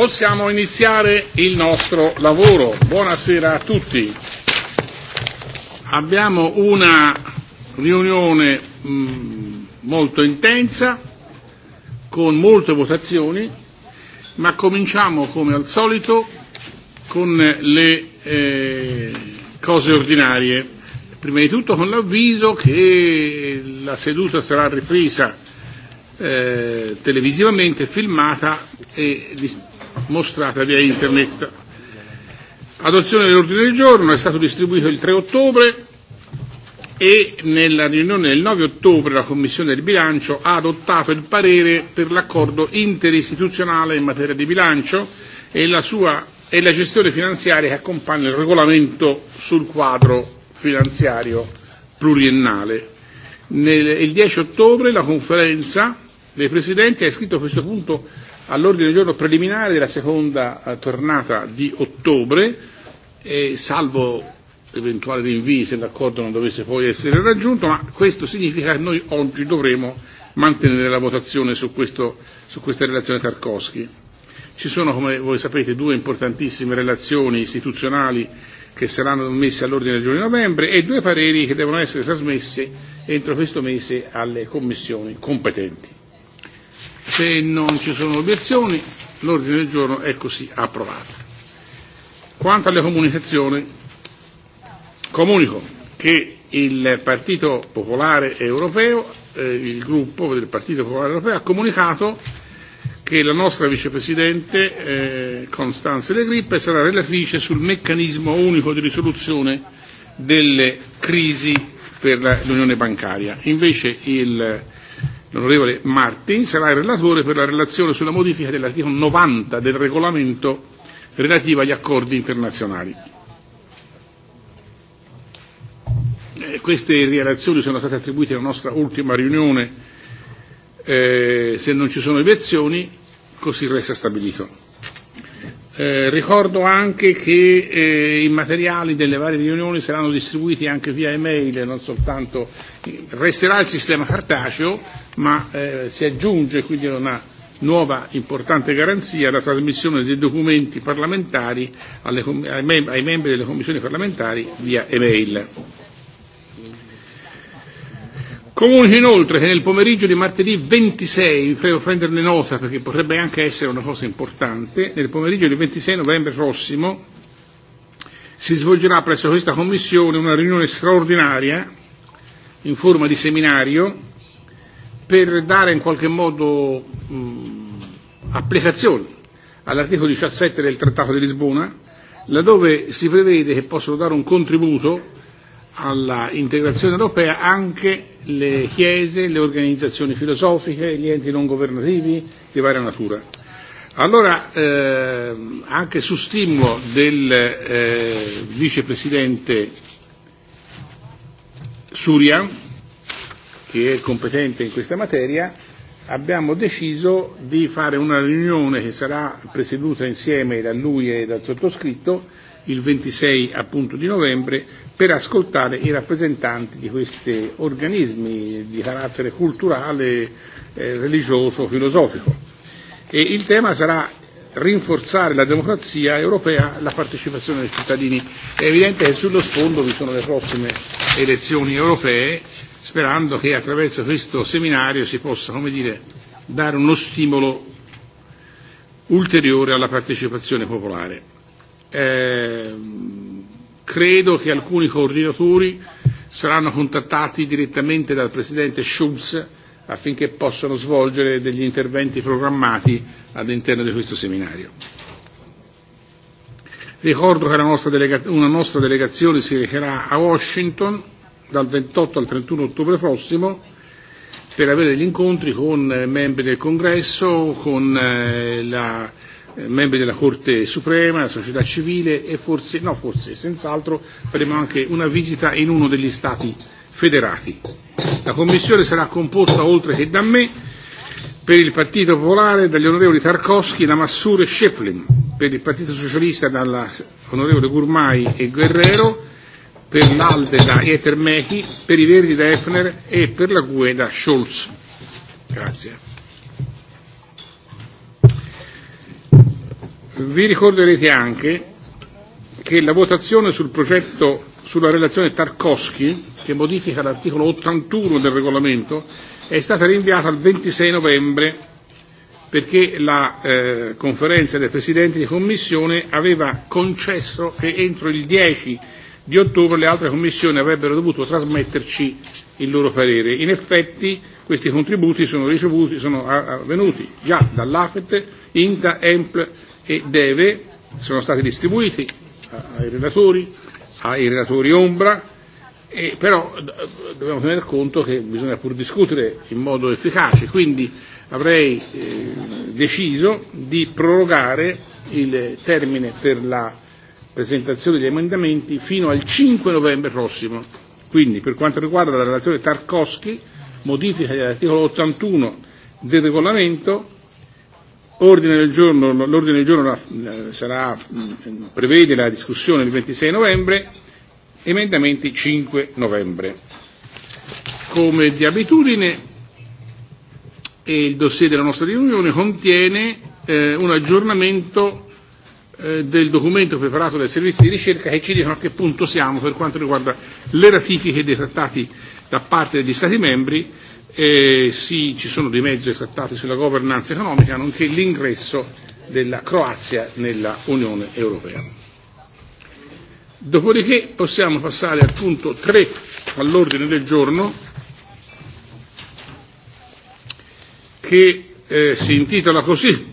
possiamo iniziare il nostro lavoro. Buonasera a tutti. Abbiamo una riunione mh, mm, molto intensa, con molte votazioni, ma cominciamo come al solito con le eh, cose ordinarie. Prima di tutto con l'avviso che la seduta sarà ripresa eh, televisivamente filmata e mostrata via internet. Adozione dell'ordine del giorno è stato distribuito il 3 ottobre e nella riunione del 9 ottobre la Commissione del bilancio ha adottato il parere per l'accordo interistituzionale in materia di bilancio e la, sua, e la gestione finanziaria che accompagna il regolamento sul quadro finanziario pluriennale. Nel, il 10 ottobre la conferenza dei presidenti ha iscritto a questo punto all'ordine del giorno preliminare della seconda eh, tornata di ottobre, eh, salvo eventuali rinvii se l'accordo non dovesse poi essere raggiunto, ma questo significa che noi oggi dovremo mantenere la votazione su, questo, su questa relazione Tarkovsky. Ci sono, come voi sapete, due importantissime relazioni istituzionali che saranno messe all'ordine del giorno di novembre e due pareri che devono essere trasmessi entro questo mese alle commissioni competenti. Se non ci sono obiezioni, l'ordine del giorno è così approvato. Quanto alle comunicazioni, comunico che il Partito Popolare Europeo, eh, il gruppo del Partito Popolare Europeo, ha comunicato che la nostra vicepresidente eh, Constanze De Grippe sarà relatrice sul meccanismo unico di risoluzione delle crisi per la, l'Unione bancaria. Invece il l'onorevole Martin, sarà il relatore per la relazione sulla modifica dell'articolo 90 del regolamento relativo agli accordi internazionali. Eh, queste relazioni sono state attribuite alla nostra ultima riunione, eh, se non ci sono obiezioni così resta stabilito. Eh, ricordo anche che eh, i materiali delle varie riunioni saranno distribuiti anche via email, non soltanto resterà il sistema cartaceo, ma eh, si aggiunge quindi a una nuova importante garanzia la trasmissione dei documenti parlamentari alle, ai, mem- ai membri delle commissioni parlamentari via email. Comunico inoltre che nel pomeriggio di martedì 26, vi prego prenderne nota perché potrebbe anche essere una cosa importante, nel pomeriggio del 26 novembre prossimo si svolgerà presso questa Commissione una riunione straordinaria in forma di seminario per dare in qualche modo mh, applicazione all'articolo 17 del Trattato di Lisbona, laddove si prevede che possono dare un contributo alla integrazione europea anche le chiese, le organizzazioni filosofiche, gli enti non governativi di varia natura. Allora, eh, anche su stimolo del eh, vicepresidente Surya, che è competente in questa materia, abbiamo deciso di fare una riunione che sarà presieduta insieme da lui e dal sottoscritto il 26 appunto di novembre per ascoltare i rappresentanti di questi organismi di carattere culturale, eh, religioso, filosofico. E il tema sarà rinforzare la democrazia europea la partecipazione dei cittadini. È evidente che sullo sfondo vi sono le prossime elezioni europee, sperando che attraverso questo seminario si possa, come dire, dare uno stimolo ulteriore alla partecipazione popolare. Eh, credo che alcuni coordinatori saranno contattati direttamente dal Presidente Schulz affinché possano svolgere degli interventi programmati all'interno di questo seminario. Ricordo che la nostra delega- una nostra delegazione si recherà a Washington dal 28 al 31 ottobre prossimo per avere degli incontri con eh, membri del Congresso, con eh, la, eh, membri della Corte Suprema, la società civile e forse, no forse, senz'altro faremo anche una visita in uno degli Stati federati. La Commissione sarà composta, oltre che da me, per il Partito Popolare dagli onorevoli Tarkovsky, Lamassure e Sheflin, per il Partito Socialista dall'onorevole Gurmai e Guerrero, per l'Alde da Etermechi, per i Verdi da Efner e per la GUE da Scholz. Grazie. Vi ricorderete anche che la votazione sul progetto sulla relazione Tarkovsky, che modifica l'articolo 81 del regolamento, è stata rinviata al 26 novembre perché la eh, conferenza dei presidenti di commissione aveva concesso che entro il 10 di ottobre le altre commissioni avrebbero dovuto trasmetterci il loro parere. In effetti questi contributi sono, ricevuti, sono avvenuti già dall'AFET, INTA, EMPL e DEVE, sono stati distribuiti ai relatori, ai ah, relatori ombra, e però dobbiamo tener conto che bisogna pur discutere in modo efficace, quindi avrei eh, deciso di prorogare il termine per la presentazione degli emendamenti fino al 5 novembre prossimo. Quindi per quanto riguarda la relazione Tarkovsky, modifica dell'articolo 81 del regolamento, Ordine del giorno, l'ordine del giorno sarà, prevede la discussione il 26 novembre, emendamenti 5 novembre. Come di abitudine, e il dossier della nostra riunione contiene eh, un aggiornamento eh, del documento preparato dai servizi di ricerca che ci dicono a che punto siamo per quanto riguarda le ratifiche dei trattati da parte degli Stati membri eh, sì, ci sono dei mezzi trattati sulla governance economica, nonché l'ingresso della Croazia nella Unione Europea. Dopodiché possiamo passare al punto 3 all'ordine del giorno che eh, si intitola così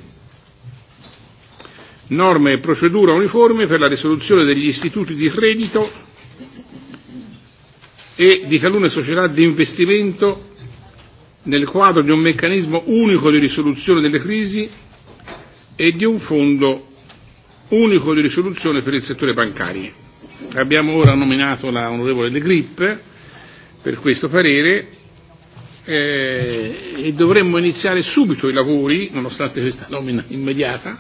Norme e procedura uniforme per la risoluzione degli istituti di credito e di talune società di investimento nel quadro di un meccanismo unico di risoluzione delle crisi e di un fondo unico di risoluzione per il settore bancario. Abbiamo ora nominato la onorevole De Grip per questo parere eh, e dovremmo iniziare subito i lavori, nonostante questa nomina immediata,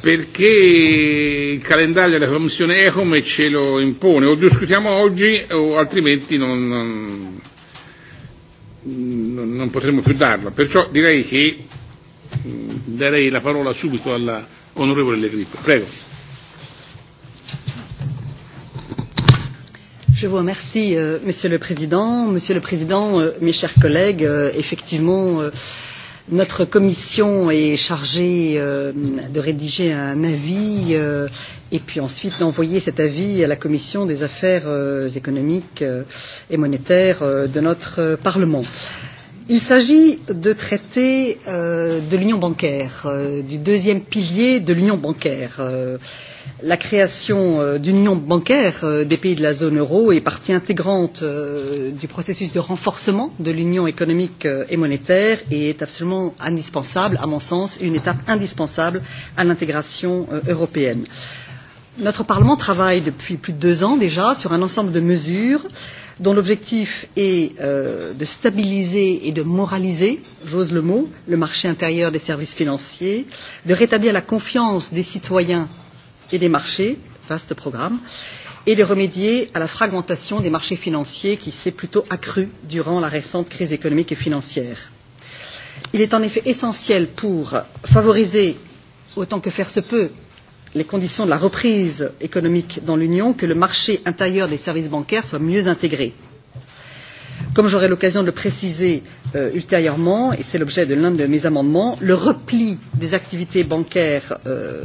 perché il calendario della Commissione ECOME ce lo impone, o discutiamo oggi o altrimenti non, non, mh, non potremo più darla. Perciò direi che mh, mm, darei la parola subito all'onorevole Le Grip. Prego. Je vous remercie, euh, Monsieur le Président. Monsieur le Président, euh, mes chers collègues, euh, effectivement, euh, notre commission est chargée euh, de rédiger un avis euh, et puis ensuite d'envoyer cet avis à la commission des affaires euh, économiques euh, et monétaires euh, de notre euh, Parlement. Il s'agit de traiter euh, de l'union bancaire, euh, du deuxième pilier de l'union bancaire. Euh, la création euh, d'une union bancaire euh, des pays de la zone euro est partie intégrante euh, du processus de renforcement de l'union économique euh, et monétaire et est absolument indispensable, à mon sens, une étape indispensable à l'intégration euh, européenne. Euh, notre Parlement travaille depuis plus de deux ans déjà sur un ensemble de mesures dont l'objectif est euh, de stabiliser et de moraliser, j'ose le mot, le marché intérieur des services financiers, de rétablir la confiance des citoyens et des marchés, vaste programme, et de remédier à la fragmentation des marchés financiers qui s'est plutôt accrue durant la récente crise économique et financière. Il est en effet essentiel pour favoriser, autant que faire se peut, les conditions de la reprise économique dans l'Union que le marché intérieur des services bancaires soit mieux intégré. Comme j'aurai l'occasion de le préciser euh, ultérieurement, et c'est l'objet de l'un de mes amendements, le repli des activités bancaires euh,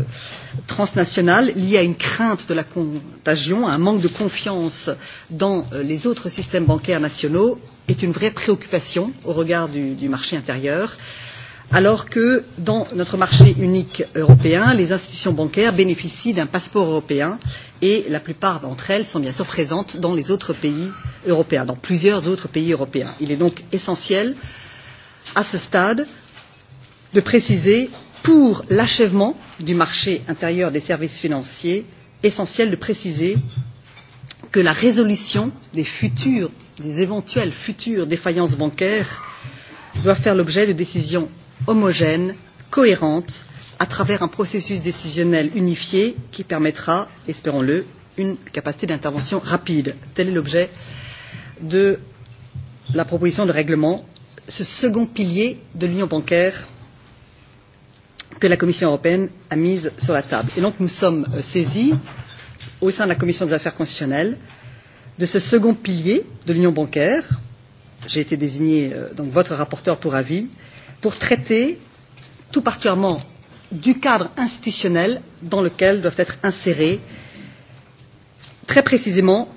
transnationales lié à une crainte de la contagion, à un manque de confiance dans euh, les autres systèmes bancaires nationaux est une vraie préoccupation au regard du, du marché intérieur. Euh, alors que dans notre marché unique européen, les institutions bancaires bénéficient d'un passeport européen et la plupart d'entre elles sont bien sûr présentes dans les autres pays européens, dans plusieurs autres pays européens. Il est donc essentiel, à ce stade, de préciser, pour l'achèvement du marché intérieur des services financiers, essentiel de préciser que la résolution des futures, des éventuelles futures défaillances bancaires doit faire l'objet de décisions homogène, cohérente, à travers un processus décisionnel unifié qui permettra, espérons-le, une capacité d'intervention rapide. Tel est l'objet de la proposition de règlement, ce second pilier de l'union bancaire que la Commission européenne a mise sur la table. Et donc nous sommes euh, saisis, au sein de la Commission des affaires constitutionnelles, de ce second pilier de l'union bancaire. J'ai été désigné euh, donc votre rapporteur pour avis pour traiter tout particulièrement du cadre institutionnel dans lequel doivent être insérés très précisément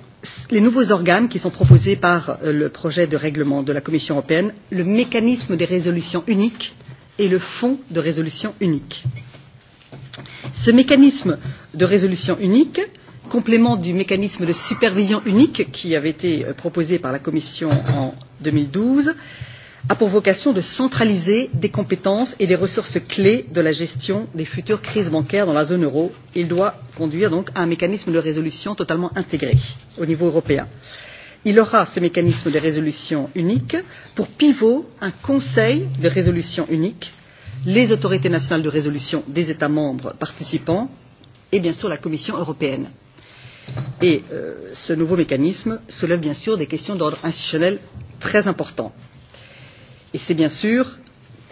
les nouveaux organes qui sont proposés par euh, le projet de règlement de la Commission européenne, le mécanisme des résolutions uniques et le fonds de résolution unique. Ce mécanisme de résolution unique, complément du mécanisme de supervision unique qui avait été euh, proposé par la Commission en 2012, a pour vocation de centraliser des compétences et des ressources clés de la gestion des futures crises bancaires dans la zone euro. Il doit conduire donc à un mécanisme de résolution totalement intégré au niveau européen. Il aura ce mécanisme de résolution unique pour pivot un conseil de résolution unique, les autorités nationales de résolution des États membres participants et bien sûr la Commission européenne. Et euh, ce nouveau mécanisme soulève bien sûr des questions d'ordre institutionnel très importantes et c'est bien sûr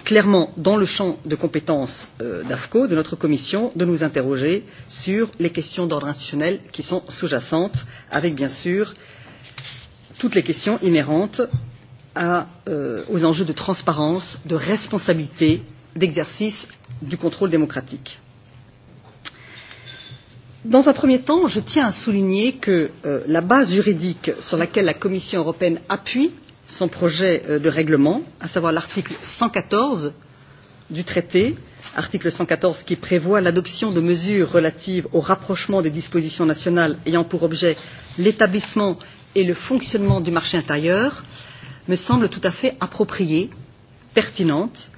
clairement dans le champ de compétences euh, d'AFCO, de notre commission, de nous interroger sur les questions d'ordre institutionnel qui sont sous-jacentes, avec bien sûr toutes les questions inhérentes à, euh, aux enjeux de transparence, de responsabilité, d'exercice du contrôle démocratique. Dans un premier temps, je tiens à souligner que euh, la base juridique sur laquelle la Commission européenne appuie son projet euh, de règlement, à savoir l'article 114 du traité, article 114 qui prévoit l'adoption de mesures relatives au rapprochement des dispositions nationales ayant pour objet l'établissement et le fonctionnement du marché intérieur, me semble tout à fait appropriée, pertinente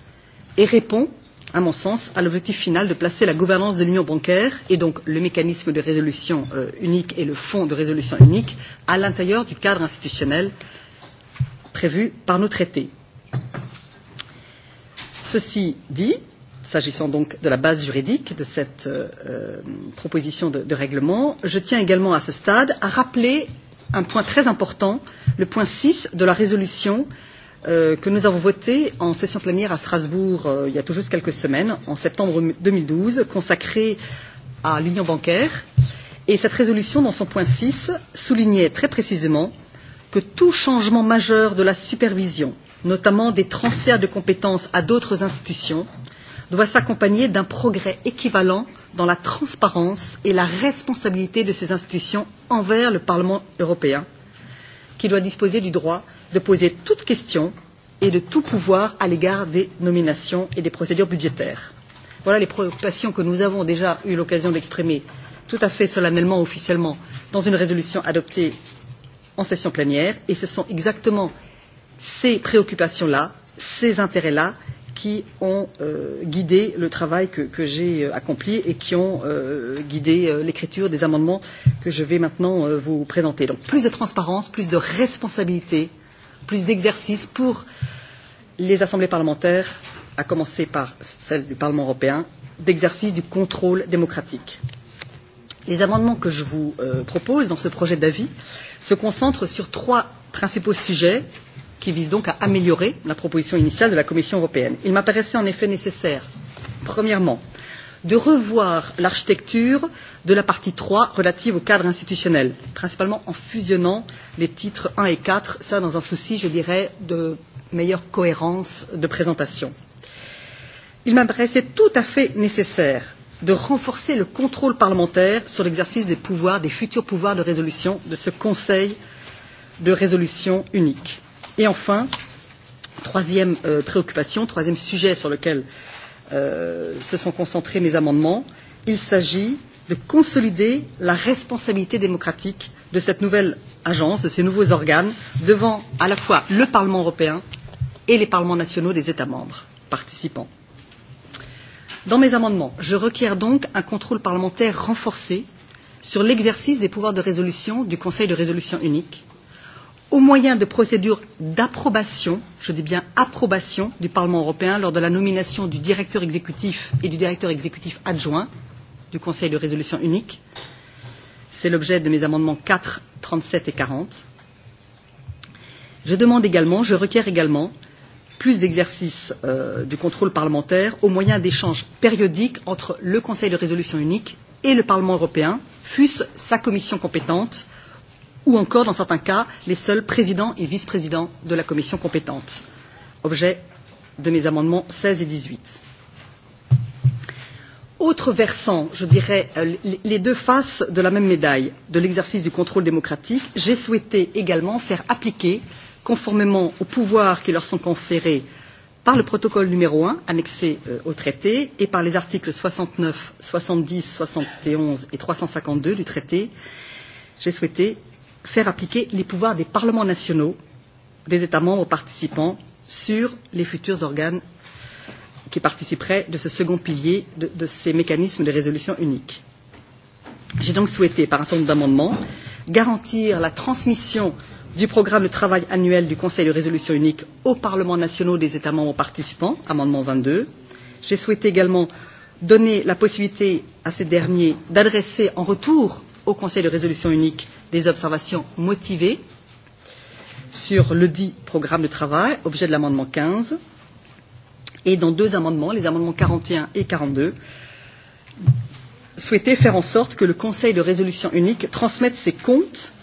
et répond, à mon sens, à l'objectif final de placer la gouvernance de l'union bancaire et donc le mécanisme de résolution euh, unique et le fonds de résolution unique à l'intérieur du cadre institutionnel euh, prévues par nos traités. Ceci dit, s'agissant donc de la base juridique de cette euh, euh, proposition de, de règlement, je tiens également à ce stade à rappeler un point très important, le point 6 de la résolution euh, que nous avons votée en session plénière à Strasbourg euh, il y a tout juste quelques semaines, en septembre 2012, consacrée à l'union bancaire. Et cette résolution, dans son point 6, soulignait très précisément euh, que tout changement majeur de la supervision, notamment des transferts de compétences à d'autres institutions, doit s'accompagner d'un progrès équivalent dans la transparence et la responsabilité de ces institutions envers le Parlement européen, qui doit disposer du droit de poser toute question et de tout pouvoir à l'égard des nominations et des procédures budgétaires. Voilà les préoccupations que nous avons déjà eu l'occasion d'exprimer tout à fait solennellement, officiellement, dans une résolution adoptée en session plénière et ce sont exactement ces préoccupations là, ces intérêts là qui ont euh, guidé le travail que, que j'ai euh, accompli et qui ont euh, guidé euh, l'écriture des amendements que je vais maintenant euh, vous présenter. Donc plus de transparence, plus de responsabilité, plus d'exercice pour les assemblées parlementaires, à commencer par celle du Parlement européen, d'exercice du contrôle démocratique. Euh, Les amendements que je vous euh, propose dans ce projet d'avis se concentrent sur trois principaux sujets qui visent donc à améliorer la proposition initiale de la Commission européenne. Il m'apparaissait en effet nécessaire, premièrement, de revoir l'architecture de la partie 3 relative au cadre institutionnel, principalement en fusionnant les titres 1 et 4, ça dans un souci, je dirais, de meilleure cohérence de présentation. Il m'apparaissait tout à fait nécessaire de renforcer le contrôle parlementaire sur l'exercice des pouvoirs, des futurs pouvoirs de résolution de ce Conseil de résolution unique. Et enfin, troisième euh, préoccupation, troisième sujet sur lequel euh, se sont concentrés mes amendements, il s'agit de consolider la responsabilité démocratique de cette nouvelle agence, de ces nouveaux organes, devant à la fois le Parlement européen et les parlements nationaux des États membres participants. Dans mes amendements, je requiers donc un contrôle parlementaire renforcé sur l'exercice des pouvoirs de résolution du Conseil de résolution unique, au moyen de procédures d'approbation, je dis bien approbation, du Parlement européen lors de la nomination du directeur exécutif et du directeur exécutif adjoint du Conseil de résolution unique. C'est l'objet de mes amendements 4, 37 et 40. Je demande également, je requiers également plus d'exercice euh, du contrôle parlementaire au moyen d'échanges périodiques entre le Conseil de résolution unique et le Parlement européen, fût-ce sa commission compétente ou encore, dans certains cas, les seuls présidents et vice-présidents de la commission compétente. Objet de mes amendements 16 et 18. Autre versant, je dirais, euh, les deux faces de la même médaille de l'exercice du contrôle démocratique, j'ai souhaité également faire appliquer euh, conformément aux pouvoirs qui leur sont conférés par le protocole numéro 1 annexé euh, au traité et par les articles 69, 70, 71 et 352 du traité, j'ai souhaité faire appliquer les pouvoirs des parlements nationaux des États membres participants sur les futurs organes qui participeraient de ce second pilier de, de ces mécanismes de résolution unique. J'ai donc souhaité, par un certain nombre d'amendements, garantir la transmission euh, du programme de travail annuel du Conseil de résolution unique aux parlements nationaux des États membres participants, amendement 22. J'ai souhaité également donner la possibilité à ces derniers d'adresser en retour au Conseil de résolution unique des observations motivées sur le dit programme de travail, objet de l'amendement 15, et dans deux amendements, les amendements 41 et 42, souhaiter faire en sorte que le Conseil de résolution unique transmette ses comptes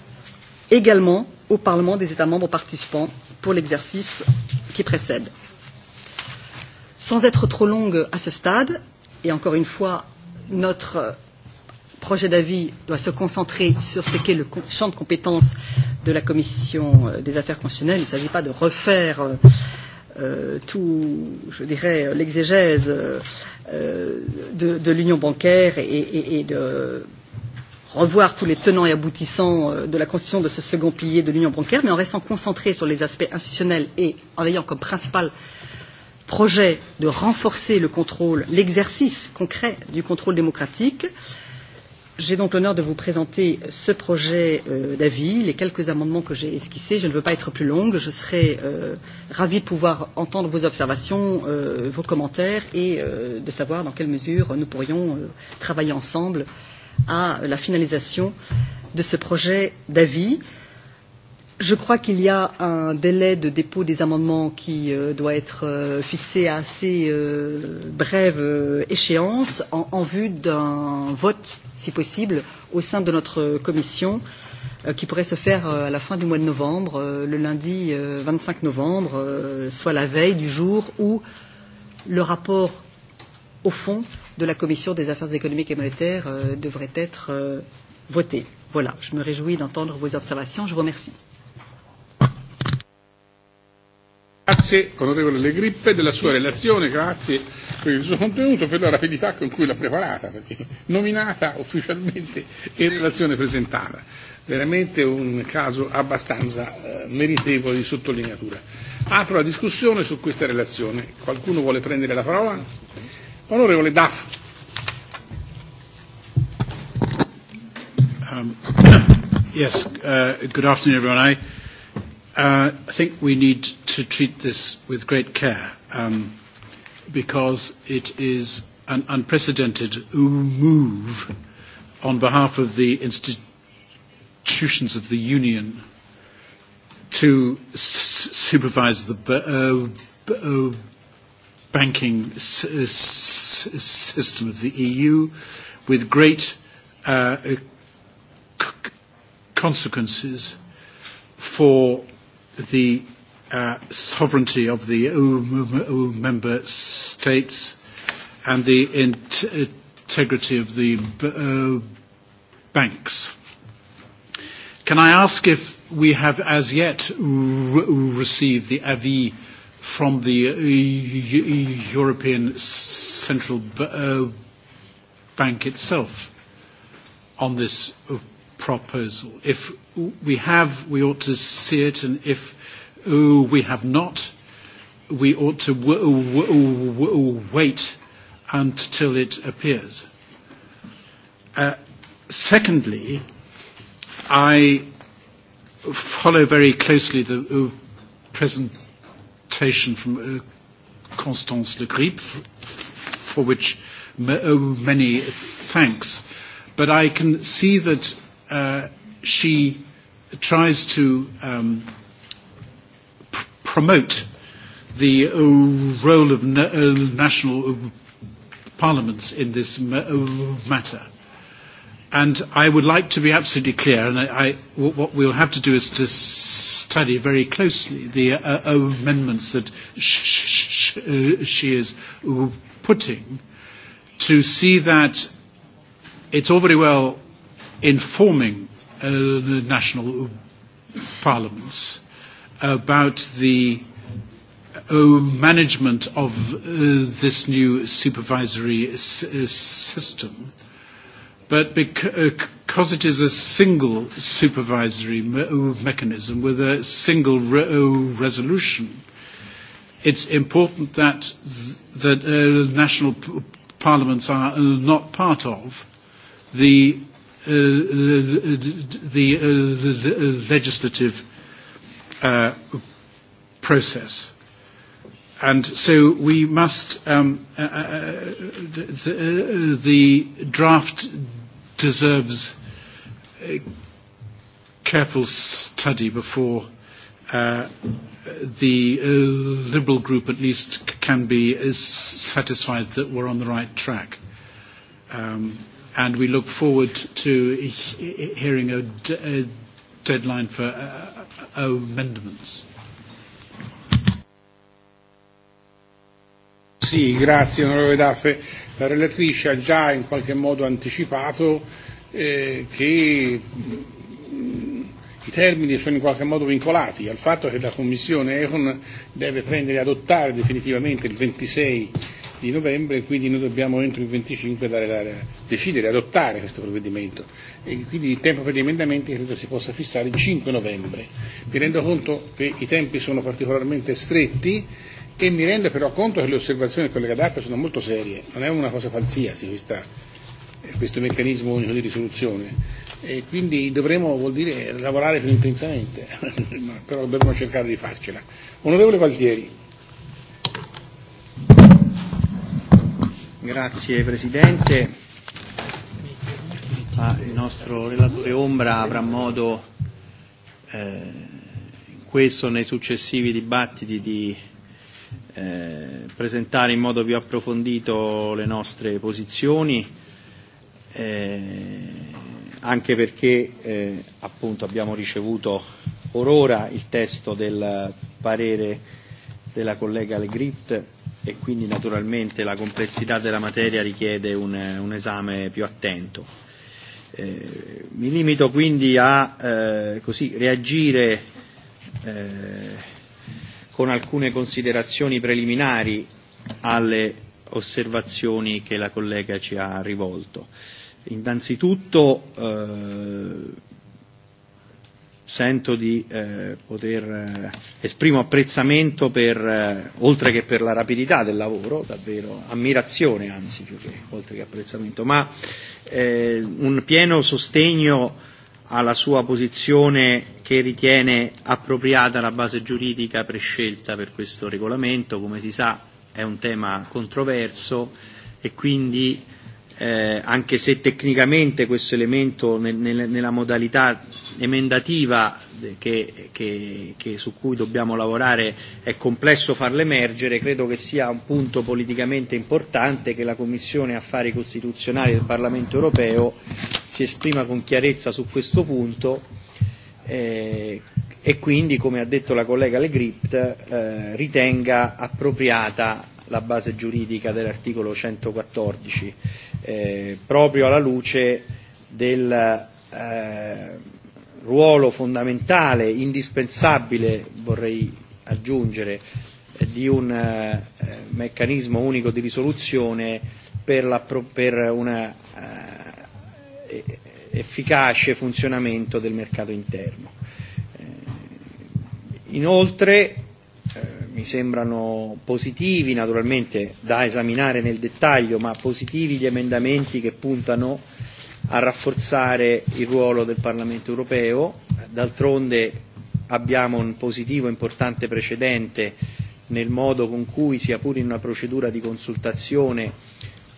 également au Parlement des États membres participants pour l'exercice qui précède. Sans être trop longue à ce stade, et encore une fois, notre projet d'avis doit se concentrer sur ce qu'est le champ de compétences de la Commission euh, des affaires constitutionnelles. Il ne s'agit pas de refaire euh, euh, tout, je dirais, l'exégèse euh, euh de, de l'union bancaire et, et, et de revoir tous les tenants et aboutissants euh, de la constitution de ce second pilier de l'union bancaire, mais en restant concentré sur les aspects institutionnels et en ayant comme principal projet de renforcer le contrôle, l'exercice concret du contrôle démocratique. J'ai donc l'honneur de vous présenter ce projet euh, d'avis, les quelques amendements que j'ai esquissés. Je ne veux pas être plus longue. Je serai euh, ravie de pouvoir entendre vos observations, euh, vos commentaires et euh, de savoir dans quelle mesure nous pourrions euh, travailler ensemble euh, à la finalisation de ce projet d'avis. Je crois qu'il y a un délai de dépôt des amendements qui euh, doit être euh, fixé à assez euh, brève euh, échéance en, en vue d'un vote, si possible, au sein de notre commission euh, qui pourrait se faire euh, à la fin du mois de novembre, euh, le lundi euh, 25 novembre, euh, soit la veille du jour où le rapport au fond euh, de la Commission des affaires économiques et monétaires euh, devrait être euh, voté. Voilà, je me réjouis d'entendre vos observations. Je vous remercie. Grazie onorevole Le Grippe della sua relazione, grazie per il suo contenuto, per la rapidità con cui l'ha preparata, perché nominata ufficialmente e relazione presentata. Veramente un caso abbastanza eh, meritevole di sottolineatura. Apro la discussione su questa relazione. Qualcuno vuole prendere la parola? Onorevole Daff. Um, yes, uh, good afternoon, everyone. I, uh, I think we need to treat this with great care um, because it is an unprecedented move on behalf of the institutions of the Union to s- supervise the b- uh, b- uh, banking s- s- system of the EU with great uh, c- consequences for the uh, sovereignty of the EU member states and the in- integrity of the b- uh, banks. Can I ask if we have as yet re- received the avis from the uh, e, e, European Central B- uh, Bank itself on this uh, proposal. If we have, we ought to see it, and if uh, we have not, we ought to w- w- w- wait until it appears. Uh, secondly, I follow very closely the uh, present quotation from uh, Constance Le Grip, for which m- oh, many thanks. But I can see that uh, she tries to um, pr- promote the uh, role of na- uh, national uh, parliaments in this m- uh, matter. And I would like to be absolutely clear, and I, I, what we'll have to do is to study very closely the uh, uh amendments that sh- sh- sh- uh, she is putting to see that it's all very well informing uh, the national parliaments about the uh, management of uh, this new supervisory s- uh, system. Uh, But because uh, it is a single supervisory me- uh, mechanism with a single re- uh, resolution, it's important that, th- that uh, national p- parliaments are not part of the, uh, the uh, legislative uh, process and so we must, um, uh, uh, uh the, uh, the draft deserves a careful study before uh, the uh, Liberal group at least can be is satisfied that we're on the right track. Um, and we look forward to he hearing a, d- a deadline for uh, amendments. Sì, grazie onorevole Daffe. La relatrice ha già in qualche modo anticipato eh, che mh, mm, i termini sono in qualche modo vincolati al fatto che la Commissione Econ deve prendere e adottare definitivamente il 26 di novembre e quindi noi dobbiamo entro il 25 dare la, decidere, adottare questo provvedimento e quindi il tempo per gli emendamenti credo si possa fissare il 5 novembre. Mi rendo conto che i tempi sono particolarmente stretti e mi rendo però conto che le osservazioni del collega D'Acqua sono molto serie, non è una cosa qualsiasi questa, questo meccanismo unico di risoluzione e quindi dovremo, vuol dire, lavorare più intensamente, però dovremo cercare di farcela. Onorevole Valtieri. Grazie Presidente. Ah, il nostro relatore Ombra avrà modo eh, in questo nei successivi dibattiti di eh, presentare in modo più approfondito le nostre posizioni, eh, anche perché eh, appunto abbiamo ricevuto or ora il testo del parere della collega Le Grip e quindi naturalmente la complessità della materia richiede un, un esame più attento. Eh, mi limito quindi a eh, così, reagire eh, con alcune considerazioni preliminari alle osservazioni che la collega ci ha rivolto. Innanzitutto eh, sento di eh, poter eh, esprimo apprezzamento per, eh, oltre che per la rapidità del lavoro, davvero ammirazione anzi più che oltre che apprezzamento, ma eh, un pieno sostegno alla sua posizione che ritiene appropriata la base giuridica prescelta per questo regolamento. Come si sa è un tema controverso e quindi eh, anche se tecnicamente questo elemento nel, nel, nella modalità emendativa che, che, che su cui dobbiamo lavorare è complesso farlo emergere, credo che sia un punto politicamente importante che la Commissione Affari Costituzionali del Parlamento europeo si esprima con chiarezza su questo punto eh, e quindi, come ha detto la collega Le Grip, eh, ritenga appropriata la base giuridica dell'articolo 114, eh, proprio alla luce del eh, ruolo fondamentale, indispensabile, vorrei aggiungere, di un eh, meccanismo unico di risoluzione per, la, per una eh, efficace funzionamento del mercato interno. Eh, inoltre eh, mi sembrano positivi, naturalmente da esaminare nel dettaglio, ma positivi gli emendamenti che puntano a rafforzare il ruolo del Parlamento europeo. D'altronde abbiamo un positivo importante precedente nel modo con cui, sia pure in una procedura di consultazione,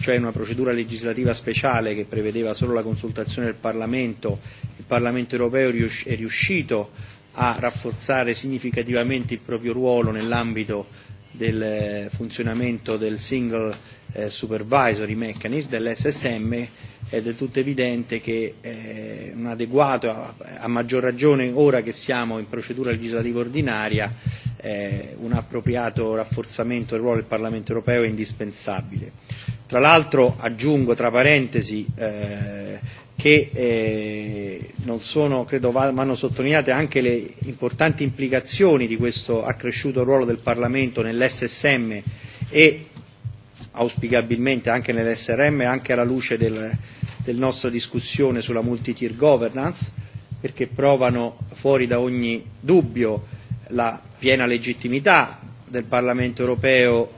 cioè una procedura legislativa speciale che prevedeva solo la consultazione del Parlamento, il Parlamento europeo è riuscito a rafforzare significativamente il proprio ruolo nell'ambito del eh, funzionamento del single eh, supervisory mechanism dell'SSM ed è tutto evidente che eh, un adeguato, a, a maggior ragione ora che siamo in procedura legislativa ordinaria, eh, un appropriato rafforzamento del ruolo del Parlamento europeo è indispensabile. Tra l'altro aggiungo tra parentesi eh, che eh, non sono, credo vanno sottolineate anche le importanti implicazioni di questo accresciuto ruolo del Parlamento nell'SSM e auspicabilmente anche nell'SRM, anche alla luce del, del nostra discussione sulla multi-tier governance, perché provano fuori da ogni dubbio la piena legittimità del Parlamento europeo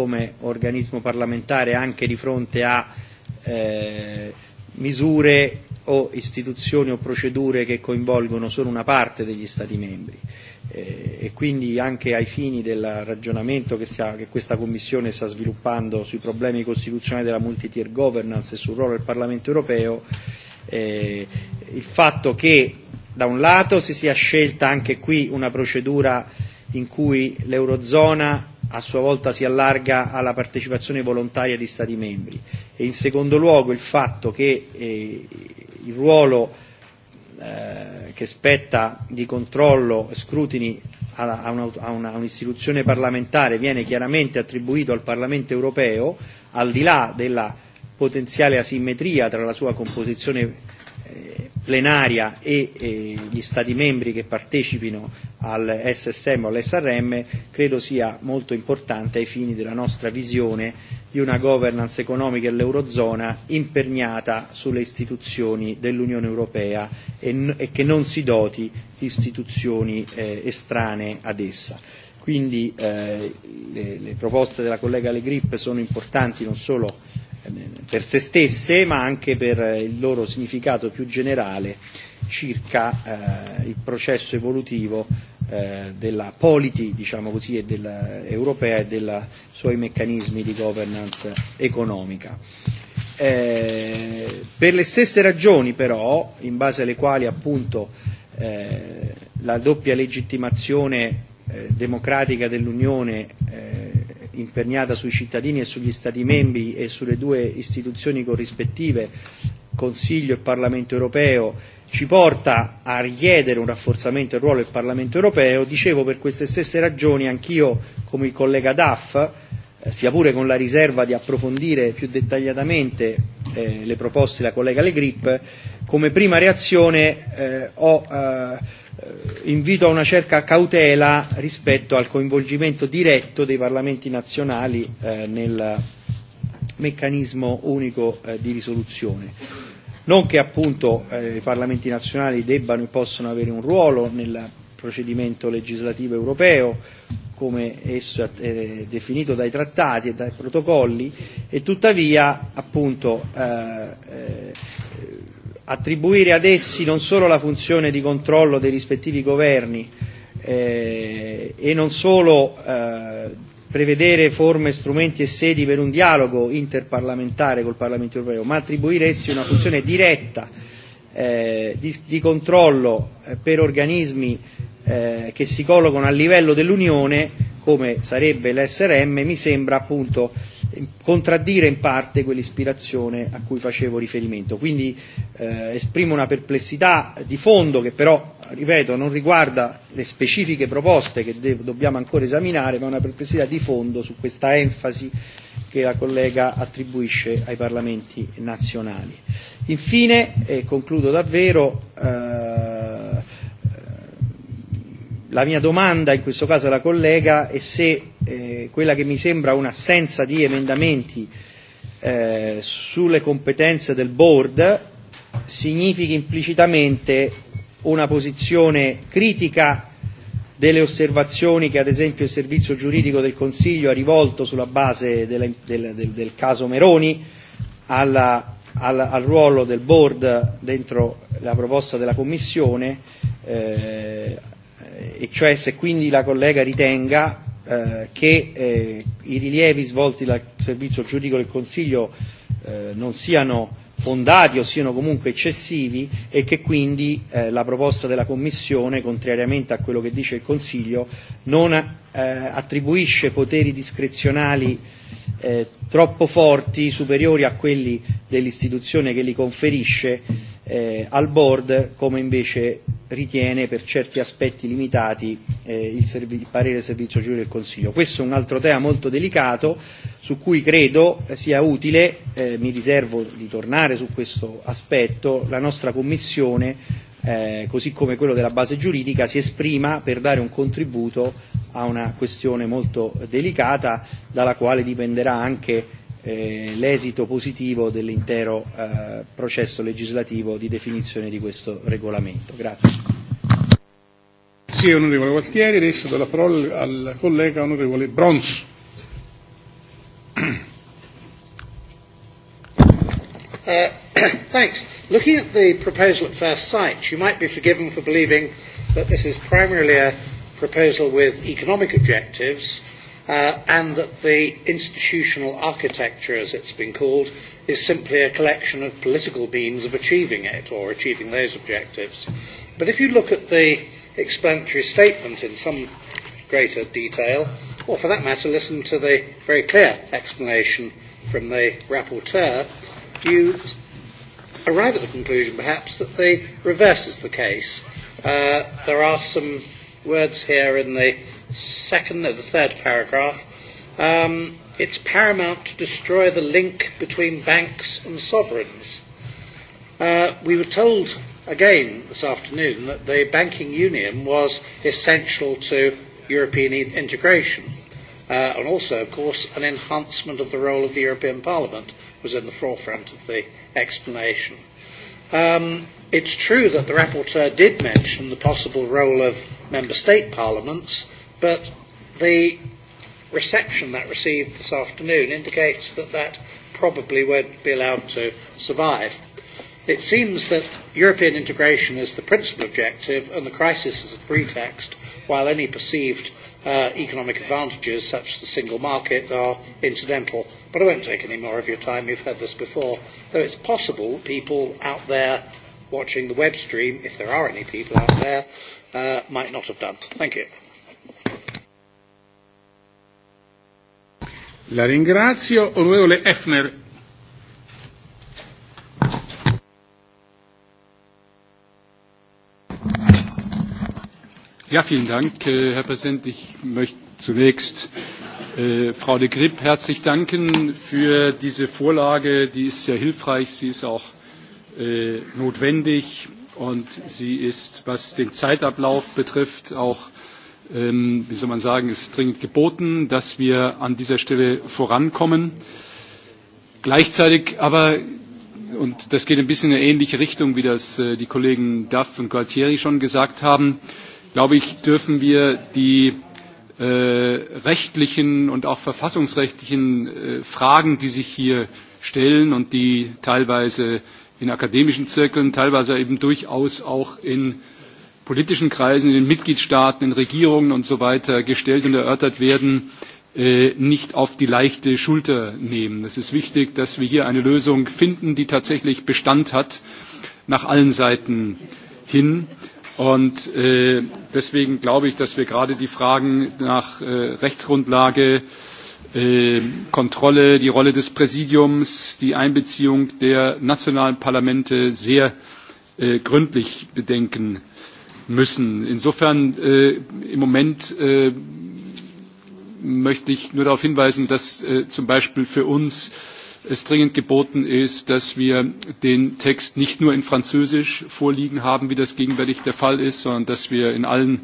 come organismo parlamentare anche di fronte a eh, misure o istituzioni o procedure che coinvolgono solo una parte degli Stati membri eh, e quindi anche ai fini del ragionamento che, sta, che questa Commissione sta sviluppando sui problemi costituzionali della multi-tier governance e sul ruolo del Parlamento europeo, eh, il fatto che da un lato si sia scelta anche qui una procedura in cui l'Eurozona a sua volta si allarga alla partecipazione volontaria di Stati membri e in secondo luogo il fatto che eh, il ruolo eh, che spetta di controllo e scrutini a, a, una, a, una, a un'istituzione parlamentare viene chiaramente attribuito al Parlamento europeo al di là della potenziale asimmetria tra la sua composizione eh, plenaria e eh, gli Stati membri che partecipino al SSM o all'SRM credo sia molto importante ai fini della nostra visione di una governance economica dell'Eurozona imperniata sulle istituzioni dell'Unione Europea e, e che non si doti di istituzioni eh, estranee ad essa. Quindi eh, le, le proposte della collega Le Grip sono importanti non solo per se stesse ma anche per eh, il loro significato più generale circa eh, il processo evolutivo eh, della polity diciamo così, e della, europea e dei suoi meccanismi di governance economica. Eh, per le stesse ragioni però, in base alle quali appunto eh, la doppia legittimazione eh, democratica dell'Unione eh, imperniata sui cittadini e sugli Stati membri e sulle due istituzioni corrispettive, Consiglio e Parlamento europeo, ci porta a richiedere un rafforzamento del ruolo del Parlamento europeo. Dicevo per queste stesse ragioni anch'io, come il collega Duff, eh, sia pure con la riserva di approfondire più dettagliatamente eh, le proposte della collega Le Grip, come prima reazione eh, ho eh, Eh, invito a una certa cautela rispetto al coinvolgimento diretto dei parlamenti nazionali eh, nel meccanismo unico eh, di risoluzione. Non che appunto eh, i parlamenti nazionali debbano e possono avere un ruolo nel procedimento legislativo europeo, come esso è eh, definito dai trattati e dai protocolli, e tuttavia appunto eh, eh, attribuire ad essi non solo la funzione di controllo dei rispettivi governi eh, e non solo eh, prevedere forme, strumenti e sedi per un dialogo interparlamentare col Parlamento europeo, ma attribuire essi una funzione diretta eh, di, di controllo eh, per organismi eh, che si collocano a livello dell'Unione come sarebbe l'SRM mi sembra appunto contraddire in parte quell'ispirazione a cui facevo riferimento. Quindi eh, esprimo una perplessità di fondo che però, ripeto, non riguarda le specifiche proposte che de- dobbiamo ancora esaminare, ma una perplessità di fondo su questa enfasi che la collega attribuisce ai parlamenti nazionali. Infine, e concludo davvero, eh, la mia domanda in questo caso alla collega è se eh, quella che mi sembra un'assenza di emendamenti eh, sulle competenze del board significhi implicitamente una posizione critica delle osservazioni che ad esempio il servizio giuridico del Consiglio ha rivolto sulla base della, del, del, del caso Meroni alla, al, al ruolo del board dentro la proposta della Commissione eh, e cioè se quindi la collega ritenga eh, che eh, i rilievi svolti dal servizio giuridico del Consiglio eh, non siano fondati o siano comunque eccessivi e che quindi eh, la proposta della Commissione, contrariamente a quello che dice il Consiglio, non eh, attribuisce poteri discrezionali eh, eh, troppo forti, superiori a quelli dell'istituzione che li conferisce eh, al board, come invece ritiene per certi aspetti limitati eh, il, servi- il parere del servizio giuridico del Consiglio. Questo è un altro tema molto delicato su cui credo sia utile, eh, mi riservo di tornare su questo aspetto, la nostra Commissione eh, così come quello della base giuridica, si esprima per dare un contributo a una questione molto delicata dalla quale dipenderà anche eh, l'esito positivo dell'intero eh, processo legislativo di definizione di questo regolamento. Grazie. Grazie onorevole Gualtieri, adesso do la parola al collega onorevole Brons. Uh, thanks. Looking at the proposal at first sight, you might be forgiven for believing that this is primarily a proposal with economic objectives uh, and that the institutional architecture, as it's been called, is simply a collection of political means of achieving it or achieving those objectives. But if you look at the explanatory statement in some greater detail, or for that matter, listen to the very clear explanation from the rapporteur, you arrive at the conclusion, perhaps, that the reverse is the case. Uh, there are some words here in the second or the third paragraph. Um, it's paramount to destroy the link between banks and sovereigns. Uh, we were told again this afternoon that the banking union was essential to European integration uh, and also, of course, an enhancement of the role of the European Parliament was in the forefront of the explanation. Um, it's true that the rapporteur did mention the possible role of member state parliaments, but the reception that received this afternoon indicates that that probably won't be allowed to survive. It seems that European integration is the principal objective and the crisis is a pretext, while any perceived uh, economic advantages such as the single market are incidental. But I won't take any more of your time. You've heard this before. Though it's possible people out there watching the web stream, if there are any people out there, uh, might not have done. Thank you. La ringrazio, onorevole Effner. Ja, vielen Dank, äh, Herr Präsident. Ich möchte zunächst äh, Frau de Grip herzlich danken für diese Vorlage. Die ist sehr hilfreich, sie ist auch äh, notwendig und sie ist, was den Zeitablauf betrifft, auch, ähm, wie soll man sagen, ist dringend geboten, dass wir an dieser Stelle vorankommen. Gleichzeitig aber und das geht ein bisschen in eine ähnliche Richtung, wie das äh, die Kollegen Duff und Gualtieri schon gesagt haben, äh, glaube ich, dürfen wir die äh, rechtlichen und auch verfassungsrechtlichen äh, Fragen, die sich hier stellen und die teilweise in akademischen Zirkeln, teilweise eben durchaus auch in politischen Kreisen, in den Mitgliedstaaten, in Regierungen und so weiter gestellt und erörtert werden, äh, nicht auf die leichte Schulter nehmen. Es ist wichtig, dass wir hier eine Lösung finden, die tatsächlich Bestand hat nach allen Seiten hin. Äh, Und äh, deswegen glaube ich, dass wir gerade die Fragen nach äh, Rechtsgrundlage, äh, Kontrolle, die Rolle des Präsidiums, die Einbeziehung der nationalen Parlamente sehr äh, gründlich bedenken müssen. Insofern äh, im Moment äh, möchte ich nur darauf hinweisen, dass äh, zum Beispiel für uns äh, es dringend geboten ist, dass wir den Text nicht nur in Französisch vorliegen haben, wie das gegenwärtig der Fall ist, sondern dass wir in allen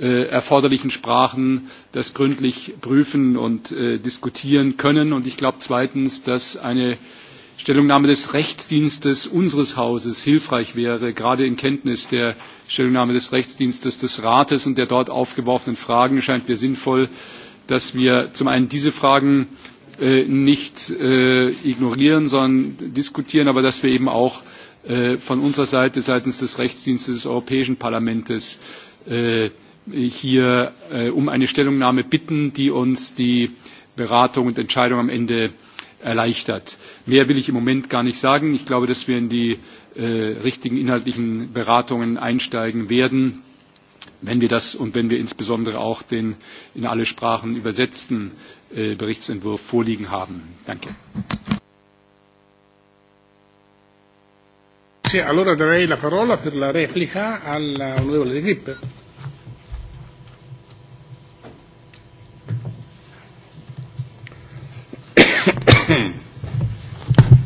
äh, erforderlichen Sprachen das gründlich prüfen und äh, diskutieren können. Und ich glaube zweitens, dass eine Stellungnahme des Rechtsdienstes unseres Hauses hilfreich wäre, gerade in Kenntnis der Stellungnahme des Rechtsdienstes des Rates und der dort aufgeworfenen Fragen scheint mir sinnvoll, dass wir zum einen diese Fragen äh, Äh, nicht äh, ignorieren, sondern diskutieren, aber dass wir eben auch äh, von unserer Seite seitens des Rechtsdienstes des Europäischen Parlaments hier um eine Stellungnahme bitten, die uns die Beratung und Entscheidung am Ende erleichtert. Mehr will ich im Moment gar nicht sagen. Ich glaube, dass wir in die äh, richtigen inhaltlichen Beratungen einsteigen werden, wenn wir das und wenn wir insbesondere auch den in alle Sprachen übersetzten äh, Berichtsentwurf vorliegen haben. Danke. Sì, allora darei la parola per la replica all'onorevole De Grippe.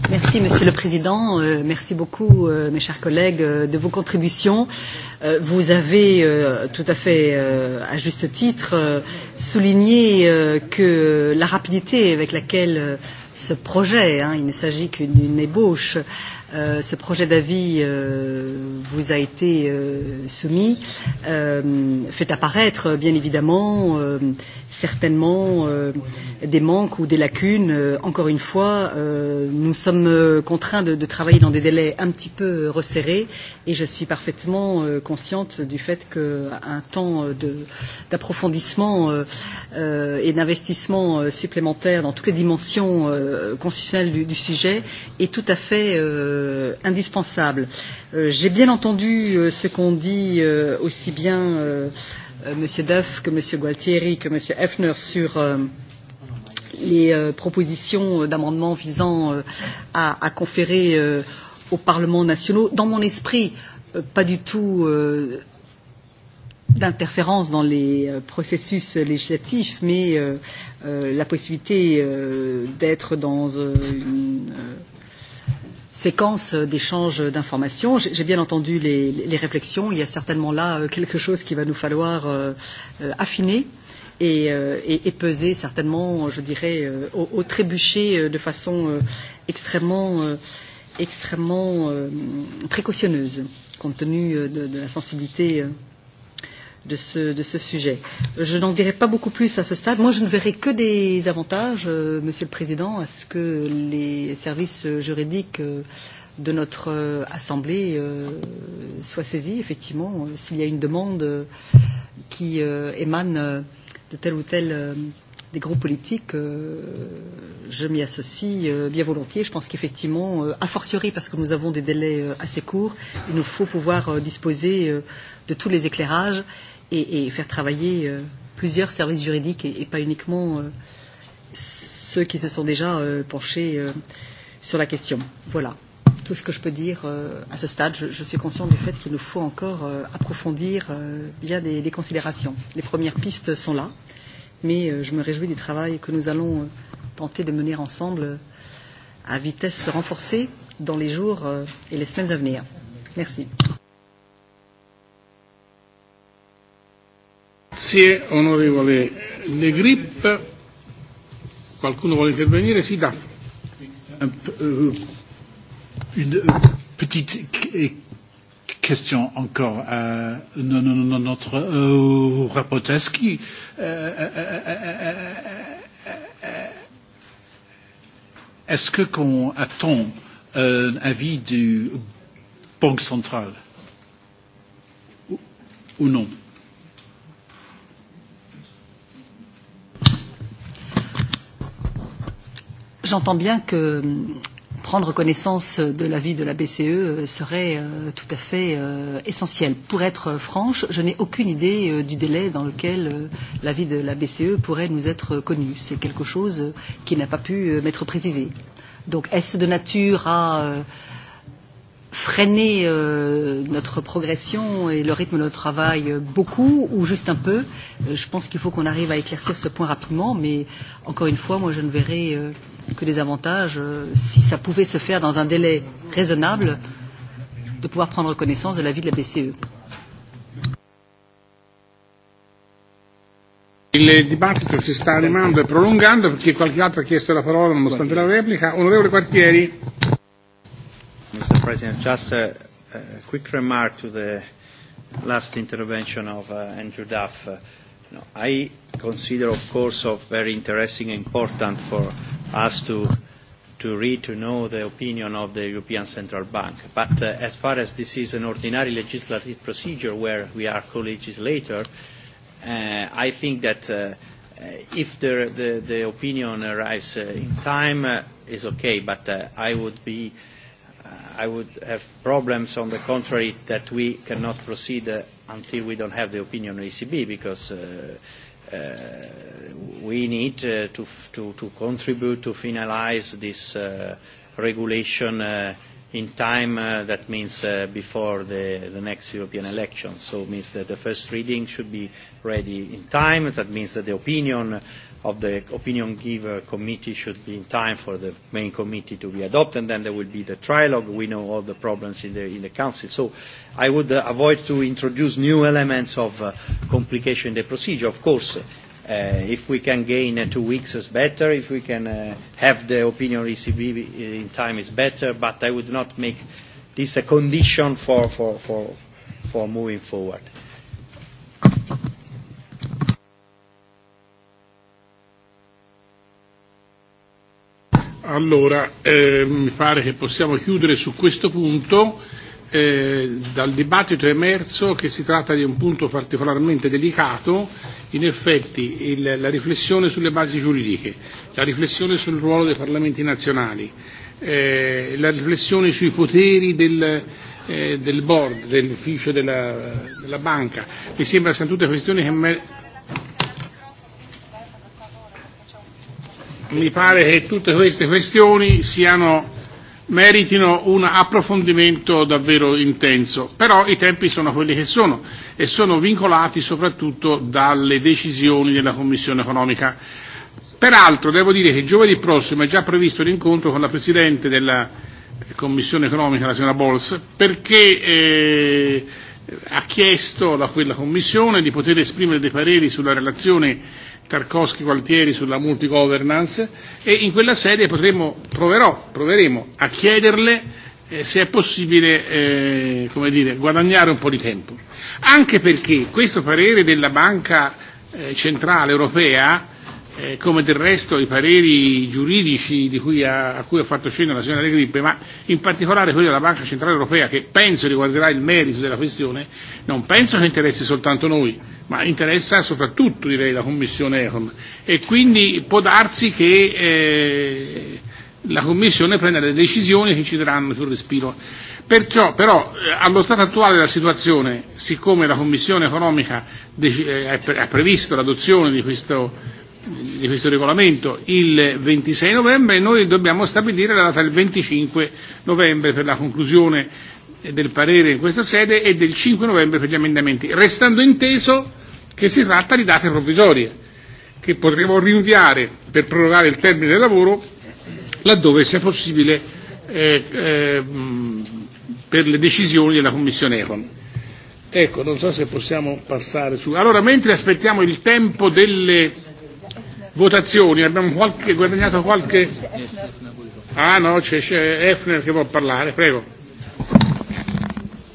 Merci, Monsieur le Président. Euh, merci beaucoup, euh, mes chers collègues, euh, de vos contributions. Euh, euh, vous avez euh, tout à fait, euh, à juste titre, euh, souligné euh, que la rapidité avec laquelle euh, ce projet, hein, il ne s'agit qu'une ébauche, euh, Euh, ce projet d'avis euh, vous a été euh, soumis euh, fait apparaître, bien évidemment, euh, certainement euh, des manques ou des lacunes. Euh, encore une fois, euh, nous sommes euh, contraints de, de travailler dans des délais un petit peu resserrés et je suis parfaitement euh, consciente du fait qu'un temps euh, d'approfondissement euh, euh, et d'investissement euh, supplémentaire dans toutes les dimensions euh, constitutionnelles du, du sujet est tout à fait euh, euh, indispensable. Euh, J'ai bien entendu euh, ce qu'ont dit euh, aussi bien euh, euh, M. Duff que M. Gualtieri que M. Hefner sur euh, les euh, propositions euh, d'amendements visant euh, à, à conférer euh, aux parlements nationaux. Dans mon esprit, euh, pas du tout. Euh, d'interférence dans les euh, processus législatifs, mais euh, euh, la possibilité euh, d'être dans euh, une euh, séquence d'échange d'informations. J'ai bien entendu les, les réflexions. Il y a certainement là euh, quelque chose qu'il va nous falloir euh, euh, affiner et, et, et peser certainement, je dirais, au, au trébuchet de façon extrêmement, extrêmement précautionneuse, compte tenu de, de la sensibilité de ce, de ce sujet. Je n'en dirai pas beaucoup plus à ce stade. Moi, je ne verrai que des avantages, euh, Monsieur le Président, à ce que les services juridiques euh, de notre euh, Assemblée euh, soient saisis, effectivement, euh, s'il y a une demande euh, qui euh, émane euh, de tel ou tel. Euh, des groupes politiques, euh, je m'y associe euh, bien volontiers. Je pense qu'effectivement, euh, a fortiori parce que nous avons des délais euh, assez courts, il nous faut pouvoir euh, disposer euh, de tous les éclairages euh, et, et faire travailler euh, plusieurs services juridiques et, et pas uniquement euh, ceux qui se sont déjà euh, penchés euh, sur la question. Voilà tout ce que je peux dire euh, à ce stade. Je, je suis conscient du fait qu'il nous faut encore euh, approfondir euh, bien des, des considérations. Les premières pistes sont là, mais euh, je me réjouis du travail que nous allons euh, tenter de mener ensemble euh, à vitesse renforcée dans les jours euh, et les semaines à venir. Merci. Grazie onorevole Le Grip. Qualcuno vuole intervenire? Sì, da. Euh, une euh, petite question encore à euh, notre euh, rapporteur. Est-ce qu'il est-ce que qu'on attend un avis du Banque centrale ou non? Euh, J'entends bien que mm, prendre connaissance de l'avis de la BCE euh, serait euh, tout à fait euh, essentiel. Pour être franche, je n'ai aucune idée euh, du délai dans lequel euh, l'avis de la BCE pourrait nous être connu. C'est quelque chose euh, qui n'a pas pu euh, m'être précisé. Donc est-ce de nature à euh, freiner euh, notre progression et le rythme de notre travail euh, beaucoup ou juste un peu. Euh, je pense qu'il faut qu'on arrive à éclaircir ce point rapidement, mais encore une fois, moi je ne verrai euh, que des avantages euh, si ça pouvait se faire dans un délai raisonnable de pouvoir prendre connaissance de l'avis de la BCE. Il dibattito si sta animando e prolungando perché qualche altro ha chiesto la parola nonostante la replica. Onorevole Quartieri. Mr. President. Just a, a quick remark to the last intervention of uh, Andrew Duff. Uh, you know, I consider, of course, of very interesting and important for us to to read, to know the opinion of the European Central Bank. But uh, as far as this is an ordinary legislative procedure where we are co-legislator, uh, I think that uh, uh if the, the, the opinion arrives uh, in time, uh, is okay, but uh, I would be uh, Uh, I would have problems, on the contrary, that we cannot proceed uh, until we don't have the opinion of ECB, e because uh, uh, we need uh, to, to, to contribute to finalize this uh, regulation uh, in time. Uh, that means uh, before the, the next European election. So it means that the first reading should be ready in time. That means that the opinion of the opinion giver committee should be in time for the main committee to be adopted, and then there will be the trilogue. We know all the problems in the, in the council. So I would uh, avoid to introduce new elements of uh, complication in the procedure. Of course, uh, if we can gain uh, two weeks is better, if we can uh, have the opinion ECB in time is better, but I would not make this a condition for, for, for, for moving forward. Allora, eh, mi pare che possiamo chiudere su questo punto. Eh, dal dibattito è emerso che si tratta di un punto particolarmente delicato, in effetti il, la riflessione sulle basi giuridiche, la riflessione sul ruolo dei parlamenti nazionali, eh, la riflessione sui poteri del, eh, del board, dell'ufficio della, della banca, mi sembra siano tutte questioni che Mi pare che tutte queste questioni siano, meritino un approfondimento davvero intenso, però i tempi sono quelli che sono e sono vincolati soprattutto dalle decisioni della Commissione economica. Peraltro devo dire che giovedì prossimo è già previsto l'incontro con la Presidente della Commissione economica, la signora Bols, perché eh, ha chiesto a quella Commissione di poter esprimere dei pareri sulla relazione Tarkovsky Gualtieri sulla multigovernance e in quella sede potremo, proverò, proveremo a chiederle eh, se è possibile eh, come dire, guadagnare un po' di tempo. Anche perché questo parere della Banca eh, Centrale Europea eh, come del resto i pareri giuridici di cui ha, a cui ha fatto scena la signora Legrippe, ma in particolare quello della Banca Centrale Europea, che penso riguarderà il merito della questione, non penso che interessi soltanto noi, ma interessa soprattutto direi la Commissione Econ. E quindi può darsi che eh, la Commissione prenda delle decisioni che ci daranno più respiro. Perciò, però, eh, allo stato attuale della situazione, siccome la Commissione economica dec- eh, ha previsto l'adozione di questo di questo regolamento il 26 novembre e noi dobbiamo stabilire la data del 25 novembre per la conclusione del parere in questa sede e del 5 novembre per gli emendamenti, restando inteso che si tratta di date provvisorie che potremo rinviare per prorogare il termine del lavoro laddove sia possibile eh, eh, per le decisioni della Commissione Econ. Ecco, non so se possiamo passare su. Allora, mentre aspettiamo il tempo delle votazioni, abbiamo qualche, guadagnato qualche... Ah no, c'è, c'è Efner che vuole parlare, prego.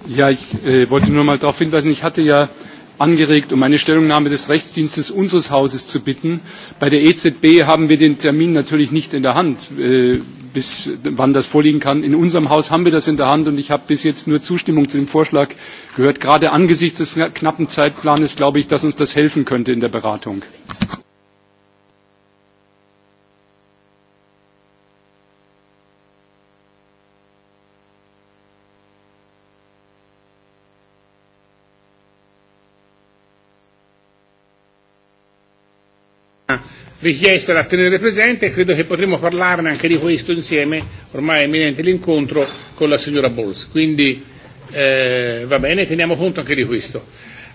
Ja, ich äh, wollte nur mal darauf hinweisen, ich hatte ja angeregt, um eine Stellungnahme des Rechtsdienstes unseres Hauses zu bitten. Bei der EZB haben wir den Termin natürlich nicht in der Hand, äh, bis wann das vorliegen kann. In unserem Haus haben wir das in der Hand und ich habe bis jetzt nur Zustimmung zu dem Vorschlag gehört. Gerade angesichts des knappen Zeitplanes glaube ich, dass uns das helfen könnte in der Beratung. richiesta da tenere presente e credo che potremo parlarne anche di questo insieme, ormai è imminente l'incontro con la signora Bowles. Quindi eh, va bene, teniamo conto anche di questo.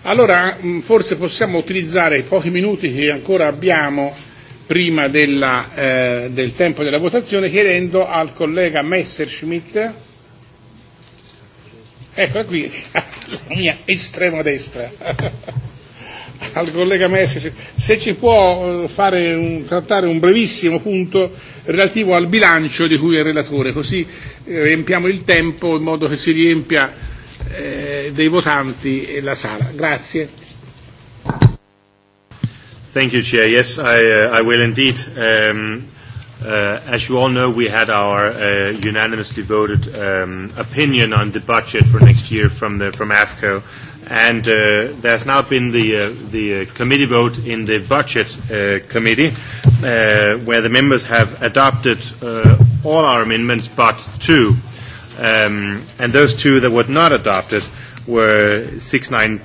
Allora mh, mm, forse possiamo utilizzare i pochi minuti che ancora abbiamo prima della, eh, del tempo della votazione chiedendo al collega Messerschmidt Eccola qui, la mia estrema destra. al collega Messi se ci può eh, fare un, trattare un brevissimo punto relativo al bilancio di cui è relatore, così eh, riempiamo il tempo in modo che si riempia eh, dei votanti e la sala. Grazie. Thank you, Chair. Yes, I, uh, I will indeed. Um, Uh, as you all know, we had our uh, unanimously voted um, opinion on the budget for next year from the from AFCO, and uh, there's now been the, uh, the uh, committee vote in the budget uh, committee uh, where the members have adopted uh, all our amendments but two. Um, and those two that were not adopted were 6900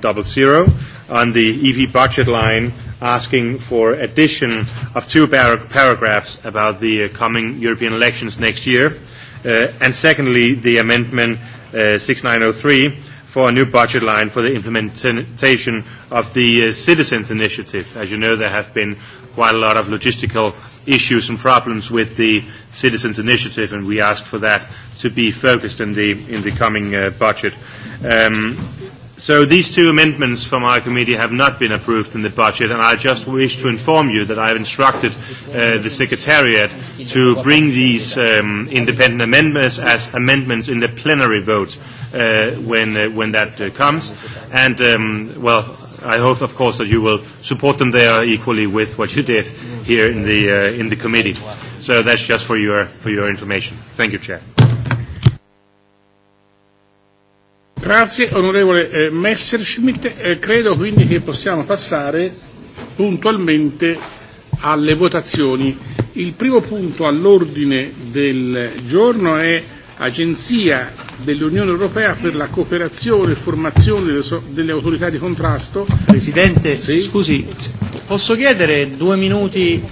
on the EV budget line asking for addition of two par- paragraphs about the uh, coming European elections next year. Uh, and secondly, the amendment uh, 6903 for a new budget line for the implementation of the uh, Citizens Initiative. As you know, there have been quite a lot of logistical issues and problems with the Citizens Initiative, and we ask for that to be focused in the, in the coming uh, budget. Um, So these two amendments from our committee have not been approved in the budget, and I just wish to inform you that I have instructed uh, the Secretariat to bring these um, independent amendments as amendments in the plenary vote uh, when, uh, when that uh, comes. And, um, well, I hope, of course, that you will support them there equally with what you did here in the, uh, in the committee. So that's just for your, for your information. Thank you, Chair. Grazie onorevole eh, Messerschmidt, eh, credo quindi che possiamo passare puntualmente alle votazioni. Il primo punto all'ordine del giorno è Agenzia dell'Unione Europea per la cooperazione e formazione delle, so- delle autorità di contrasto. Presidente, sì? scusi, posso chiedere due minuti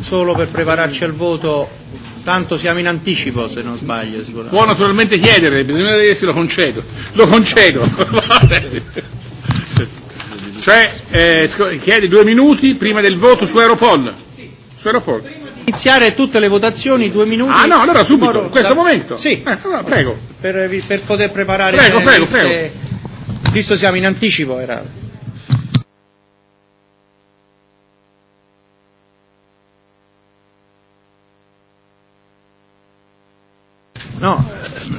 solo per prepararci al voto Tanto siamo in anticipo, se non sbaglio. Può naturalmente chiedere, bisogna vedere se lo concedo. Lo concedo. cioè, eh, chiede due minuti prima del voto su Europol. Su Europol. Iniziare tutte le votazioni, due minuti. Ah no, allora subito, moro, in questo da... momento. Sì. Eh, allora, prego. Per, per poter preparare. Prego, prego, liste, prego. Visto siamo in anticipo, era. No,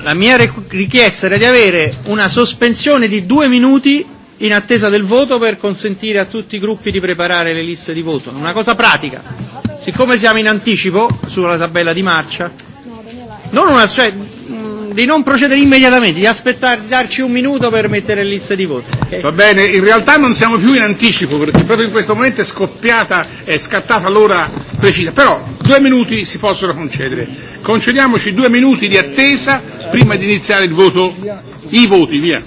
la mia richiesta era di avere una sospensione di due minuti in attesa del voto per consentire a tutti i gruppi di preparare le liste di voto. Una cosa pratica. Siccome siamo in anticipo sulla tabella di marcia, non una, cioè, di non procedere immediatamente, di aspettare, di darci un minuto per mettere le liste di voto. Okay? Va bene, in realtà non siamo più in anticipo perché proprio in questo momento è scoppiata, è scattata l'ora precisa, però due minuti si possono concedere. Concediamoci due minuti di attesa prima di iniziare il voto, i voti, via.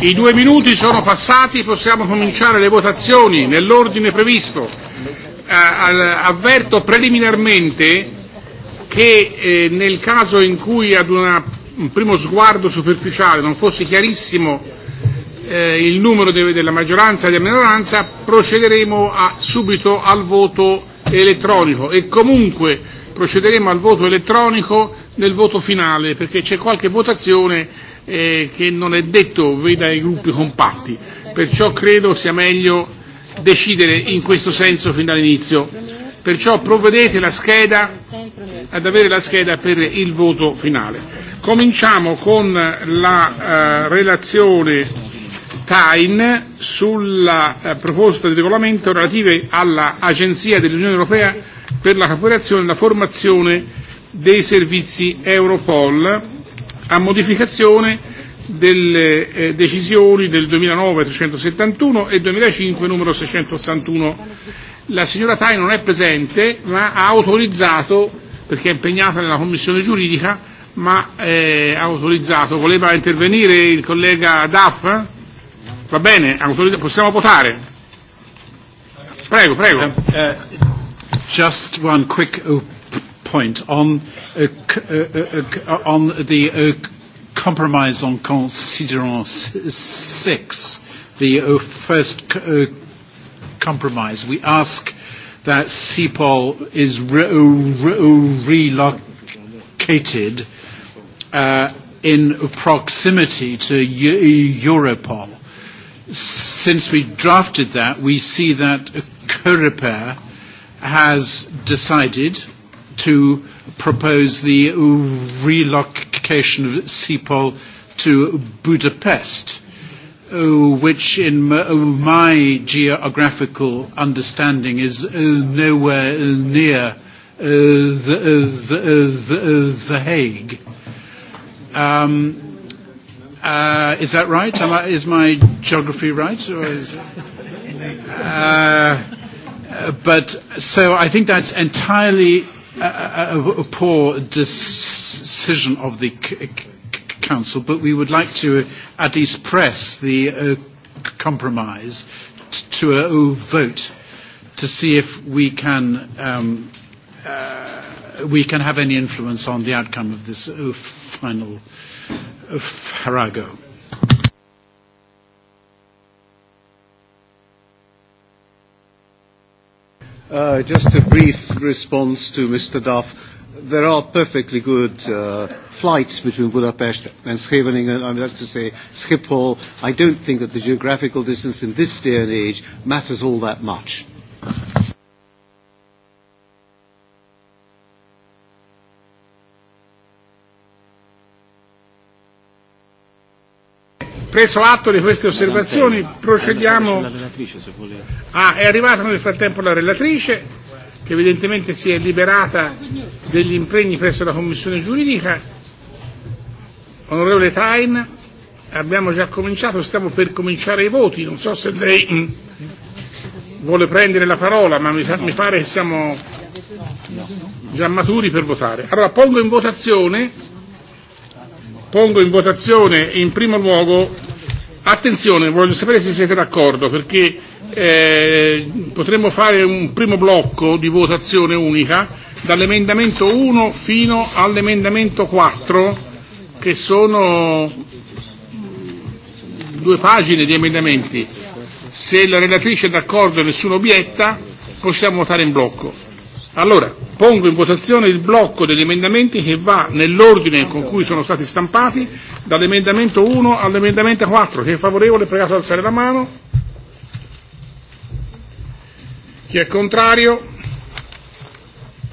I due minuti sono passati, possiamo cominciare le votazioni nell'ordine previsto. Eh, avverto preliminarmente che eh, nel caso in cui ad una, un primo sguardo superficiale non fosse chiarissimo eh, il numero de, della maggioranza e della minoranza, procederemo a, subito al voto elettronico e comunque procederemo al voto elettronico nel voto finale perché c'è qualche votazione eh, che non è detto veda i gruppi compatti, perciò credo sia meglio decidere in questo senso fin dall'inizio. Perciò provvedete la scheda, ad avere la scheda per il voto finale. Cominciamo con la eh, relazione Tain sulla eh, proposta di regolamento relative all'Agenzia dell'Unione Europea per la cooperazione e la formazione dei servizi Europol a modificazione delle eh, decisioni del 2009 371 e 2005 numero 681. La signora Tai non è presente ma ha autorizzato, perché è impegnata nella commissione giuridica, ma eh, ha autorizzato, voleva intervenire il collega Daff? Va bene, autorizz- possiamo votare. Prego, prego. Uh, uh, just one quick op- point on, uh, uh, uh, uh, on the uh, compromise on considerant six, the uh, first uh, compromise. We ask that CEPOL is re- uh, re- uh, relocated uh, in proximity to Europol. Since we drafted that, we see that COREPER has decided – to propose the relocation of CEPOL to Budapest, uh, which in uh, my geographical understanding is uh, nowhere near the, the, the Hague. Um, uh, is that right? Am I, is my geography right? Or is, uh, but so I think that's entirely a, a, a poor decision of the c- c- council, but we would like to uh, at least press the uh, compromise t- to a, a vote to see if we can um, uh, we can have any influence on the outcome of this uh, final uh, farrago. Uh, just a brief response to Mr. Duff. There are perfectly good uh, flights between Budapest and Scheveningen, I mean, that's to say Schiphol. I don't think that the geographical distance in this day and age matters all that much. Preso atto di queste osservazioni, procediamo. Ah, è arrivata nel frattempo la relatrice, che evidentemente si è liberata degli impegni presso la Commissione giuridica. Onorevole Tain, abbiamo già cominciato, stiamo per cominciare i voti. Non so se lei vuole prendere la parola, ma mi, sa- mi pare che siamo già maturi per votare. Allora, pongo in votazione Pongo in votazione in primo luogo, attenzione, voglio sapere se siete d'accordo perché eh, potremmo fare un primo blocco di votazione unica dall'emendamento 1 fino all'emendamento 4 che sono due pagine di emendamenti. Se la relatrice è d'accordo e nessuno obietta possiamo votare in blocco. Allora, pongo in votazione il blocco degli emendamenti che va nell'ordine con cui sono stati stampati, dall'emendamento 1 all'emendamento 4. Chi è favorevole è pregato ad alzare la mano. Chi è contrario?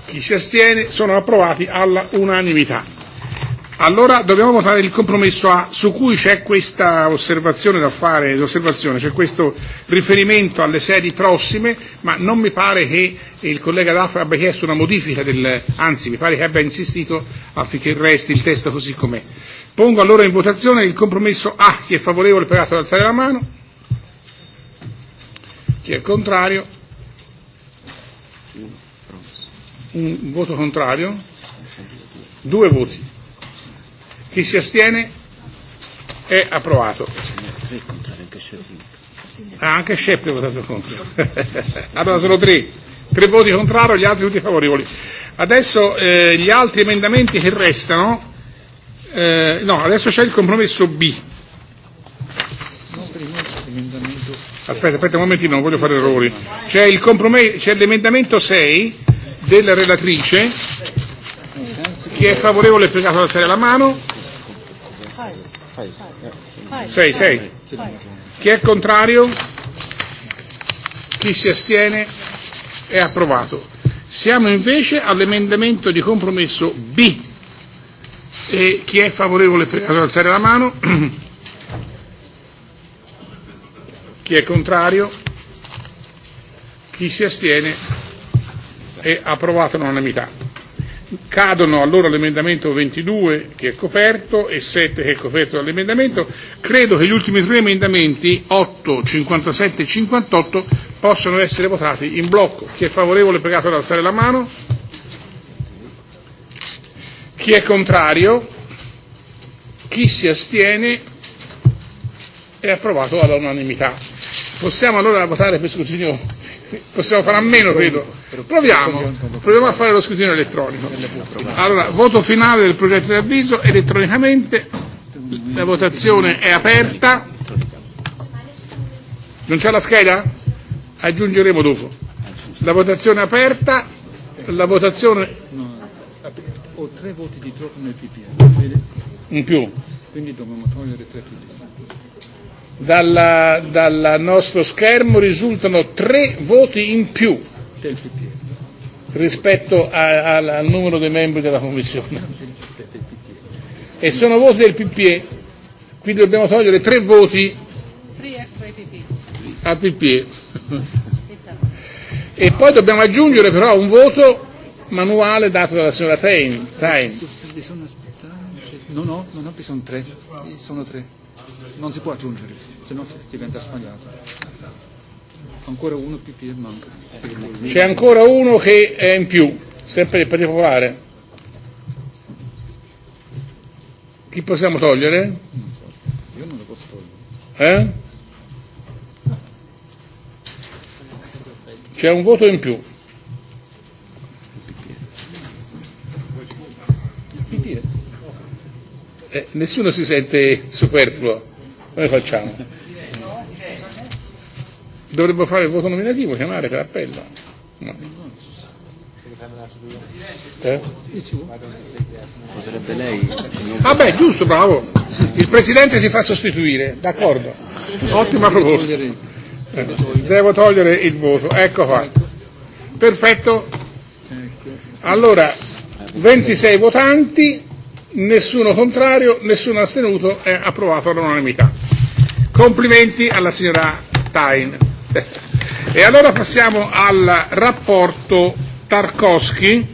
Chi si astiene? Sono approvati alla unanimità. Allora dobbiamo votare il compromesso A su cui c'è questa osservazione da fare, l'osservazione, c'è questo riferimento alle sedi prossime, ma non mi pare che il collega Daff abbia chiesto una modifica del, anzi mi pare che abbia insistito affinché resti il testo così com'è. Pongo allora in votazione il compromesso A, chi è favorevole pregato ad alzare la mano, chi è contrario, un voto contrario, due voti. Chi si astiene è approvato. Ah, anche Sheppi ha votato contro. allora sono tre. Tre voti contrari, gli altri tutti favorevoli. Adesso eh, gli altri emendamenti che restano. Eh, no, adesso c'è il compromesso B. Aspetta, aspetta un momentino, non voglio fare errori. C'è, il comprome- c'è l'emendamento 6 della relatrice. Chi è favorevole è e pregato ad alzare la mano. 6, 6. Chi è contrario? Chi si astiene? È approvato. Siamo invece all'emendamento di compromesso B. E chi è favorevole ad alzare la mano? Chi è contrario? Chi si astiene? È approvato all'unanimità. Cadono allora l'emendamento 22 che è coperto e 7 che è coperto dall'emendamento. Credo che gli ultimi tre emendamenti, 8, 57 e 58, possano essere votati in blocco. Chi è favorevole è pregato ad alzare la mano. Chi è contrario? Chi si astiene? È approvato all'unanimità. Possiamo allora votare per scrutinio Possiamo fare a meno, credo. Proviamo, proviamo a fare lo scrutinio elettronico. Allora, voto finale del progetto di avviso elettronicamente. La votazione è aperta. Non c'è la scheda? Aggiungeremo dopo. La votazione è aperta. La votazione. Ho tre voti di troppo nel PP. In più. Quindi dobbiamo togliere tre PP dalla, dal nostro schermo risultano tre voti in più e rispetto a, a, al numero dei membri della Commissione. E sono voti del PPE, quindi dobbiamo togliere tre voti e. al PPE. E poi dobbiamo aggiungere però un voto manuale dato dalla signora Tain. Tain. Bisogna aspettare, no, no, no, no, sono tre, sono tre non si può aggiungere, se no diventa sbagliato. Ancora uno PP e manca. C'è ancora uno che è in più, sempre del Partito Popolare. Chi possiamo togliere? Io non lo posso togliere. Eh? C'è un voto in più. E. Eh, nessuno si sente superfluo. Noi facciamo? Dovremmo fare il voto nominativo, chiamare Carappella. No. Eh? Potrebbe lei. Ah beh, giusto, bravo. Il presidente si fa sostituire, d'accordo. Ottima proposta. Eh, devo togliere il voto, ecco qua. Perfetto. Allora, 26 votanti, nessuno contrario, nessuno astenuto, è approvato all'unanimità. Complimenti alla signora Tain. E allora passiamo al rapporto Tarkovsky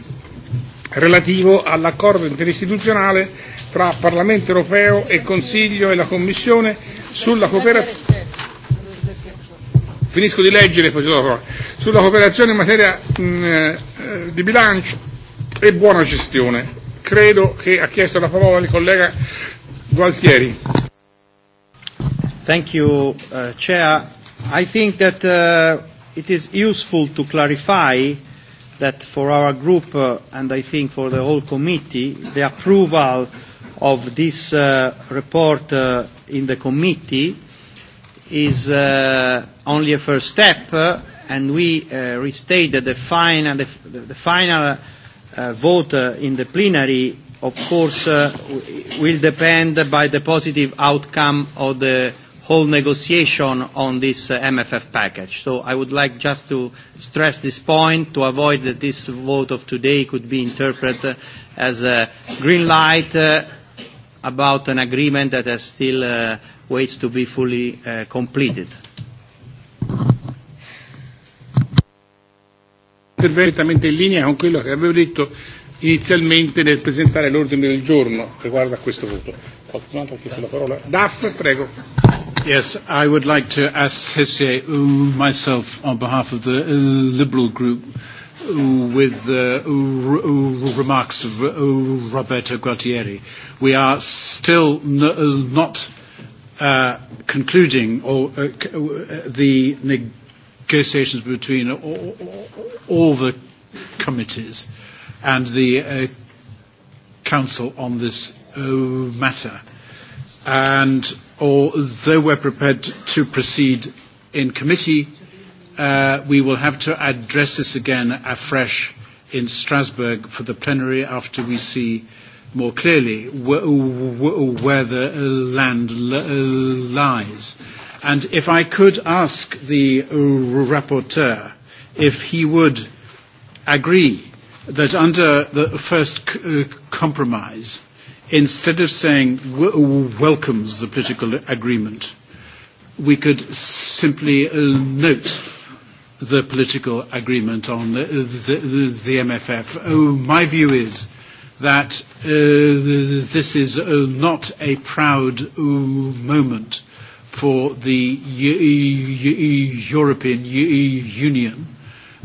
relativo all'accordo interistituzionale tra Parlamento europeo e Consiglio e la Commissione sulla cooperazione finisco di leggere poi do la sulla cooperazione in materia mh, eh, di bilancio e buona gestione credo che ha chiesto la parola il collega Gualtieri. Thank you, uh, Chair. I think that uh, it is useful to clarify that for our group uh, and I think for the whole committee, the approval of this uh, report uh, in the committee is uh, only a first step uh, and we uh, restate that the final, the, the final uh, vote uh, in the plenary, of course, uh, will depend by the positive outcome of the whole negotiation on this uh, MFF package. So I would like just to stress this point to avoid that this vote of today could be interpreted uh, as a green light uh, about an agreement that has still uh, waits to be fully uh, completed. perfettamente in linea con quello che avevo detto inizialmente nel presentare l'ordine del giorno riguardo a questo voto. Qualcun altro ha chiesto la parola? Daff, prego. Yes, I would like to associate uh, myself on behalf of the uh, Liberal Group uh, with the uh, remarks of uh, Roberto Gualtieri. We are still n- not uh, concluding or, uh, the negotiations between all, all the committees and the uh, Council on this uh, matter. And although we're prepared to proceed in committee, uh, we will have to address this again afresh in Strasbourg for the plenary after we see more clearly wh- wh- where the land l- lies. Uh, And if I could ask the rapporteur if he would agree that under the first c- uh, compromise, instead of saying w- welcomes the political agreement, we could simply uh, note the political agreement on the, the, the MFF. Oh, uh, my view is that uh, this is uh, not a proud uh, moment for the e e European e Union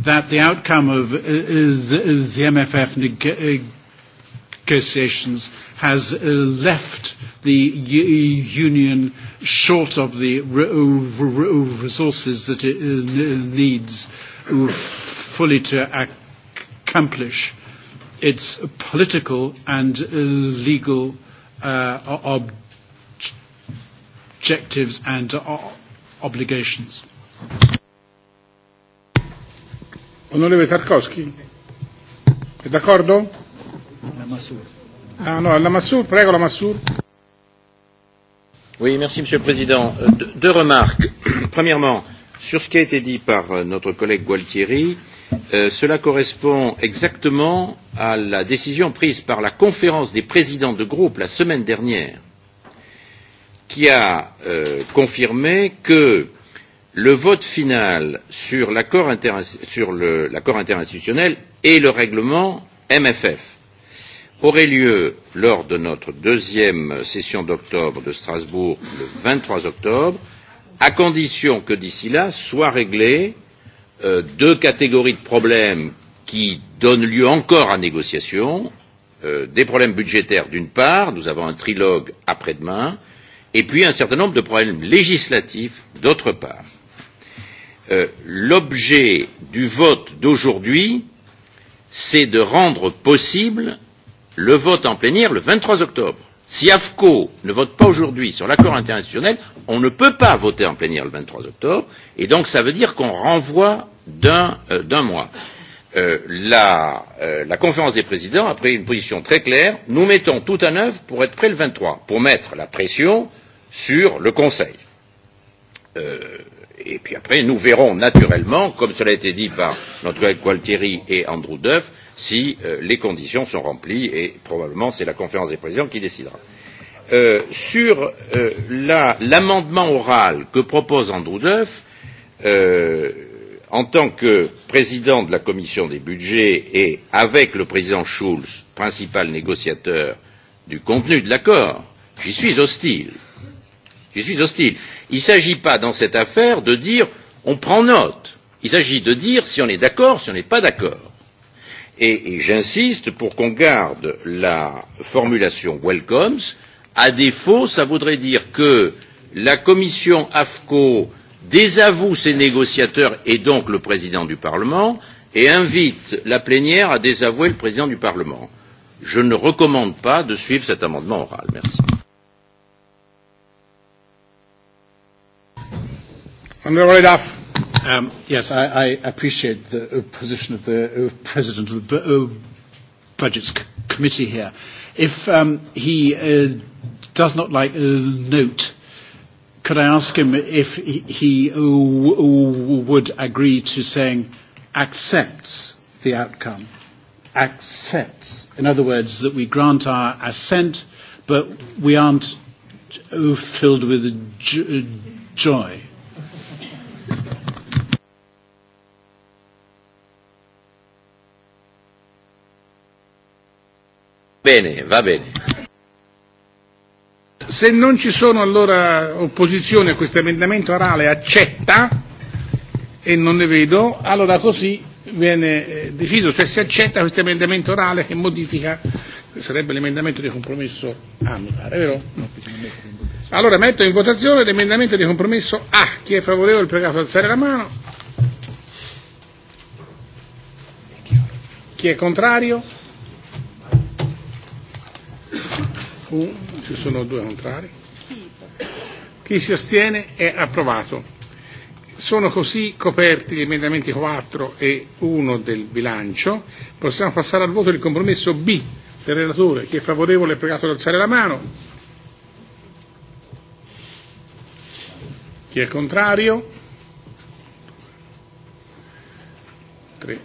that the outcome of uh, the MFF uh, negotiations has uh, left the Union short of the resources that it needs fully to accomplish its political and legal uh, objectives objectives and uh, obligations. Onorevole Tarkovsky, è d'accordo? La Massour. Ah no, la Massour, prego la Massour. Oui, merci Monsieur le Président. Euh, de, deux remarques. Premièrement, sur ce qui a été dit par euh, notre collègue Gualtieri, euh, cela correspond exactement à la décision prise par la conférence des présidents de groupe la semaine dernière qui a euh, confirmé que le vote final sur l'accord inter, sur le, interinstitutionnel et le règlement MFF aurait lieu lors de notre deuxième session d'octobre de Strasbourg le 23 octobre, à condition que d'ici là soient réglées euh, deux catégories de problèmes qui donnent lieu encore à négociation, euh, des problèmes budgétaires d'une part, nous avons un trilogue après-demain, euh, et puis un certain nombre de problèmes législatifs d'autre part. Euh, L'objet du vote d'aujourd'hui, c'est de rendre possible le vote en plénière le 23 octobre. Si AFCO ne vote pas aujourd'hui sur l'accord interinstitutionnel, on ne peut pas voter en plénière le 23 octobre, et donc ça veut dire qu'on renvoie d'un euh, mois. Euh, la, euh, la conférence des présidents a pris une position très claire nous mettons tout en œuvre pour être prêts le 23, pour mettre la pression euh, sur le Conseil. Euh, et puis après, nous verrons naturellement, comme cela a été dit par notre collègue Gualtieri et Andrew Duff, si euh, les conditions sont remplies et probablement c'est la conférence des présidents qui décidera. Euh, sur euh, l'amendement la, oral que propose Andrew Duff, euh, en tant que président de la commission des budgets et avec le président Schulz, principal négociateur du contenu de l'accord, j'y suis hostile j'y suis hostile. Il ne s'agit pas dans cette affaire de dire on prend note. Il s'agit de dire si on est d'accord, si on n'est pas d'accord. Et, et j'insiste pour qu'on garde la formulation welcomes. À défaut, ça voudrait dire que la commission AFCO désavoue ses négociateurs et donc le président du Parlement et invite la plénière à désavouer le président du Parlement. Je ne recommande pas de suivre cet amendement oral. Merci. Honourable Duff. Um, yes, I, I appreciate the uh, position of the uh, President of the B- uh, Budgets c- Committee here. If um, he uh, does not like a note, could I ask him if he, he uh, w- would agree to saying accepts the outcome? Accepts. In other words, that we grant our assent, but we aren't uh, filled with j- uh, joy Bene, va bene. Se non ci sono allora opposizioni a questo emendamento orale, accetta e non ne vedo, allora così viene eh, deciso, cioè si accetta questo emendamento orale che modifica, sarebbe l'emendamento di compromesso A, mi pare, vero? No. Allora metto in votazione l'emendamento di compromesso A, chi è favorevole pregato ad alzare la mano, chi è contrario? 1, ci sono due contrari. Chi si astiene è approvato. Sono così coperti gli emendamenti 4 e 1 del bilancio. Possiamo passare al voto del compromesso B del relatore. Chi è favorevole è pregato ad alzare la mano. Chi è contrario? 3.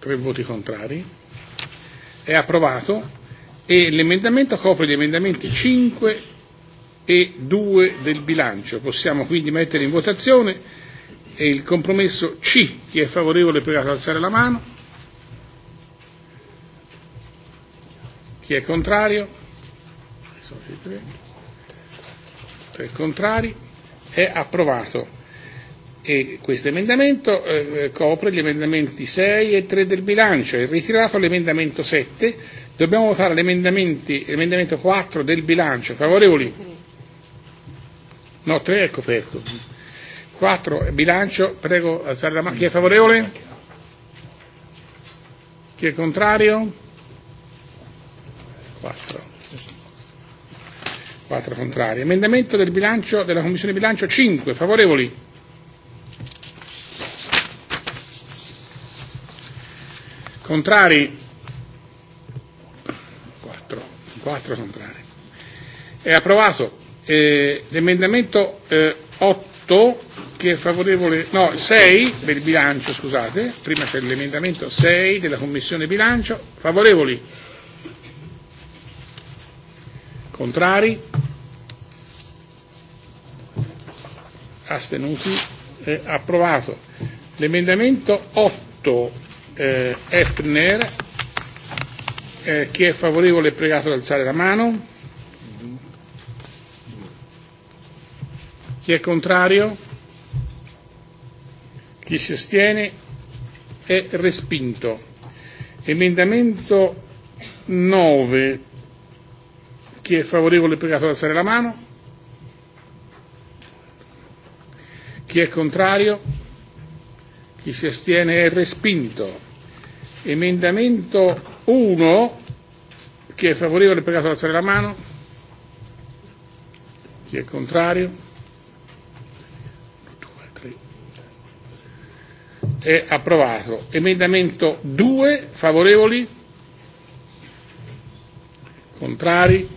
3 voti contrari. È approvato e l'emendamento copre gli emendamenti 5 e 2 del bilancio. Possiamo quindi mettere in votazione e il compromesso C. Chi è favorevole prega di alzare la mano. Chi è contrario? Per contrari è approvato. E questo emendamento eh, copre gli emendamenti 6 e 3 del bilancio. È ritirato l'emendamento 7 Dobbiamo votare l'emendamento 4 del bilancio. Favorevoli? No, 3 è coperto. 4 bilancio, prego alzare la macchina. Chi è favorevole? Chi è contrario? 4. 4 contrari. Emendamento del bilancio, della Commissione bilancio 5. Favorevoli? Contrari? 4 contrari. È approvato eh, l'emendamento eh, 8 che è favorevole, no, 6 per il bilancio, scusate, prima c'è l'emendamento 6 della Commissione bilancio, favorevoli, contrari, astenuti, eh, approvato. L'emendamento 8 eh, Efner Eh, chi è favorevole è pregato ad alzare la mano. Chi è contrario? Chi si astiene? È respinto. Emendamento 9. Chi è favorevole è pregato ad alzare la mano. Chi è contrario? Chi si astiene è respinto. Emendamento 1, chi è favorevole è pregato ad alzare la mano, chi è contrario. È approvato. Emendamento 2, favorevoli? Contrari?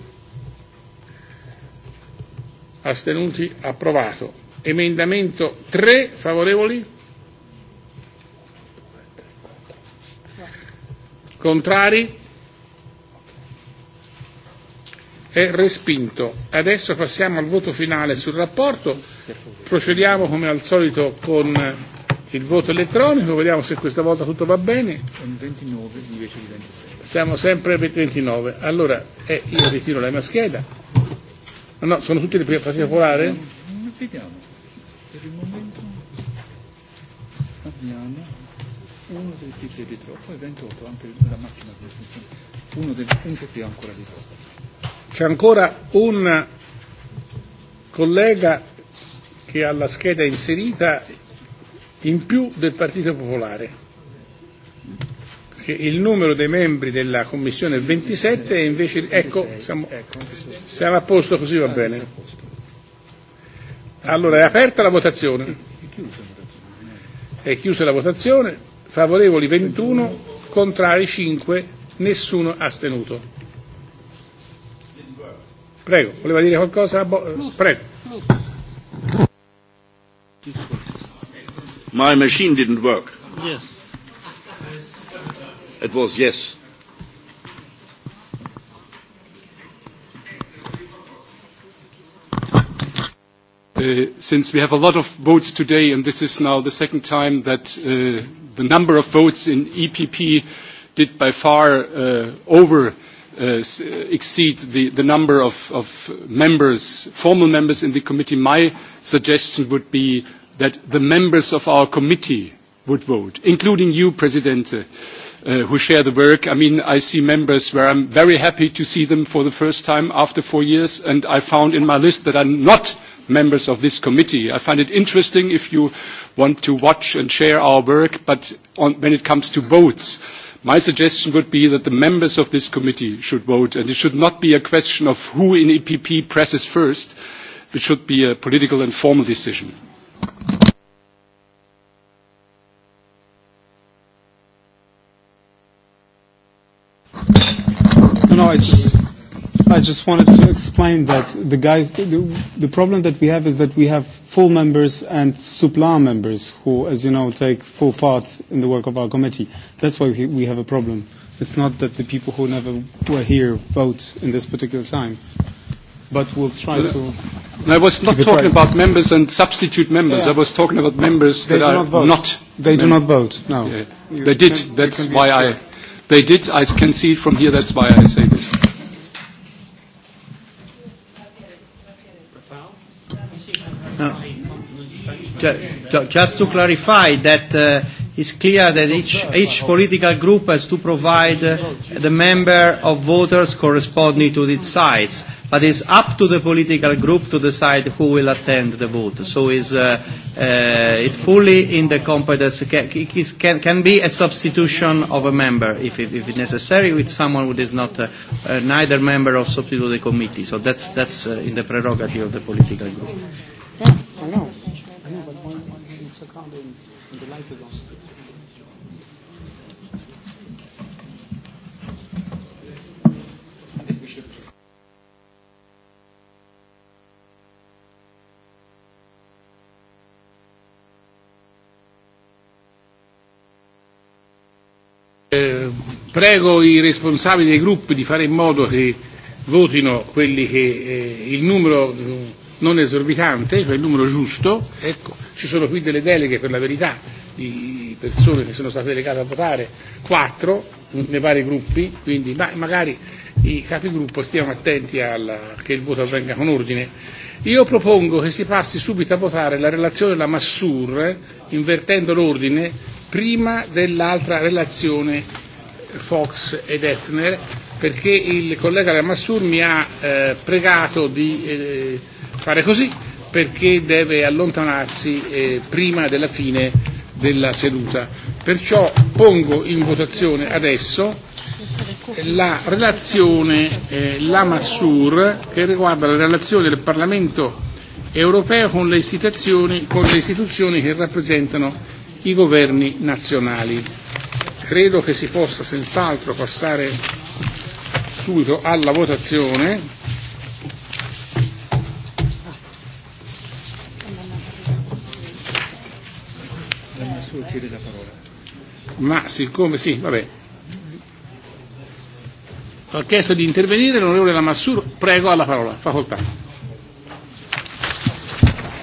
Astenuti? Approvato. Emendamento 3, favorevoli? Contrari? È respinto. Adesso passiamo al voto finale sul rapporto. Procediamo come al solito con il voto elettronico, vediamo se questa volta tutto va bene. 29 invece di 26. Siamo sempre per 29. Allora, eh, io ritiro la mia scheda. No, no, sono tutti di Partito Popolare? Vediamo. Per il momento abbiamo uno del PP è di troppo e 28 anche la macchina non funziona. Uno del un PP è ancora di troppo. C'è ancora un collega che ha la scheda inserita in più del Partito Popolare. Che il numero dei membri della Commissione è 27 e invece ecco siamo, siamo a posto così va ah, bene. Allora è aperta la votazione. È chiusa la votazione favorevoli 21, contrari 5, nessuno astenuto. Prego, voleva dire qualcosa? Bo- prego. My machine didn't work. Yes. It was yes. Uh, since we have a lot of votes today, and this is now the second time that uh, the number of votes in EPP did by far uh, over uh, exceed the, the number of, of members, formal members in the committee. My suggestion would be that the members of our committee would vote, including you, Presidente, uh, who share the work. I mean, I see members where I'm very happy to see them for the first time after four years, and I found in my list that I'm not members of this committee. I find it interesting if you want to watch and share our work, but on, when it comes to votes, my suggestion would be that the members of this committee should vote, and it should not be a question of who in EPP presses first. It should be a political and formal decision. just wanted to explain that the guys, the, the problem that we have is that we have full members and supplant members who, as you know, take full part in the work of our committee. That's why we, we have a problem. It's not that the people who never were here vote in this particular time, but we'll try no, to. No, I was not talking right. about members and substitute members. Yeah. I was talking about members they that are not. Vote. not they mem- do not vote. No, yeah. You they did. Can, That's why I. They did. I can see from here. That's why I say this. just to clarify that uh, it's clear that each, each political group has to provide uh, the member of voters corresponding to its sides. But it's up to the political group to decide who will attend the vote. So it's uh, uh, it fully in the competence. It can, can be a substitution of a member if, if, if necessary with someone who is not uh, uh, neither member or substitute of the committee. So that's, that's uh, in the prerogative of the political group. Yeah. présidence. Eh, prego i responsabili dei gruppi di fare in modo che votino quelli che eh, il numero eh, non esorbitante, cioè il numero giusto, ecco, ci sono qui delle deleghe per la verità di persone che sono state delegate a votare, quattro nei vari gruppi, quindi ma magari i capigruppo stiano attenti al, che il voto avvenga con ordine. Io propongo che si passi subito a votare la relazione della Massur, eh, invertendo l'ordine, prima dell'altra relazione eh, Fox ed Effner, perché il collega Lamassur mi ha eh, pregato di eh, fare così, perché deve allontanarsi eh, prima della fine della seduta. Perciò pongo in votazione adesso la relazione eh, Lamassur che riguarda la relazione del Parlamento europeo con le, istituzioni, con le istituzioni che rappresentano i governi nazionali. Credo che si possa senz'altro passare subito alla votazione chiede la parola. Ma siccome sì, vabbè. Ha chiesto di intervenire l'onorevole Lamassur, prego alla parola, facoltà.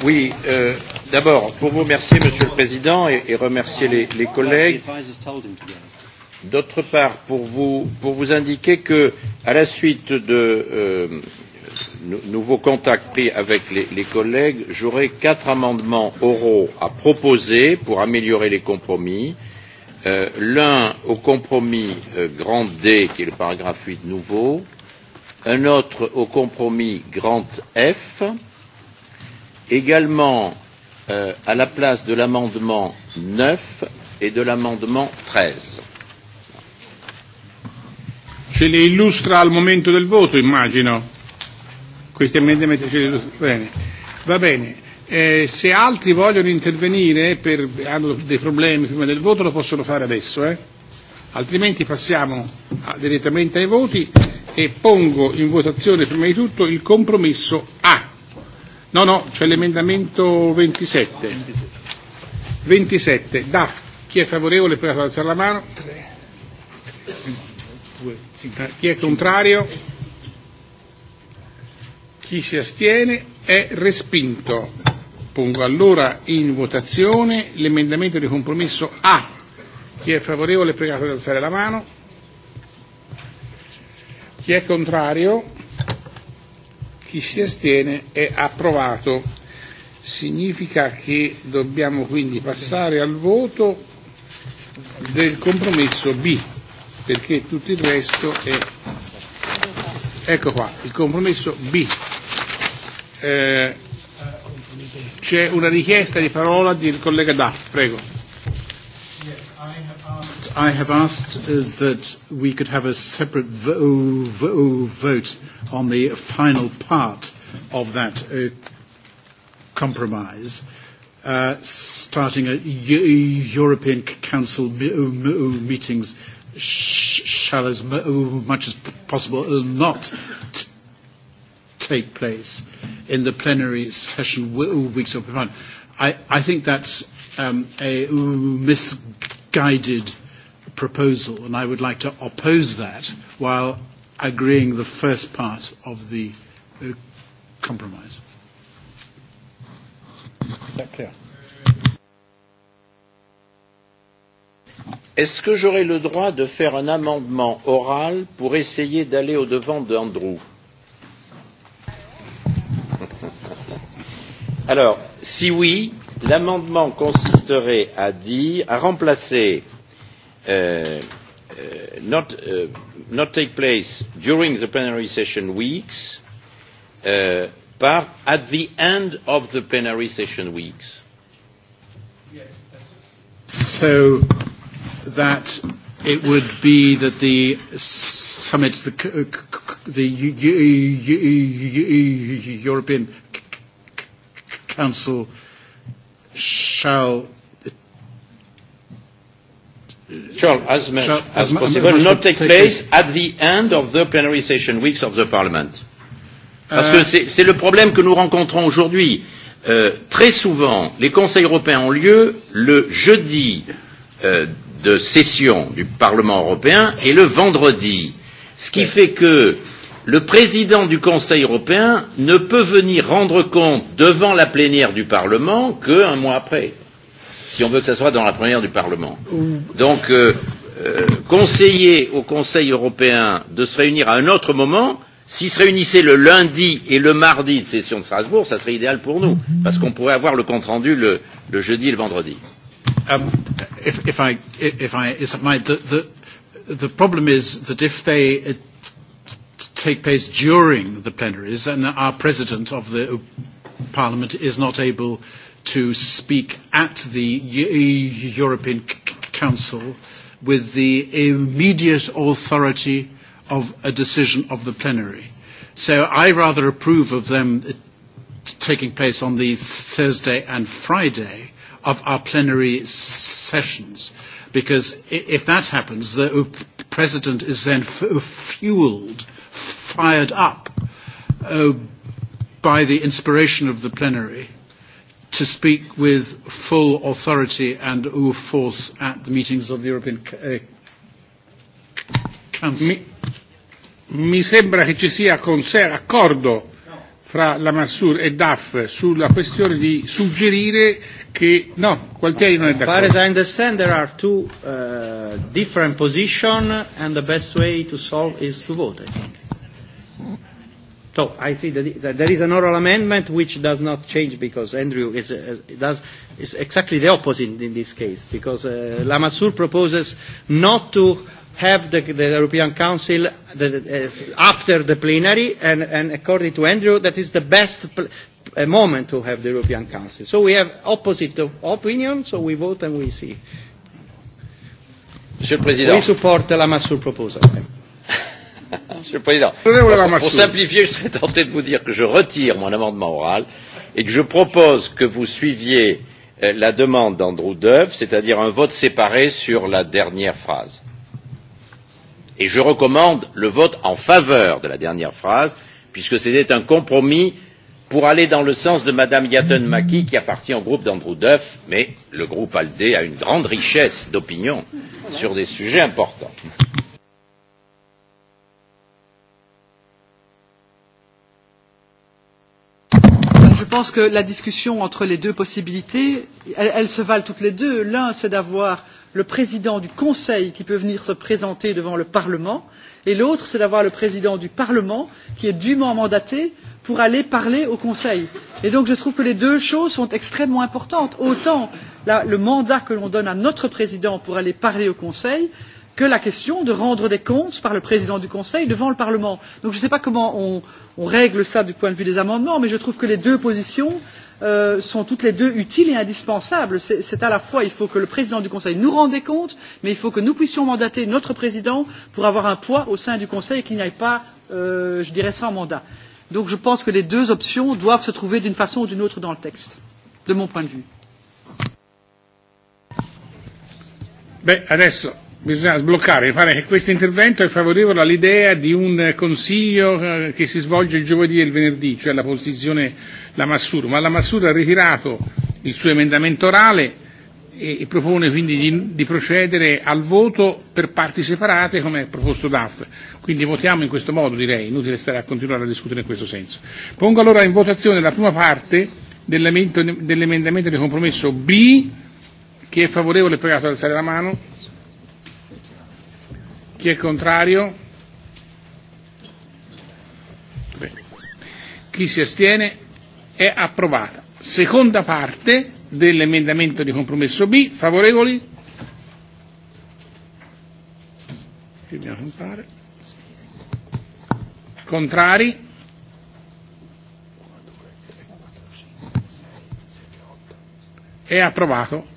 Oui, euh, d'abord, pour vous remercier, Monsieur le Président, et, et remercier les, les collègues. D'autre part, pour vous, pour vous indiquer que, à la suite de, euh, nouveaux contacts pris avec les, les collègues, j'aurai quatre amendements oraux à proposer pour améliorer les compromis. Euh, L'un au compromis euh, grand D, qui est le paragraphe 8 nouveau, un autre au compromis grand F, également euh, à la place de l'amendement 9 et de l'amendement 13. Ce les illustra al momento del voto, immagino questi emendamenti cedere. Bene. Va bene. Eh, se altri vogliono intervenire per, hanno dei problemi prima del voto lo possono fare adesso, eh? altrimenti passiamo a, ah, direttamente ai voti e pongo in votazione prima di tutto il compromesso A. No, no, c'è l'emendamento 27. 27. DAF. Chi è favorevole prega di alzare la mano. Chi è contrario? Chi si astiene è respinto. Pongo allora in votazione l'emendamento di compromesso A. Chi è favorevole è pregato di alzare la mano. Chi è contrario? Chi si astiene è approvato. Significa che dobbiamo quindi passare al voto del compromesso B, perché tutto il resto è. Ecco qua, il compromesso B. Eh, c'è una richiesta di parola del collega Duff, prego. Yes, I have asked, I have asked uh, that we could have a separate vo- vo- vote on the final part of that uh, compromise, uh, starting at U- European Council me- me- meetings sh- shall as m- much as possible not t- take place. Uh, in the plenary session w- weeks of Parliament. I, I think that's um, a misguided proposal, and I would like to oppose that while agreeing the first part of the uh, compromise. Is that clear? Est-ce que j'aurai le droit de faire un amendement oral pour essayer d'aller au-devant d'Andrew de Alors, si oui, l'amendement consisterait à dire, à remplacer euh, euh, not, euh, not take place during the plenary session weeks euh, par at the end of the plenary session weeks. So that it would be that the summit, the, the European Council shall shall as much shall, as, as possible as not take place it. at the end of the plenary session weeks of the Parliament. Parce euh, que c'est le problème que nous rencontrons aujourd'hui. Euh, très souvent, les conseils européens ont lieu le jeudi euh, de session du Parlement européen et le vendredi. Ce qui ouais. fait que euh, le président du Conseil européen ne peut venir rendre compte devant la plénière du Parlement qu'un mois après, si on veut que ce soit dans la plénière du Parlement. Donc, euh, euh, conseiller au Conseil européen de se réunir à un autre moment, S'ils se réunissaient le lundi et le mardi de session de Strasbourg, ça serait idéal pour nous, parce qu'on pourrait avoir le compte rendu le, le jeudi et le vendredi. Um, if, if I, if I, is it my, the, the, the problem is that if they take place during the plenaries, and our president of the parliament is not able to speak at the e- e- European Council with the immediate authority of a decision of the plenary. So I rather approve of them uh, taking place on the Thursday and Friday of our plenary sessions, because if that happens, the uh, president is then fueled fired up uh, by the inspiration of the plenary to speak with full authority and force at the meetings of the European uh, Council. Mi, mi sembra che ci sia conser- accordo fra la Mansur e DAF sulla questione di suggerire che no, Gualtieri non è d'accordo. As far as I understand there are two uh, different positions and the best way to solve is to vote, I think. So I see that there is an oral amendment which does not change because Andrew is, uh, does, is exactly the opposite in this case because uh, Lamassur proposes not to have the, the European Council the, uh, after the plenary and, and according to Andrew that is the best pl- a moment to have the European Council. So we have opposite opinion, so we vote and we see. Monsieur le Président. We support Lamassoure proposal. Monsieur le Président, pour simplifier, je serais tenté de vous dire que je retire mon amendement oral et que je propose que vous suiviez euh, la demande d'Andrew Duff, c'est-à-dire un vote séparé sur la dernière phrase. Et je recommande le vote en faveur de la dernière phrase, puisque c'était un compromis euh, pour aller dans le sens de Mme Yatten-Maki, qui appartient au groupe d'Andrew Duff, mais le groupe ALDE a une grande richesse d'opinions sur des sujets importants. je pense que la discussion entre les deux possibilités elles, elles se valent toutes les deux l'un c'est d'avoir le président du conseil qui peut venir se présenter devant le parlement et l'autre c'est d'avoir le président du parlement qui est dûment mandaté pour aller parler au Conseil. Et donc je trouve que les deux choses sont extrêmement importantes. Autant la, le mandat que l'on donne à notre président pour aller parler au Conseil, que la question de rendre des comptes par le président du Conseil devant le Parlement. Donc je ne sais pas comment on, on règle ça du point de vue des amendements, mais je trouve que les deux positions euh, sont toutes les deux utiles et indispensables. C'est à la fois il faut que le président du Conseil nous rende des comptes, mais il faut que nous puissions mandater notre président pour avoir un poids au sein du Conseil et qu'il n'y aille pas, euh, je dirais, sans mandat. Euh, Donc je pense que les deux options doivent se trouver d'une façon ou d'une autre dans le texte, de mon point di vue. Beh, adesso bisogna sbloccare, mi pare che questo intervento è favorevole all'idea di un consiglio eh, che si svolge il giovedì e il venerdì, cioè la posizione Lamassur, ma Lamassur ha ritirato il suo emendamento orale e, e propone quindi di, di procedere al voto per parti separate come proposto DAF. Quindi votiamo in questo modo direi, inutile stare a continuare a discutere in questo senso. Pongo allora in votazione la prima parte dell'emendamento di compromesso B, chi è favorevole è e pregato ad alzare la mano, chi è contrario? Chi si astiene è approvata. Seconda parte dell'emendamento di compromesso B. Favorevoli? Contrari? È approvato.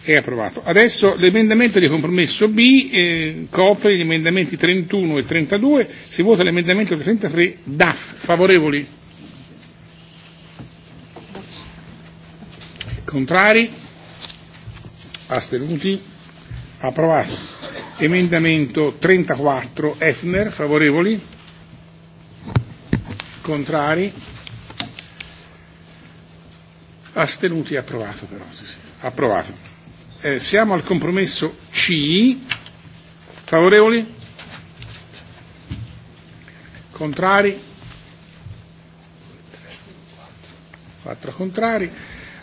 È approvato. Adesso l'emendamento di compromesso B eh, copre gli emendamenti 31 e 32. Si vota l'emendamento 33 DAF. Favorevoli? Contrari? Astenuti? Approvato. Emendamento 34 Efner, favorevoli? Contrari? Astenuti? Approvato però. Sì, sì. Approvato. Eh, siamo al compromesso C. Favorevoli? Contrari? 4 contrari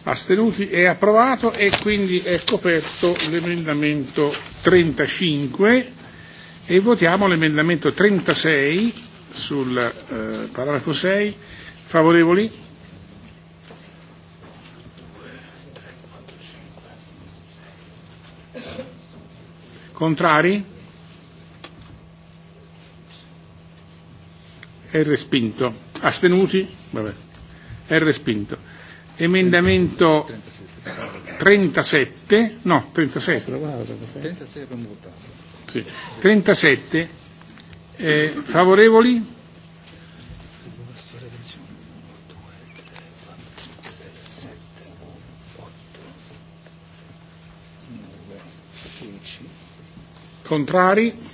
astenuti è approvato e quindi è coperto l'emendamento 35 e votiamo l'emendamento 36 sul eh, paragrafo 6 favorevoli contrari è respinto astenuti vabbè è respinto Emendamento 37, no, 37. 36 abbiamo votato. Sì. 37, eh, favorevoli? Contrari?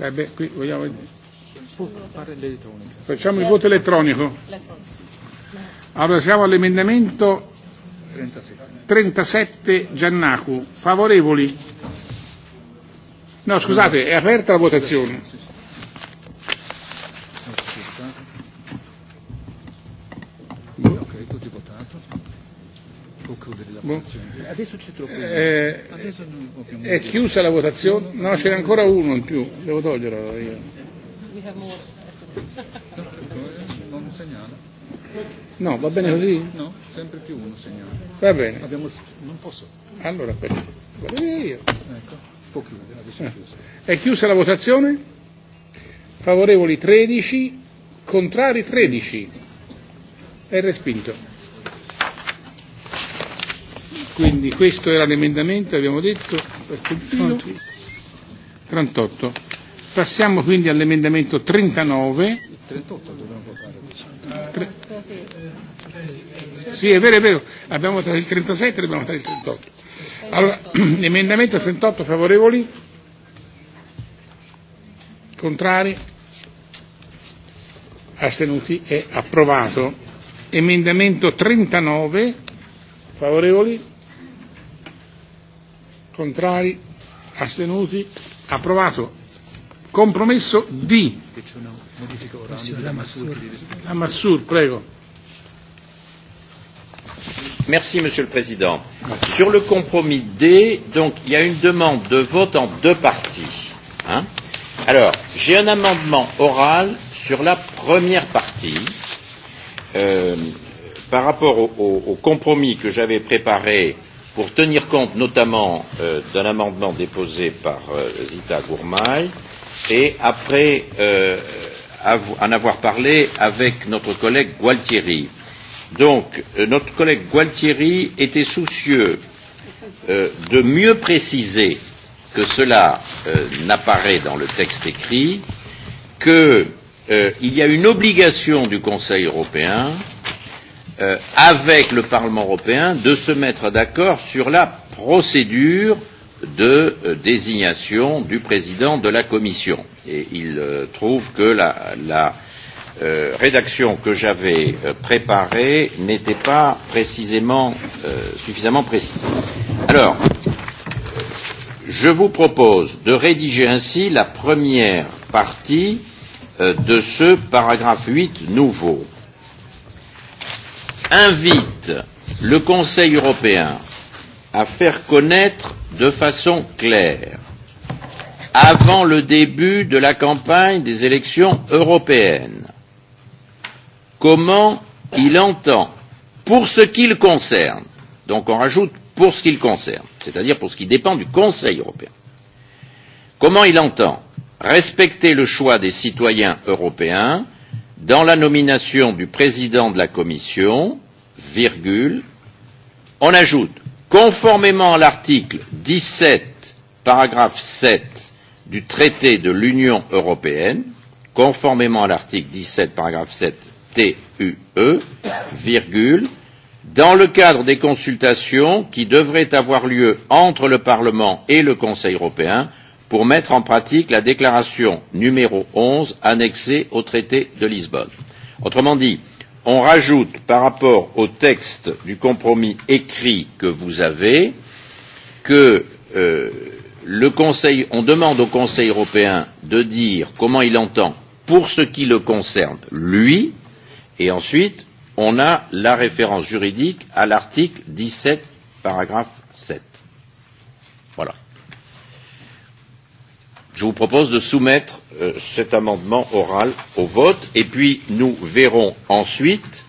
Eh beh, qui vogliamo vedere. Facciamo il voto elettronico. Allora siamo all'emendamento 37 Giannacu. Favorevoli? No, scusate, è aperta la votazione. Adesso c'è troppo. Eh, eh, è chiusa la votazione? No, c'era ancora uno in più, devo toglierlo io we have more. non un segnale. No, va bene così? No, sempre più uno segnale. Va bene. Abbiamo, non posso. Allora, per, volevo io. Ecco, può chiudere, adesso è eh. chiusa. È chiusa la votazione? Favorevoli 13, contrari 13. È respinto. Quindi questo era l'emendamento, abbiamo detto, per 38. Passiamo quindi all'emendamento 39. 38 dobbiamo votare. Tre... Sì, è vero, è vero. Abbiamo votato il 37 e dobbiamo votare il 38. Allora, emendamento 38 favorevoli? Contrari? Astenuti? È approvato. Emendamento 39 favorevoli? Contrari? Astenuti? Approvato Compromesso D. Lamassur, prego. Merci, Monsieur le Président. Merci. Sur le compromis D, donc il y a une demande de vote en deux parties. Hein Alors, j'ai un amendement oral sur la première partie. Euh, par rapport au, au, au compromis que j'avais préparé pour tenir compte notamment euh, d'un amendement déposé par euh, Zita Gourmail, euh, et après euh, av en avoir parlé avec notre collègue Gualtieri. Donc, euh, notre collègue Gualtieri était soucieux euh, de mieux préciser que cela euh, n'apparaît dans le texte écrit, qu'il euh, y a une obligation du Conseil européen euh, avec le Parlement européen de se mettre d'accord sur la procédure euh, de euh, désignation du président de la Commission. Et il euh, trouve que la, la euh, rédaction que j'avais euh, préparée n'était pas précisément euh, suffisamment précise. Alors, je vous propose de rédiger ainsi la première partie euh, de ce paragraphe 8 nouveau. Invite le Conseil européen à faire connaître de façon claire avant le début de la campagne des élections européennes comment il entend, pour ce qui le concerne, donc on rajoute pour ce qui le concerne, c'est-à-dire pour ce qui dépend du Conseil européen, comment il entend respecter le choix des citoyens européens dans la nomination du président de la Commission, virgule, on ajoute Conformément à l'article 17, paragraphe 7 du traité de l'Union européenne, conformément à l'article 17, paragraphe 7 TUE, virgule, dans le cadre des consultations qui devraient avoir lieu entre le Parlement et le Conseil européen pour mettre en pratique la déclaration numéro 11 annexée au traité de Lisbonne. Autrement dit, on rajoute par rapport au texte du compromis écrit que vous avez que euh, le Conseil, on demande au Conseil européen de dire comment il entend pour ce qui le concerne lui, et ensuite on a la référence juridique à l'article 17, paragraphe 7. je vous propose de soumettre euh, cet amendement oral au vote et puis nous verrons ensuite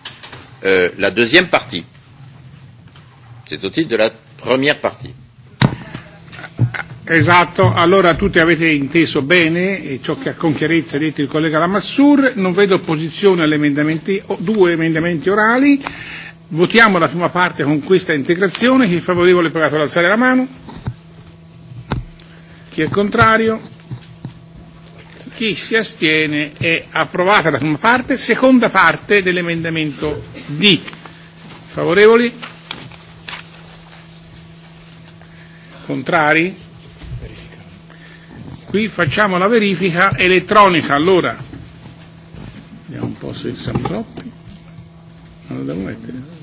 euh, la deuxième partie. C'est au titre de la première partie. Esatto, allora tutti avete inteso bene e ciò che ha con chiarezza detto il collega Lamassur, non vedo opposizione agli emendamenti, due emendamenti orali, votiamo la prima parte con questa integrazione, chi è favorevole è pregato ad alzare la mano, chi è contrario, Chi si astiene è approvata la prima parte, seconda parte dell'emendamento D. Favorevoli? Contrari? Qui facciamo la verifica elettronica, allora. Vediamo un po' se siamo troppi. Non lo devo mettere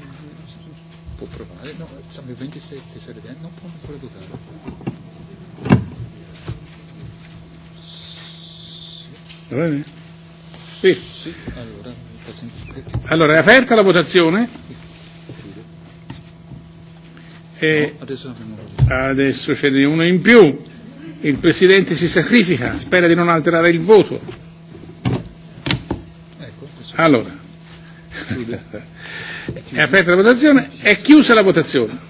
può provare, no, siamo il 27, se non può ancora votare. Sì. sì. Allora, è aperta la votazione? E adesso ce n'è uno in più. Il Presidente si sacrifica, spera di non alterare il voto. Allora, è aperta la votazione, è chiusa la votazione.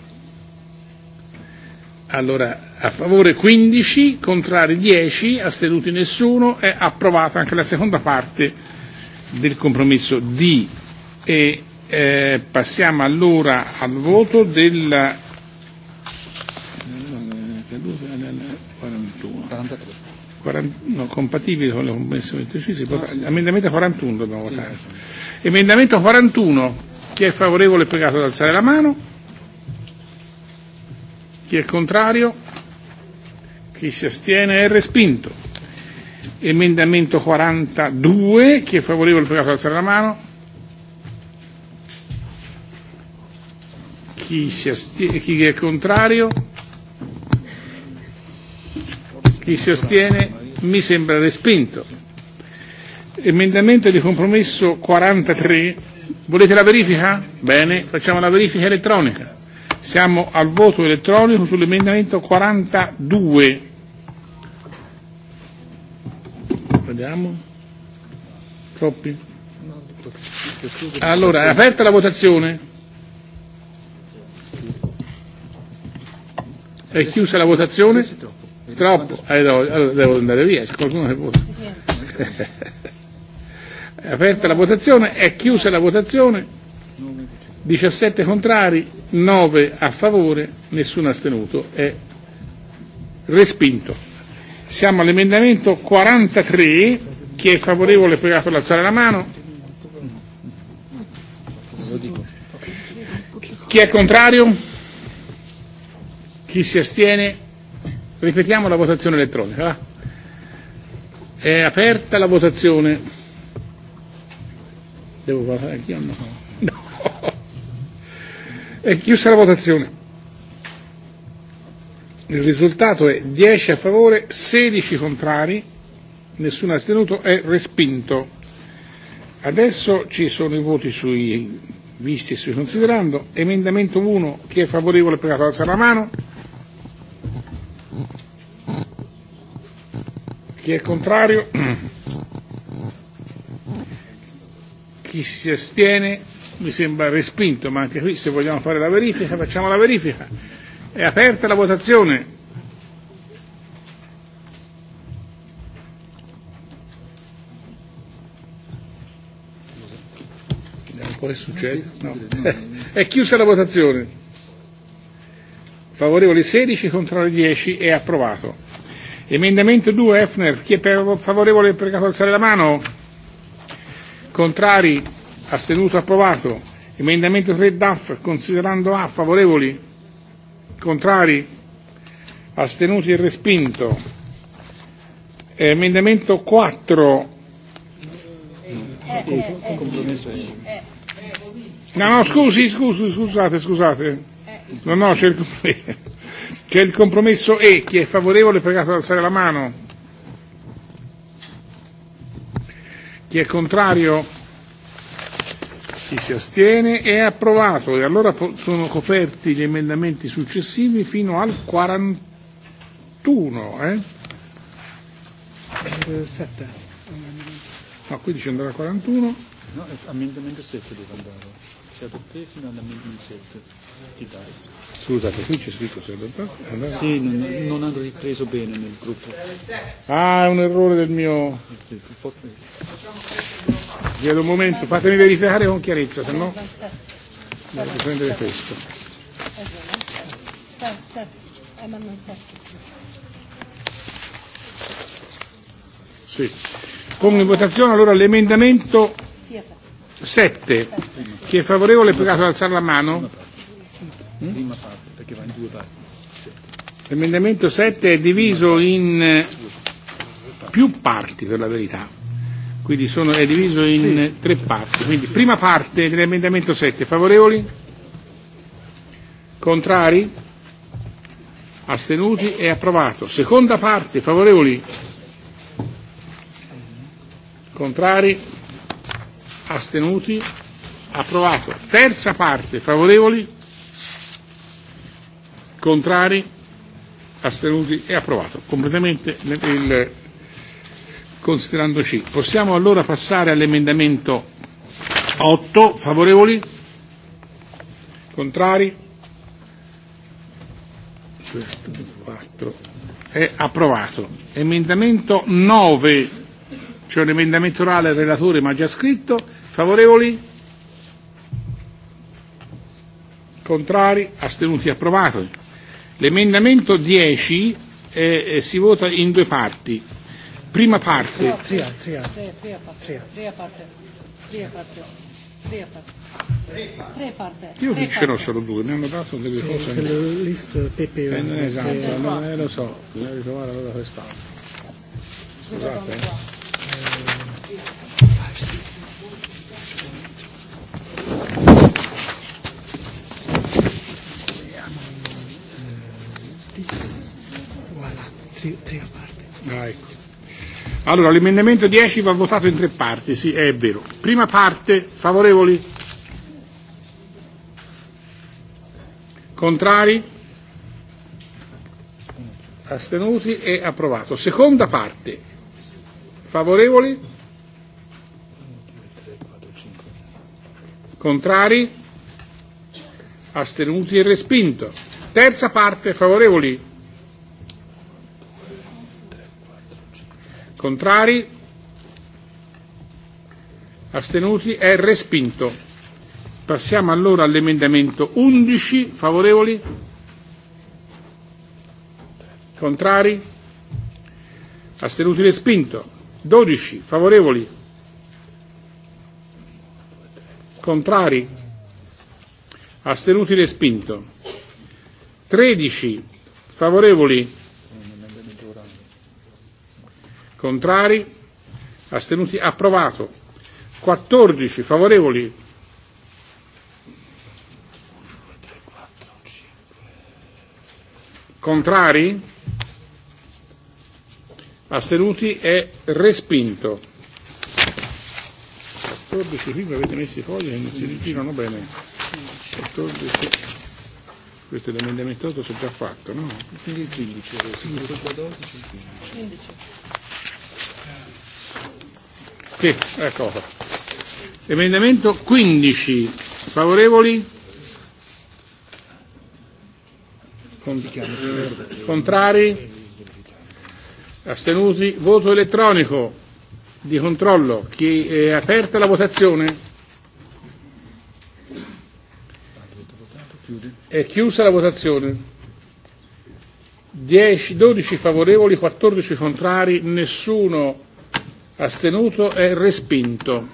Allora, a favore 15, contrari 10, astenuti nessuno, è approvata anche la seconda parte del compromesso D. E eh, passiamo allora al voto del 41, no, compatibile con il compromesso 25, vota, emendamento 41 dobbiamo votare. Emendamento 41, chi è favorevole è pregato ad alzare la mano. Chi è contrario? Chi si astiene è respinto. Emendamento 42, chi è favorevole è pregato ad alzare la mano. Chi, si astiene, chi è contrario? Chi si astiene? Mi sembra respinto. Emendamento di compromesso 43. Volete la verifica? Bene, facciamo la verifica elettronica. Siamo al voto elettronico sull'emendamento 42. Vediamo. Troppi? Allora, è aperta la votazione. È chiusa la votazione? Troppo. Eh, no, allora devo andare via, c'è qualcuno che vota. È aperta la votazione, è chiusa la votazione 17 contrari, 9 a favore, nessuno astenuto, è respinto. Siamo all'emendamento 43, chi è favorevole è pregato ad alzare la mano. Chi è contrario? Chi si astiene? Ripetiamo la votazione elettronica. Va? È aperta la votazione. Devo guardare chi o no? È chiusa la votazione. Il risultato è 10 a favore, 16 contrari, nessuno astenuto, è respinto. Adesso ci sono i voti sui visti e sui considerando. Emendamento 1, chi è favorevole per alzare la mano? Chi è contrario? Chi si astiene? mi sembra respinto, ma anche qui se vogliamo fare la verifica facciamo la verifica. È aperta la votazione. Vediamo poi succede. No. È chiusa la votazione. Favorevoli 16, contrari 10, è approvato. Emendamento 2, Efner, chi è favorevole è pregato alzare la mano? Contrari astenuto approvato, emendamento 3 DAF, considerando A, favorevoli, contrari, astenuti e respinto, eh, emendamento 4, eh, eh, no no scusi scusi scusate scusate, no no c'è il, c'è il compromesso E, chi è favorevole è pregato ad alzare la mano, chi è contrario Chi si astiene è approvato e allora sono coperti gli emendamenti successivi fino al 41. Eh? 7. Eh, no, qui dice andare al 41. No, emendamento 7 deve andare. Si adotté fino all'emendamento 7. Ti dai. Scusate, qui c'è scritto 78. Allora. Eh, sì, non, non hanno ripreso bene nel gruppo. Ah, è un errore del mio... Chiedo un momento, fatemi verificare con chiarezza, se no... Devo prendere questo. Sì. Pongo in votazione allora l'emendamento 7. Chi è favorevole è pregato ad alzare la mano? Mm? Prima parte, perché va in due parti. L'emendamento 7 è diviso in eh, più parti per la verità, quindi sono, è diviso in sì. tre parti. Quindi prima parte dell'emendamento 7, favorevoli? Contrari? Astenuti? È approvato. Seconda parte, favorevoli? Contrari? Astenuti? Approvato. Terza parte, favorevoli? Contrari? Astenuti? È approvato completamente il considerando C. Possiamo allora passare all'emendamento 8. Favorevoli? Contrari? Questo 4 è approvato. Emendamento 9, cioè l'emendamento orale del relatore ma già scritto. Favorevoli? Contrari? Astenuti? Approvato L'emendamento 10 eh, eh, si vota in due parti. Prima parte. Tria, tria, tria. Tria parte. Tria parte. Tria parte. Tria parte. Tre parte. Io tre ce n'ho solo due, mi hanno dato delle sì, cose. Se lo list Pepe eh, non esatto, se... no, eh, lo so, bisogna ritrovare allora quest'altro. Scusate. Eh. Sì, tre a parte. Ah, ecco. Allora, l'emendamento 10 va votato in tre parti, sì, è vero. Prima parte, favorevoli? Contrari? Astenuti e approvato. Seconda parte, favorevoli? Contrari? Astenuti e respinto. Terza parte, favorevoli? Contrari? Astenuti? È respinto. Passiamo allora all'emendamento 11. Favorevoli? Contrari? Astenuti? Respinto. 12. Favorevoli? Contrari? Astenuti? Respinto. 13. Favorevoli? Contrari? Astenuti? Approvato. 14 favorevoli? Contrari? Astenuti? È respinto. 14 qui avete messo i fogli e non si rigirano bene. 14 Questo è l'emendamento 8, si è già fatto, no? Quindi il 15. Sì, il 14 e il 15. 15. Sì, ecco qua. Emendamento 15. Favorevoli? Contrari? Astenuti? Voto elettronico di controllo. Chi è aperta la votazione? È chiusa la votazione. 10, 12 favorevoli, 14 contrari, nessuno astenuto, è respinto.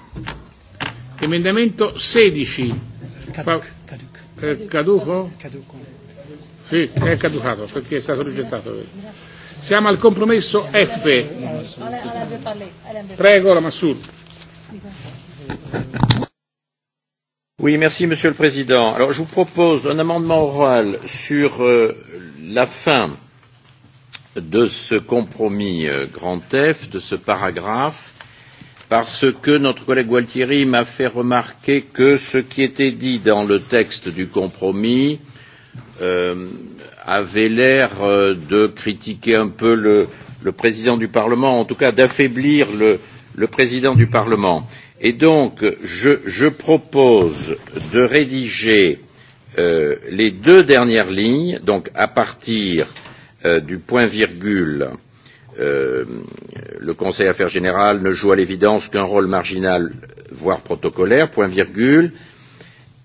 Emendamento 16. Caduc, caduc. Eh, caduco? Caduco. Sì, è caducato perché è stato rigettato. Siamo al compromesso F. Prego la Massur. Oui, merci Monsieur le Président. Alors, je vous propose un amendement oral sur euh, la fin de ce compromis euh, grand F, de ce paragraphe, parce que notre collègue Gualtieri m'a fait remarquer que ce qui était dit dans le texte du compromis euh, avait l'air euh, de critiquer un peu le, le président du Parlement, en tout cas d'affaiblir le, le président du Parlement. Euh, Et donc, je, je propose de rédiger euh, les deux dernières lignes, donc à partir euh, du point virgule, euh, le Conseil Affaires Générales ne joue à l'évidence qu'un rôle marginal, voire protocolaire, point virgule.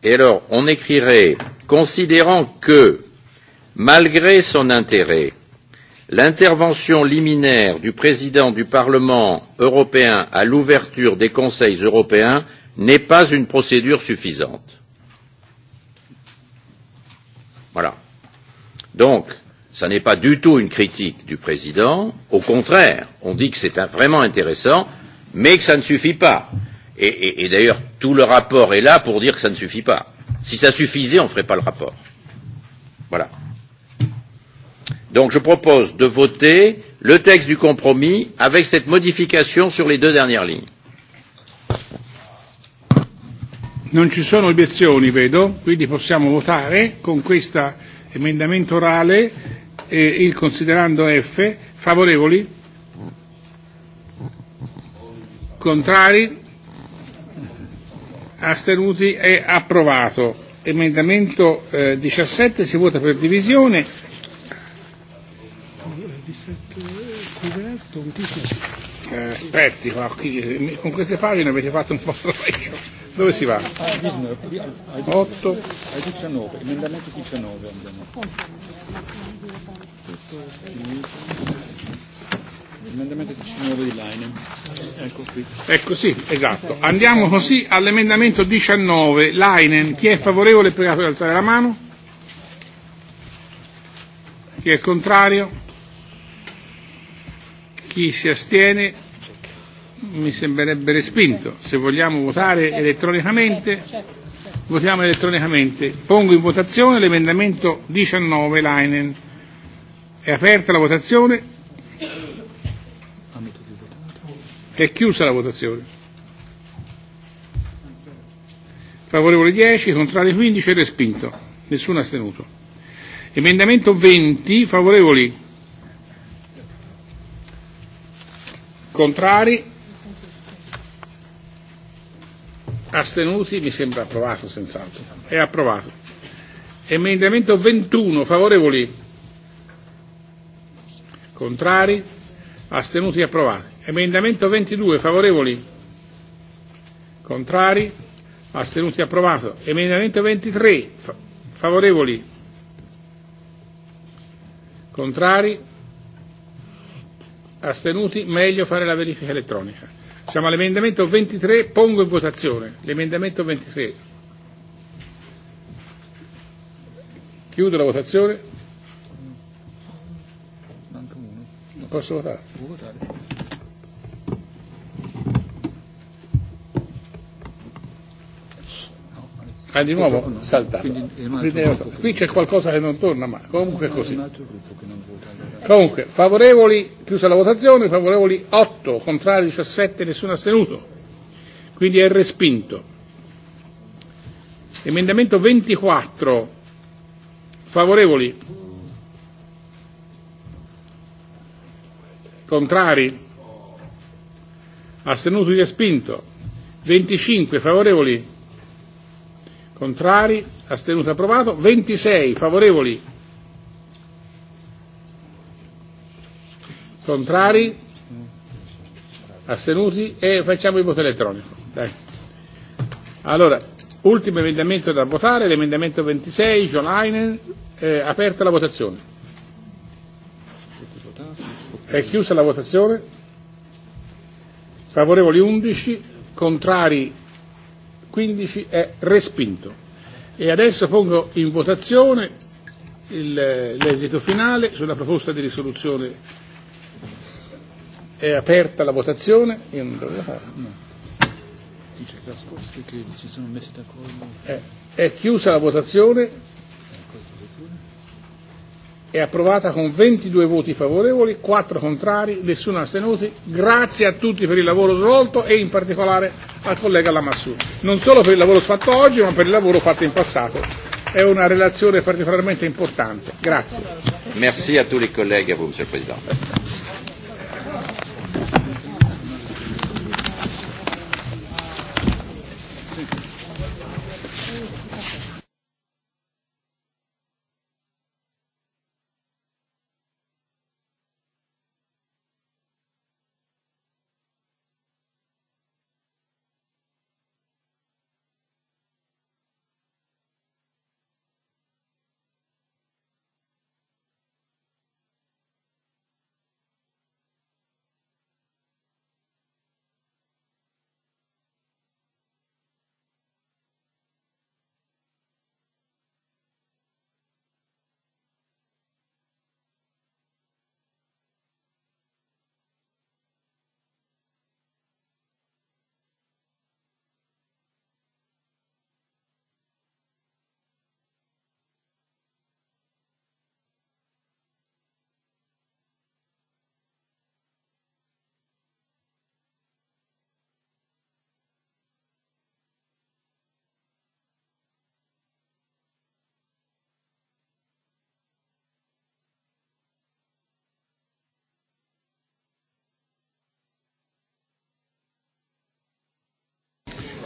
Et alors, on écrirait, considérant que, malgré son intérêt, euh, L'intervention liminaire du président du Parlement européen à l'ouverture des conseils européens n'est pas une procédure suffisante. Voilà. Donc, ce n'est pas du tout une critique du président. Au contraire, on dit que c'est vraiment intéressant, mais que ça ne suffit pas. Et, et, et d'ailleurs, tout le rapport est là pour dire que ça ne suffit pas. Si ça suffisait, on ne ferait pas le rapport. Voilà. Donc je propose de voter le texte du compromis avec cette modification sur les deux dernières lignes. Non ci sono obiezioni, vedo, quindi possiamo votare con questo emendamento orale e il considerando F favorevoli? Contrari? Astenuti? È approvato. Emendamento eh, 17 si vota per divisione coperto un titolo. Eh, aspetti, qua, qui, con queste pagine avete fatto un po' stretto. Dove si va? 8 a 19, emendamento 19 andiamo. Emendamento 19 di Line. Ecco qui. Ecco sì, esatto. Andiamo così all'emendamento 19. Leinen, chi è favorevole prega per alzare la mano? Chi è contrario? Chi si astiene mi sembrerebbe respinto. Se vogliamo votare elettronicamente, votiamo elettronicamente. Pongo in votazione l'emendamento 19 Leinen. È aperta la votazione. È chiusa la votazione. Favorevole 10, contrario 15 e respinto. Nessuno astenuto. Emendamento 20, favorevoli Contrari? Astenuti? Mi sembra approvato, senz'altro. È approvato. Emendamento 21, favorevoli? Contrari? Astenuti? Approvati. Emendamento 22, favorevoli? Contrari? Astenuti? Approvato. Emendamento 23, favorevoli? Contrari? astenuti, meglio fare la verifica elettronica. Siamo all'emendamento 23, pongo in votazione l'emendamento 23. Chiudo la votazione. Manca uno. Non posso votare? Può votare. Ah, di nuovo no, saltato. Quindi, Qui c'è qualcosa che non torna, ma comunque è così. Comunque, favorevoli, chiusa la votazione, favorevoli 8, contrari 17, nessuno astenuto. Quindi è respinto. Emendamento 24, favorevoli, contrari, astenuti respinto. 25, favorevoli, Contrari? Astenuto e approvato. 26 favorevoli? Contrari? Astenuti? E facciamo il voto elettronico. Dai. Allora, ultimo emendamento da votare, l'emendamento 26, John Heinen, eh, aperta la votazione. È chiusa la votazione. Favorevoli 11, contrari 15 è respinto. E adesso pongo in votazione il, eh, l'esito finale sulla proposta di risoluzione. È aperta la votazione? Io non dovevo farlo. No. Dice che si sono messi d'accordo. È, è chiusa la votazione è approvata con 22 voti favorevoli, 4 contrari, nessuno astenuti. Grazie a tutti per il lavoro svolto e in particolare al collega Lamassù. Non solo per il lavoro fatto oggi, ma per il lavoro fatto in passato. È una relazione particolarmente importante. Grazie. Merci a tutti i colleghi e a voi, Monsieur Presidente.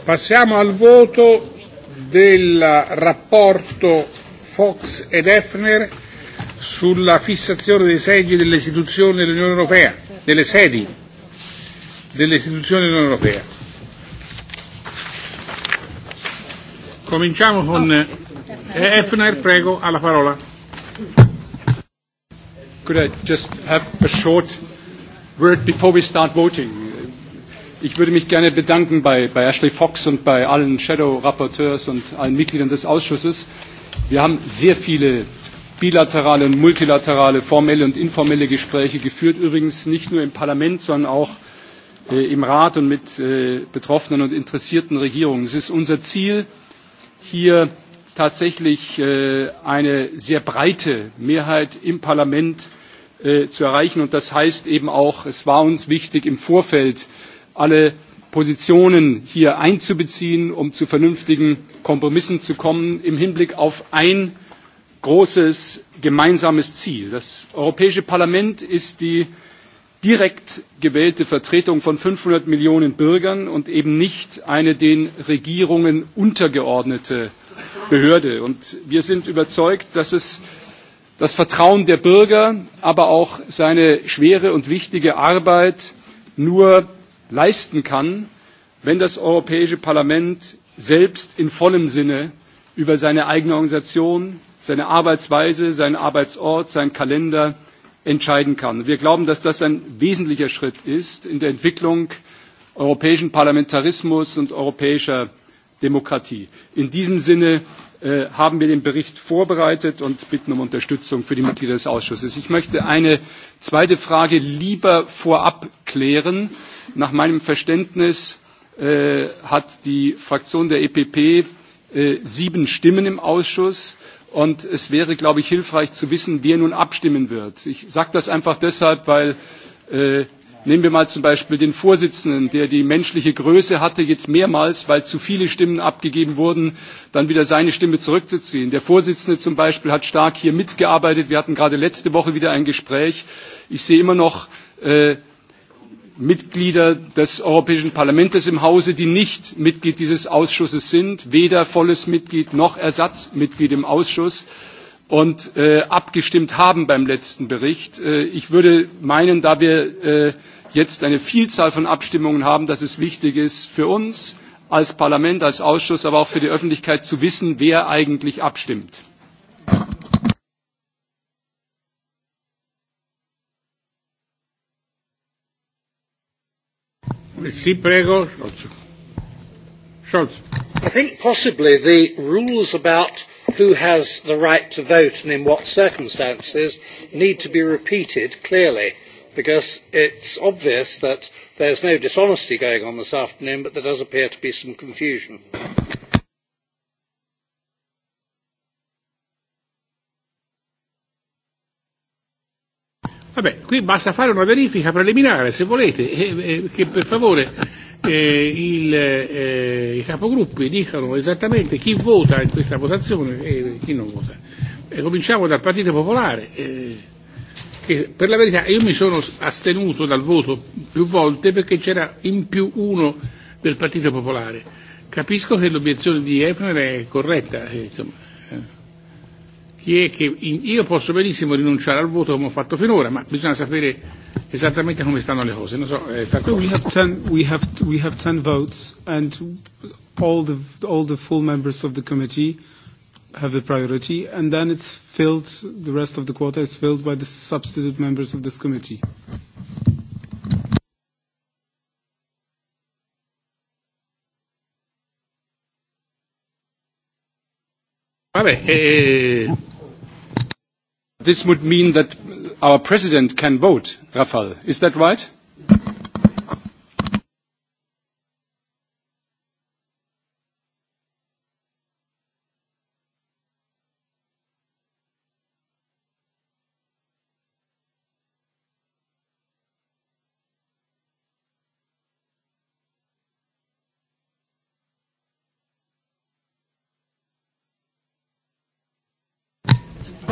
Passiamo al voto del rapporto Fox ed Effner sulla fissazione dei seggi delle istituzioni dell'Unione Europea, delle sedi delle istituzioni dell'Unione Europea. Cominciamo con Effner, eh, prego, alla parola. Could I just have a short word before we start voting? Ich würde mich gerne bedanken bei, bei Ashley Fox und bei allen Shadow-Rapporteurs und allen Mitgliedern des Ausschusses. Wir haben sehr viele bilaterale und multilaterale, formelle und informelle Gespräche geführt, übrigens nicht nur im Parlament, sondern auch äh, im Rat und mit äh, betroffenen und interessierten Regierungen. Es ist unser Ziel, hier tatsächlich äh, eine sehr breite Mehrheit im Parlament äh, zu erreichen. Und das heißt eben auch, es war uns wichtig, im Vorfeld alle Positionen hier einzubeziehen, um zu vernünftigen Kompromissen zu kommen im Hinblick auf ein großes gemeinsames Ziel. Das Europäische Parlament ist die direkt gewählte Vertretung von 500 Millionen Bürgern und eben nicht eine den Regierungen untergeordnete Behörde. Und wir sind überzeugt, dass es das Vertrauen der Bürger, aber auch seine schwere und wichtige Arbeit nur leisten kann, wenn das Europäische Parlament selbst in vollem Sinne über seine eigene Organisation, seine Arbeitsweise, seinen Arbeitsort, seinen Kalender entscheiden kann. Wir glauben, dass das ein wesentlicher Schritt ist in der Entwicklung europäischen Parlamentarismus und europäischer Demokratie. In diesem Sinne äh, haben wir den Bericht vorbereitet und bitten um Unterstützung für die Mitglieder des Ausschusses. Ich möchte eine zweite Frage lieber vorab klären. Nach meinem Verständnis äh, hat die Fraktion der EPP äh, sieben Stimmen im Ausschuss. Und es wäre, glaube ich, hilfreich zu wissen, wer nun abstimmen wird. Ich sage das einfach deshalb, weil äh, nehmen wir mal zum beispiel den vorsitzenden der die menschliche größe hatte jetzt mehrmals weil zu viele stimmen abgegeben wurden dann wieder seine stimme zurückzuziehen. der vorsitzende zum beispiel hat stark hier mitgearbeitet wir hatten gerade letzte woche wieder ein gespräch ich sehe immer noch äh, Mitglieder des Europäischen Parlaments im Hause, die nicht Mitglied dieses Ausschusses sind, weder volles Mitglied noch Ersatzmitglied im Ausschuss und äh, abgestimmt haben beim letzten Bericht. Äh, ich würde meinen, da wir äh, jetzt eine Vielzahl von Abstimmungen haben, dass es wichtig ist für uns als Parlament, als Ausschuss, aber auch für die Öffentlichkeit zu wissen, wer eigentlich abstimmt. Sí, prego. Scholz. I think possibly the rules about who has the right to vote and in what circumstances need to be repeated clearly because it is obvious that there is no dishonesty going on this afternoon but there does appear to be some confusion. Vabbè, qui basta fare una verifica preliminare, se volete, eh, eh, che per favore eh, il, eh, i capogruppi dicano esattamente chi vota in questa votazione e chi non vota. E cominciamo dal Partito Popolare. Eh che per la verità io mi sono astenuto dal voto più volte perché c'era in più uno del Partito Popolare. Capisco che l'obiezione di Efner è corretta, eh, insomma. Eh. Chi è che in, io posso benissimo rinunciare al voto come ho fatto finora, ma bisogna sapere esattamente come stanno le cose. Non so, eh, we, have ten, we, have, we have ten votes and all the, all the full members of the committee have the priority, and then it's filled, the rest of the quota is filled by the substitute members of this committee. Vale. Eh, this would mean that our president can vote, Rafal. Is that right?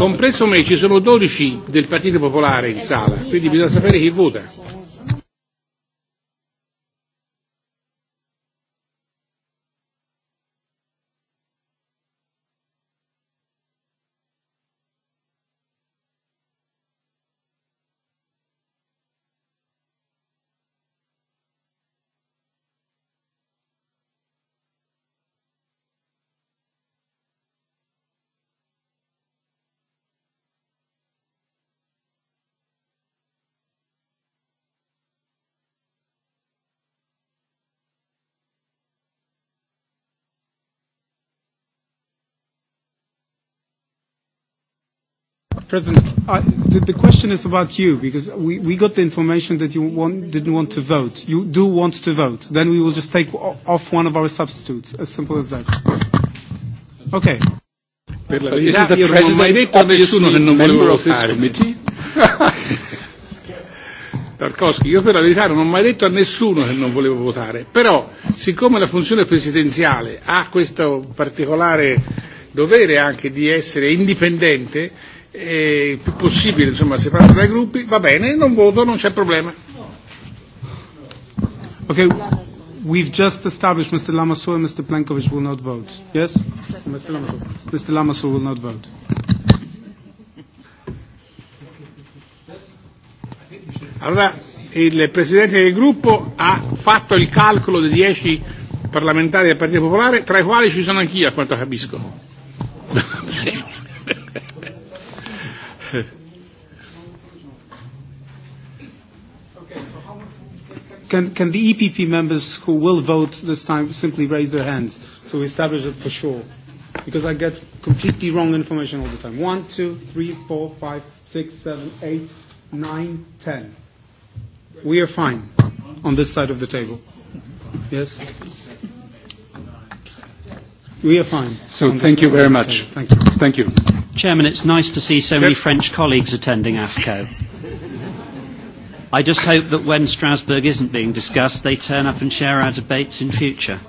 Compreso me ci sono 12 del Partito Popolare in sala, quindi bisogna sapere chi vota. President, I, the, the question is about you, because we, we got the information that you want, didn't want to vote. You do want to vote. Then we will just take off one of our substitutes. As simple as that. Okay. Per la is yeah, the president o nessuno che non voleva votarmi? Tarkovsky, io per la verità non ho mai detto a nessuno che non volevo votare, però siccome la funzione presidenziale ha questo particolare dovere anche di essere indipendente, eh, il più possibile, insomma, separato dai gruppi, va bene, non voto, non c'è problema. Okay, we've just established Mr. Lamassoure and Mr. Plankovic will not vote. Yes? Mr. Lamassoure. Mr. Lamassoure will not vote. Allora, il Presidente del gruppo ha fatto il calcolo dei 10 parlamentari del Partito Popolare, tra i quali ci sono anch'io, a quanto capisco. can, can the EPP members who will vote this time simply raise their hands so we establish it for sure? Because I get completely wrong information all the time. One, two, three, four, five, six, seven, eight, nine, ten. We are fine on this side of the table. Yes? We are fine. So thank you very much. Thank you. Thank you. Chairman, it's nice to see so many French colleagues attending AFCO. I just hope that when Strasbourg isn't being discussed, they turn up and share our debates in future.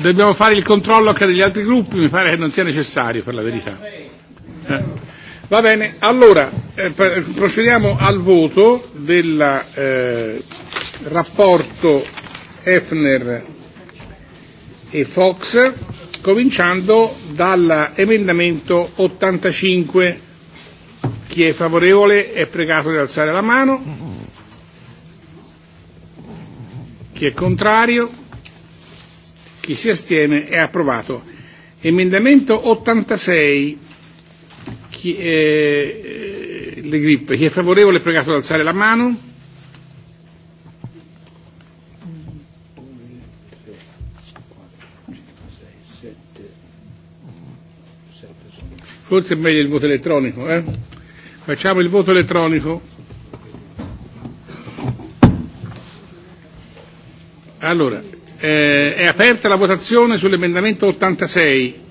Dobbiamo fare il controllo anche degli altri gruppi, mi pare che non sia necessario per la verità. Eh. Va bene, allora eh, procediamo al voto del eh, rapporto Efner e Fox, cominciando dall'emendamento 85. Chi è favorevole è pregato di alzare la mano. Chi è contrario? Chi si astiene è approvato. Emendamento 86 Chi, eh, eh, le grippe. Chi è favorevole è pregato ad alzare la mano. Forse è meglio il voto elettronico, eh? Facciamo il voto elettronico. Allora, eh, è aperta la votazione sull'emendamento 86.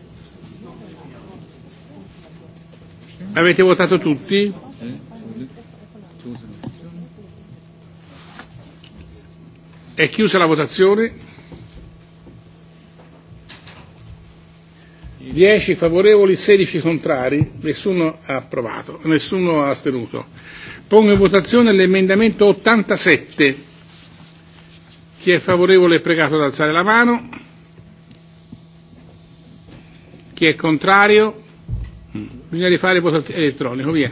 Avete votato tutti? È chiusa la votazione. 10 favorevoli, 16 contrari, nessuno ha approvato, nessuno ha astenuto. Pongo in votazione l'emendamento 87. Chi è favorevole è pregato ad alzare la mano. Chi è contrario? Bisogna rifare il voto elettronico, via.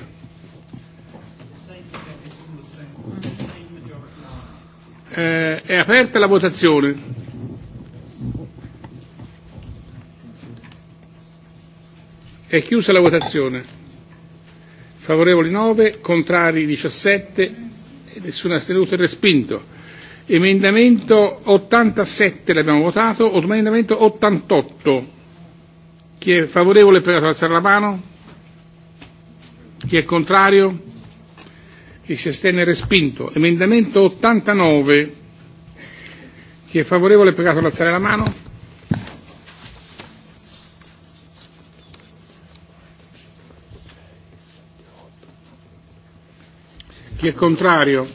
Eh, è aperta la votazione. È chiusa la votazione. Favorevoli 9, contrari 17, e nessuno astenuto e respinto. Emendamento 87 l'abbiamo votato, emendamento 88. Chi è favorevole prego ad alzare la mano? Chi è contrario? Chi si astenne respinto. Emendamento 89. Chi è favorevole è pregato ad alzare la mano. Chi è contrario?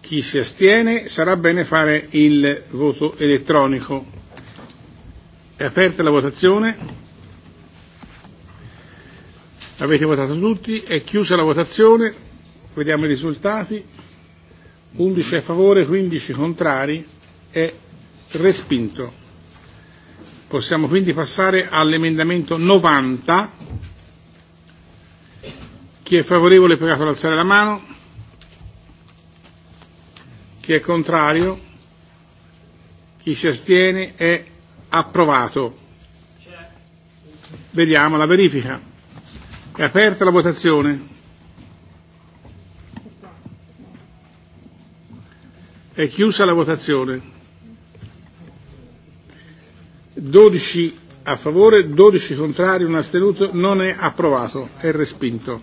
Chi si astiene? Sarà bene fare il voto elettronico. È aperta la votazione. Avete votato tutti, è chiusa la votazione, vediamo i risultati. 11 a favore, 15 contrari, è respinto. Possiamo quindi passare all'emendamento 90. Chi è favorevole è pregato ad alzare la mano. Chi è contrario? Chi si astiene è approvato. Vediamo la verifica. È aperta la votazione. È chiusa la votazione. 12 a favore, 12 contrari, un astenuto, non è approvato, è respinto.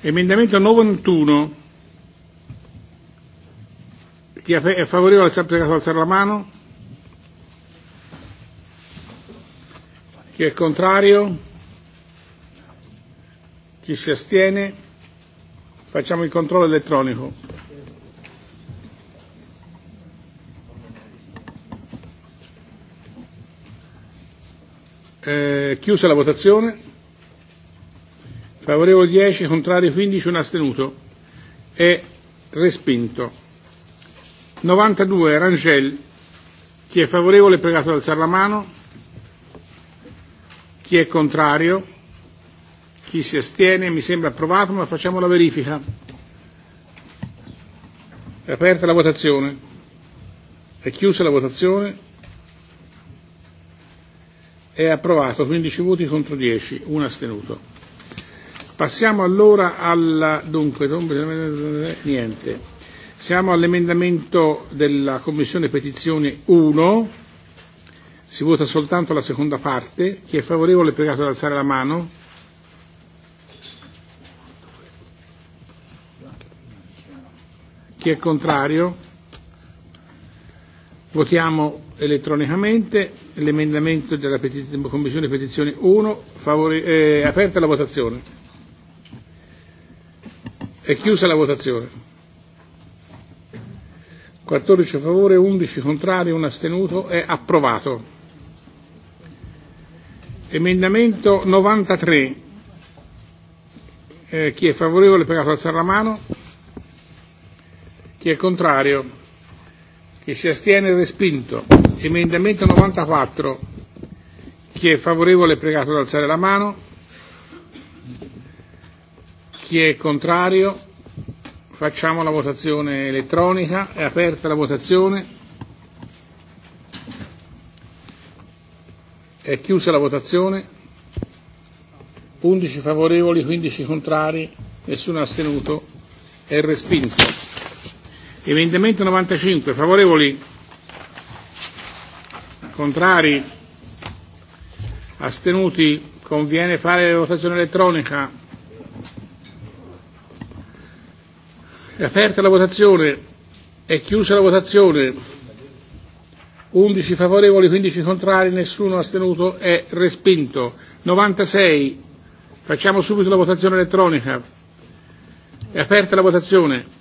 Emendamento 91. Chi è favorevole al pregato alzare la mano? Chi è contrario? Chi si astiene? Facciamo il controllo elettronico. Eh, chiusa la votazione. Favorevole 10, contrario 15, un astenuto. È respinto. 92, Rangel. Chi è favorevole è pregato ad alzare la mano. Chi è contrario? Chi si astiene? Mi sembra approvato, ma facciamo la verifica. È aperta la votazione. È chiusa la votazione. È approvato 15 voti contro 10, un astenuto. Passiamo allora al dunque, niente. Siamo all'emendamento della Commissione Petizione 1. Si vota soltanto la seconda parte. Chi è favorevole è pregato ad alzare la mano. Chi è contrario? Votiamo elettronicamente l'emendamento della petiz- Commissione Petizioni 1. Favore- eh, aperta la votazione. È chiusa la votazione. 14 a favore, 11 contrari, 1 astenuto. È approvato. Emendamento 93. Eh, chi è favorevole, pregato alzare la mano. Chi è contrario? Chi si astiene? Respinto. Emendamento 94. Chi è favorevole è pregato ad alzare la mano. Chi è contrario? Facciamo la votazione elettronica. È aperta la votazione. È chiusa la votazione. 11 favorevoli, 15 contrari, nessuno astenuto. È respinto. Emendamento 95, favorevoli? Contrari? Astenuti? Conviene fare la votazione elettronica? È aperta la votazione, è chiusa la votazione. 11 favorevoli, 15 contrari, nessuno astenuto, è respinto. 96, facciamo subito la votazione elettronica. È aperta la votazione.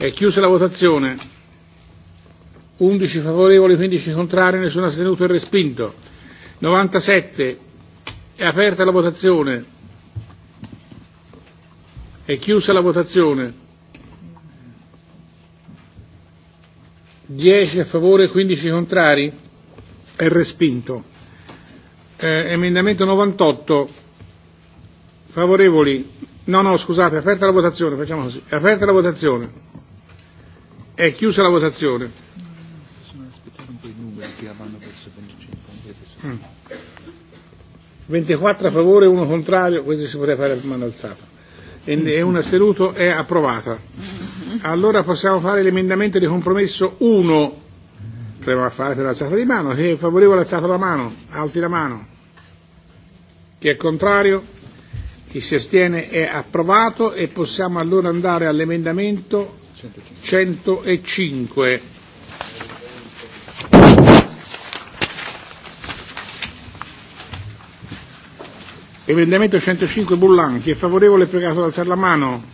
È chiusa la votazione. 11 favorevoli, 15 contrari, nessuno astenuto e respinto. 97. È aperta la votazione. È chiusa la votazione. 10 a favore, 15 contrari. È respinto. Eh, emendamento 98. Favorevoli. No, no, scusate, è aperta la votazione, facciamo così. È aperta la votazione. È chiusa la votazione. Sono aspettato un po' i numeri che vanno verso 25. 24 a favore, 1 contrario, questo si poteva fare a mano alzata. E, e un astenuto è approvata. Allora possiamo fare l'emendamento di compromesso 1. Prima a fare per alzata di mano. Chi è favorevole alzato la mano? Alzi la mano. Chi è contrario? Chi si astiene è approvato e possiamo allora andare all'emendamento 105. Emendamento 105 Bullan, chi è favorevole è pregato ad alzare la mano.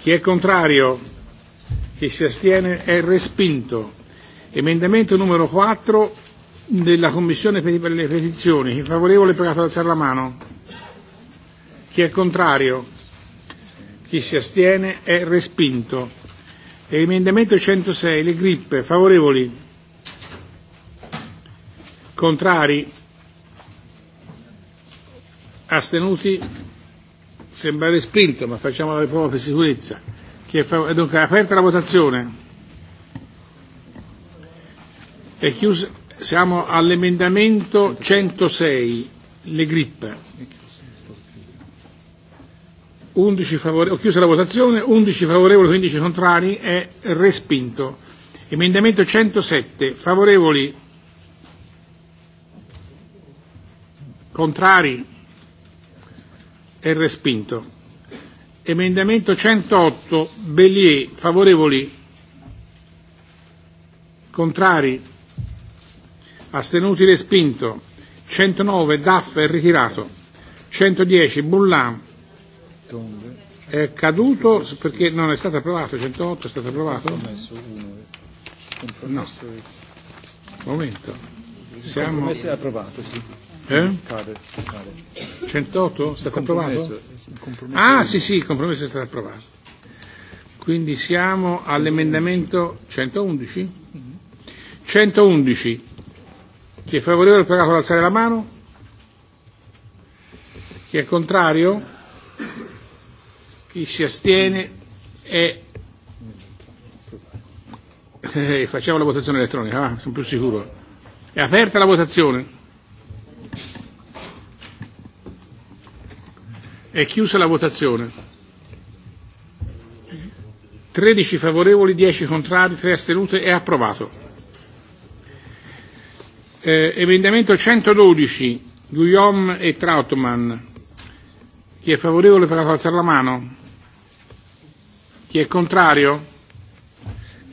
Chi è contrario? Chi si astiene è respinto. Emendamento numero 4 della Commissione per le petizioni. Chi è favorevole è pregato ad alzare la mano. Chi è contrario? Chi si astiene è respinto. E emendamento 106, le grippe, favorevoli? Contrari? Astenuti? Sembra respinto, ma facciamo la prova per sicurezza. Chi è fav- dunque, è aperta la votazione. È chiusa. Siamo all'emendamento 106, le grippe. 11 favorevoli, ho chiuso la votazione, 11 favorevoli, 15 contrari, è respinto. Emendamento 107, favorevoli, contrari, è respinto. Emendamento 108, Bellier, favorevoli, contrari, astenuti, respinto. 109, Daff è ritirato. 110, Bullan, Tombe. È caduto perché non è stato approvato, 108 è stato approvato? Eh. No. Momento. Siamo... è approvato, sì. Eh? Cade, cade. 108 è stato approvato? Eh, ah, sì, sì, il compromesso è stato approvato. Quindi siamo all'emendamento 111? 111. Chi è favorevole è pregato ad alzare la mano? Chi è contrario? Chi si astiene è. E, eh, e facciamo la votazione elettronica, va? Ah, sono più sicuro. È aperta la votazione. È chiusa la votazione. 13 favorevoli, 10 contrari, 3 astenute. È approvato. Eh, emendamento 112, Guillaume e Trautmann. Chi è favorevole per alzare la mano? Chi è contrario?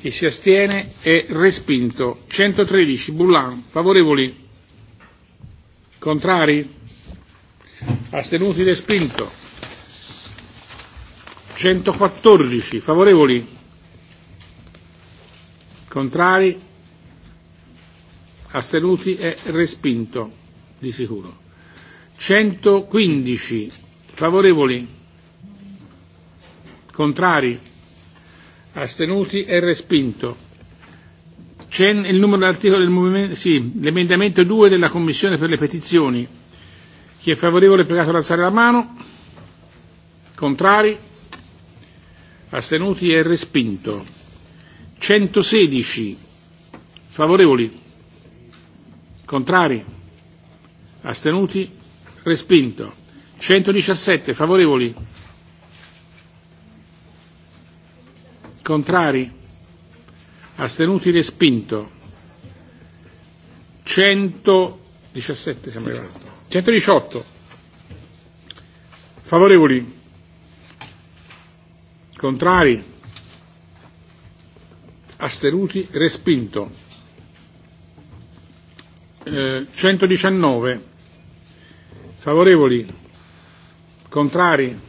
Chi si astiene è respinto. 113 Bullan, favorevoli? Contrari? Astenuti respinto. 114 favorevoli? Contrari? Astenuti è e respinto, di sicuro. 115 favorevoli? Contrari? astenuti è e respinto. C'è il numero dell'articolo del movimento, sì, l'emendamento 2 della Commissione per le petizioni. Chi è favorevole è pregato ad alzare la mano. Contrari? Astenuti è e respinto. 116. Favorevoli? Contrari? Astenuti? Respinto. 117. Favorevoli? Contrari? Astenuti respinto. 117 siamo arrivati. 118. Favorevoli? Contrari? Astenuti? Respinto. Eh, 119. Favorevoli? Contrari?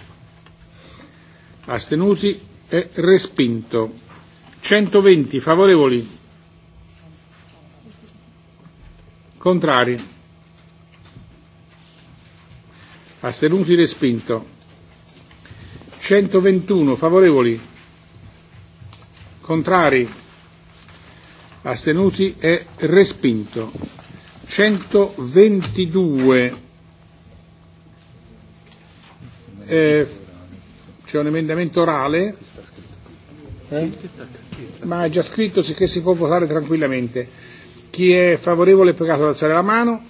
Astenuti? è respinto. 120 favorevoli. Contrari. Astenuti respinto. 121 favorevoli. Contrari. Astenuti è respinto. 122 eh, c'è un emendamento orale Eh? Ma è già scritto che si può votare tranquillamente. Chi è favorevole è pregato ad alzare la mano.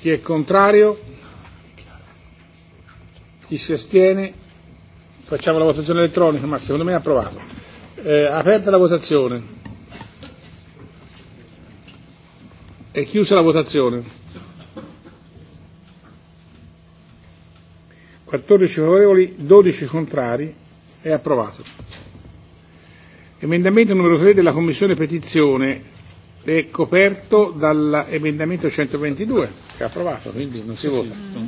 Chi è contrario? Chi si astiene? Facciamo la votazione elettronica, ma secondo me è approvato. Eh, aperta la votazione. È chiusa la votazione. 14 favorevoli, 12 contrari, è approvato. Emendamento numero 3 della Commissione Petizione è coperto dall'emendamento 122 che è approvato, quindi non si vota. Mm-hmm.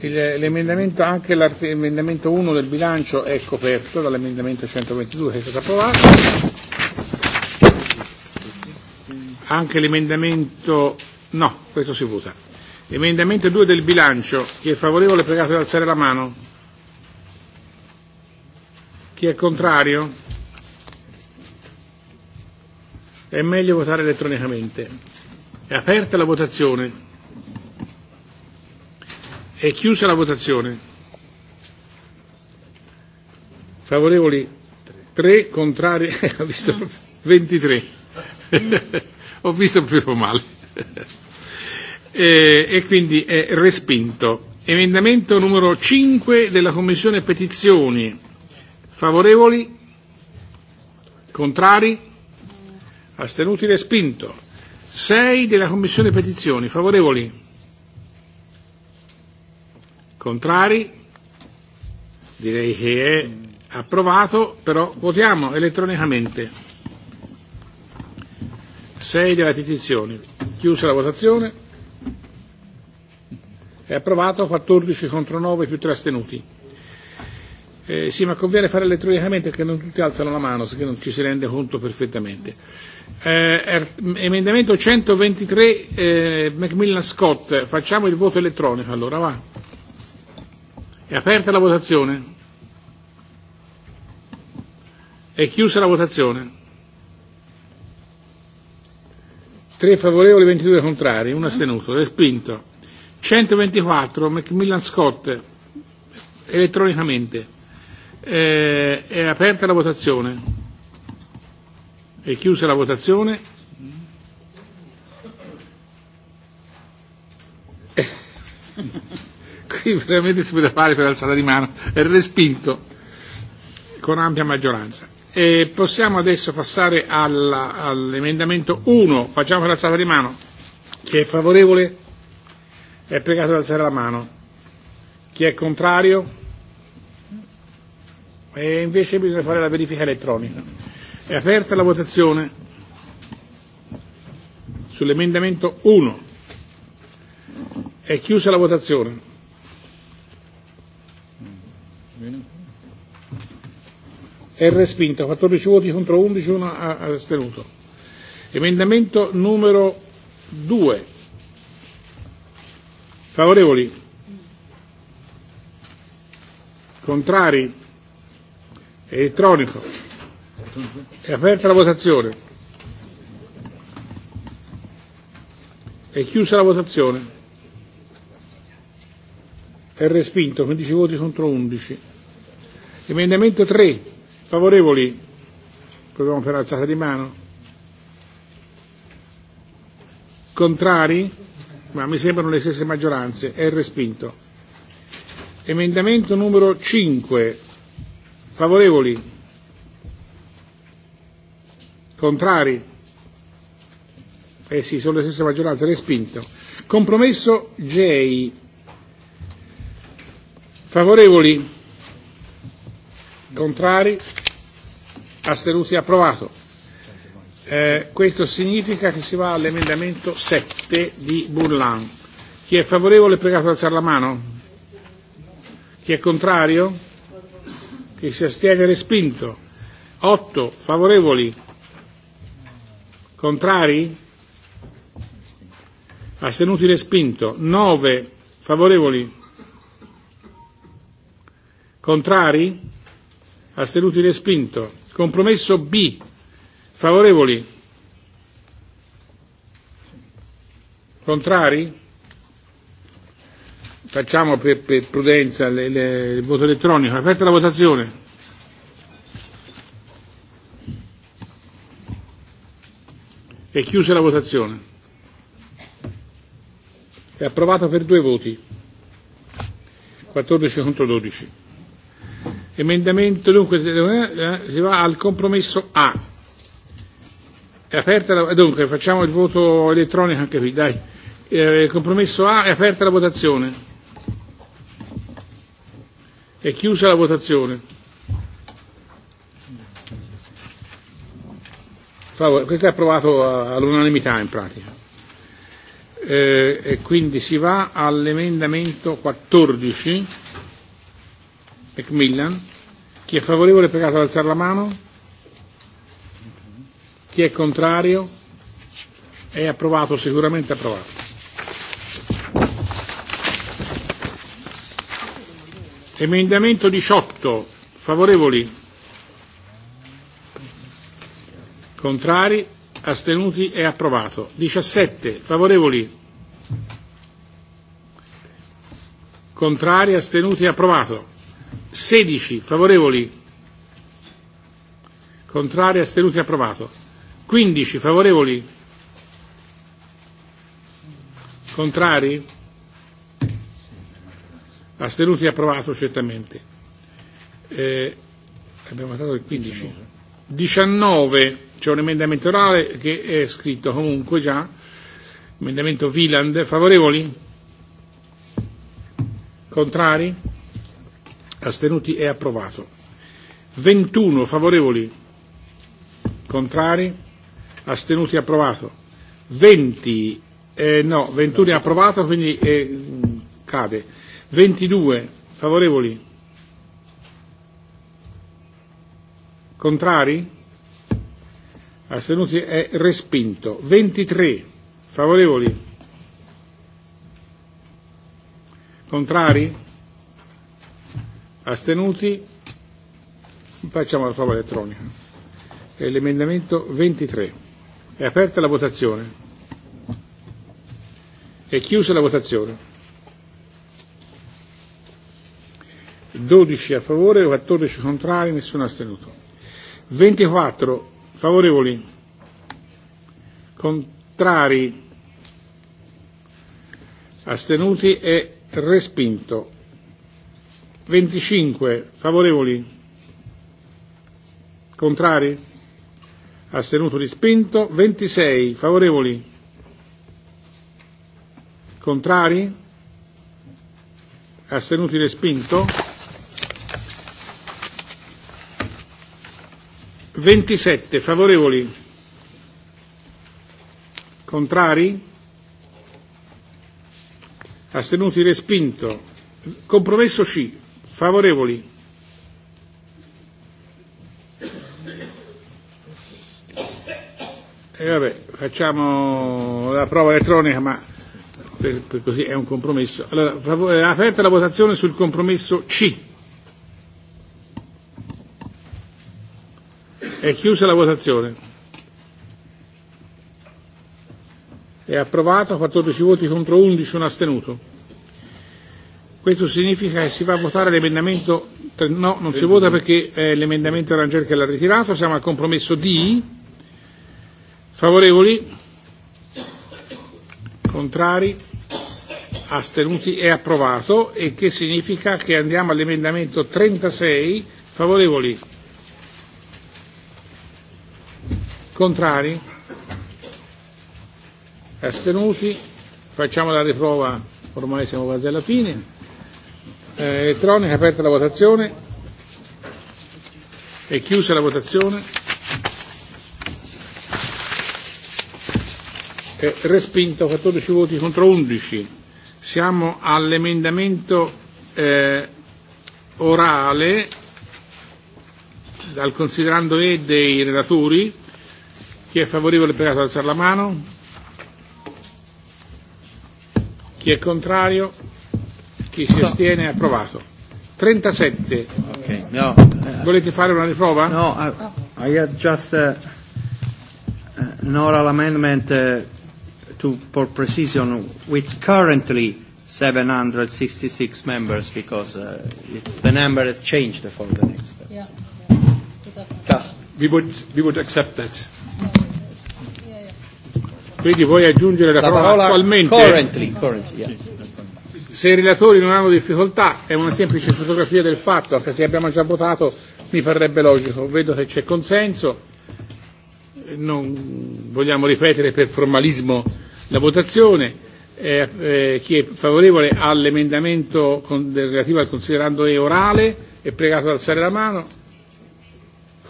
Il, l'emendamento, anche l'emendamento 1 del bilancio è coperto dall'emendamento 122 che è stato approvato. Anche l'emendamento... no, questo si vota. Emendamento 2 del bilancio. Chi è favorevole è pregato di alzare la mano. Chi è contrario? È meglio votare elettronicamente. È aperta la votazione. È chiusa la votazione. Favorevoli 3, contrari, ho visto 23. ho visto più o male eh, e quindi è respinto. Emendamento numero 5 della Commissione Petizioni. Favorevoli? Contrari? Astenuti? Respinto. 6 della Commissione Petizioni. Favorevoli? Contrari? Direi che è approvato, però votiamo elettronicamente. 6 della petizione. Chiusa la votazione. È approvato 14 contro 9 più 3 astenuti. Eh, sì, ma conviene fare elettronicamente perché non tutti alzano la mano, che non ci si rende conto perfettamente. Eh, er, emendamento 123 eh, Macmillan Scott, facciamo il voto elettronico allora, va. È aperta la votazione? È chiusa la votazione? 3 favorevoli, 22 contrari, 1 astenuto, respinto. 124 Macmillan Scott elettronicamente eh, è aperta la votazione è chiusa la votazione eh. qui veramente si poteva fare per alzata di mano è respinto con ampia maggioranza e possiamo adesso passare alla, all'emendamento 1 facciamo per alzata di mano chi è favorevole è pregato di alzare la mano. Chi è contrario? E invece bisogna fare la verifica elettronica. È aperta la votazione sull'emendamento 1. È chiusa la votazione. È respinta, 14 voti contro 11, 1 astenuto. Emendamento numero 2 Favorevoli? Contrari? Elettronico? È aperta la votazione. È chiusa la votazione. È respinto, 15 voti contro 11. Emendamento 3. Favorevoli? Proviamo per alzata di mano. Contrari? ma mi sembrano le stesse maggioranze, è respinto. Emendamento numero 5, favorevoli, contrari, eh sì, sono le stesse maggioranze, respinto. Compromesso J, favorevoli, contrari, astenuti, approvato. Eh, questo significa che si va all'emendamento 7 di Burlan. Chi è favorevole è pregato ad alzare la mano. Chi è contrario? Chi si astiene è respinto. 8 favorevoli. Contrari? Astenuti respinto. 9 favorevoli. Contrari? Astenuti respinto. Compromesso B Favorevoli? Contrari? Facciamo per, per prudenza le, le, il voto elettronico. Aperta la votazione. È chiusa la votazione. È approvata per due voti. 14 contro 12. Emendamento dunque si va al compromesso A. È aperta la, dunque facciamo il voto elettronico anche qui, dai. Eh, compromesso A, è aperta la votazione. È chiusa la votazione. Favore, questo è approvato all'unanimità in pratica. Eh, e quindi si va all'emendamento 14, Macmillan. Chi è favorevole è pregato ad alzare la mano. Chi è contrario? È approvato, sicuramente approvato. Emendamento 18. Favorevoli? Contrari? Astenuti? È approvato. 17. Favorevoli? Contrari? Astenuti? È approvato. 16. Favorevoli? Contrari? Astenuti? È approvato. 15 favorevoli? Contrari? Astenuti approvato certamente. Eh, abbiamo votato il 15. 19, c'è un emendamento orale che è scritto comunque già, emendamento Wieland, favorevoli? Contrari? Astenuti è approvato. 21 favorevoli? Contrari? astenuti approvato. 20, eh, no, 21 è approvato, quindi eh, cade. 22 favorevoli? Contrari? Astenuti è respinto. 23 favorevoli? Contrari? Astenuti? Facciamo la prova elettronica. È l'emendamento 23. È aperta la votazione. È chiusa la votazione. 12 a favore, 14 contrari, nessuno astenuto. 24 favorevoli, contrari, astenuti e respinto. 25 favorevoli, contrari, astenuto respinto, 26 favorevoli, contrari, astenuti respinto, 27 favorevoli, contrari, astenuti respinto, compromesso C, favorevoli, E vabbè, facciamo la prova elettronica, ma per, per così è un compromesso. Allora, favore, aperta la votazione sul compromesso C. È chiusa la votazione. È approvato, 14 voti contro 11, un astenuto. Questo significa che si va a votare l'emendamento, no, non si vota perché eh, l'emendamento Rangel che l'ha ritirato, siamo al compromesso D Favorevoli? Contrari? Astenuti? È approvato e che significa che andiamo all'emendamento 36. Favorevoli? Contrari? Astenuti? Facciamo la riprova, ormai siamo quasi alla fine. Eh, elettronica, aperta la votazione. È chiusa la votazione eh, respinto 14 voti contro 11. Siamo all'emendamento eh, orale al considerando E dei relatori. Chi è favorevole è pregato ad alzare la mano. Chi è contrario? Chi si astiene è approvato. 37. Okay, no, uh, Volete fare una riprova? No, I, I had just uh, an oral amendment uh, to, for precision, with currently 766 members, because uh, it's the number that changed for the next step. Yeah, yeah. Yes, we would, we would accept that. Yeah, Quindi vuoi aggiungere la, la parola, parola attualmente? Currently, currently, yeah. Se i relatori non hanno difficoltà, è una semplice fotografia del fatto, anche se abbiamo già votato, mi farebbe logico. Vedo che c'è consenso non vogliamo ripetere per formalismo la votazione. Eh, eh, chi è favorevole all'emendamento con, relativo al considerando E orale è pregato ad alzare la mano.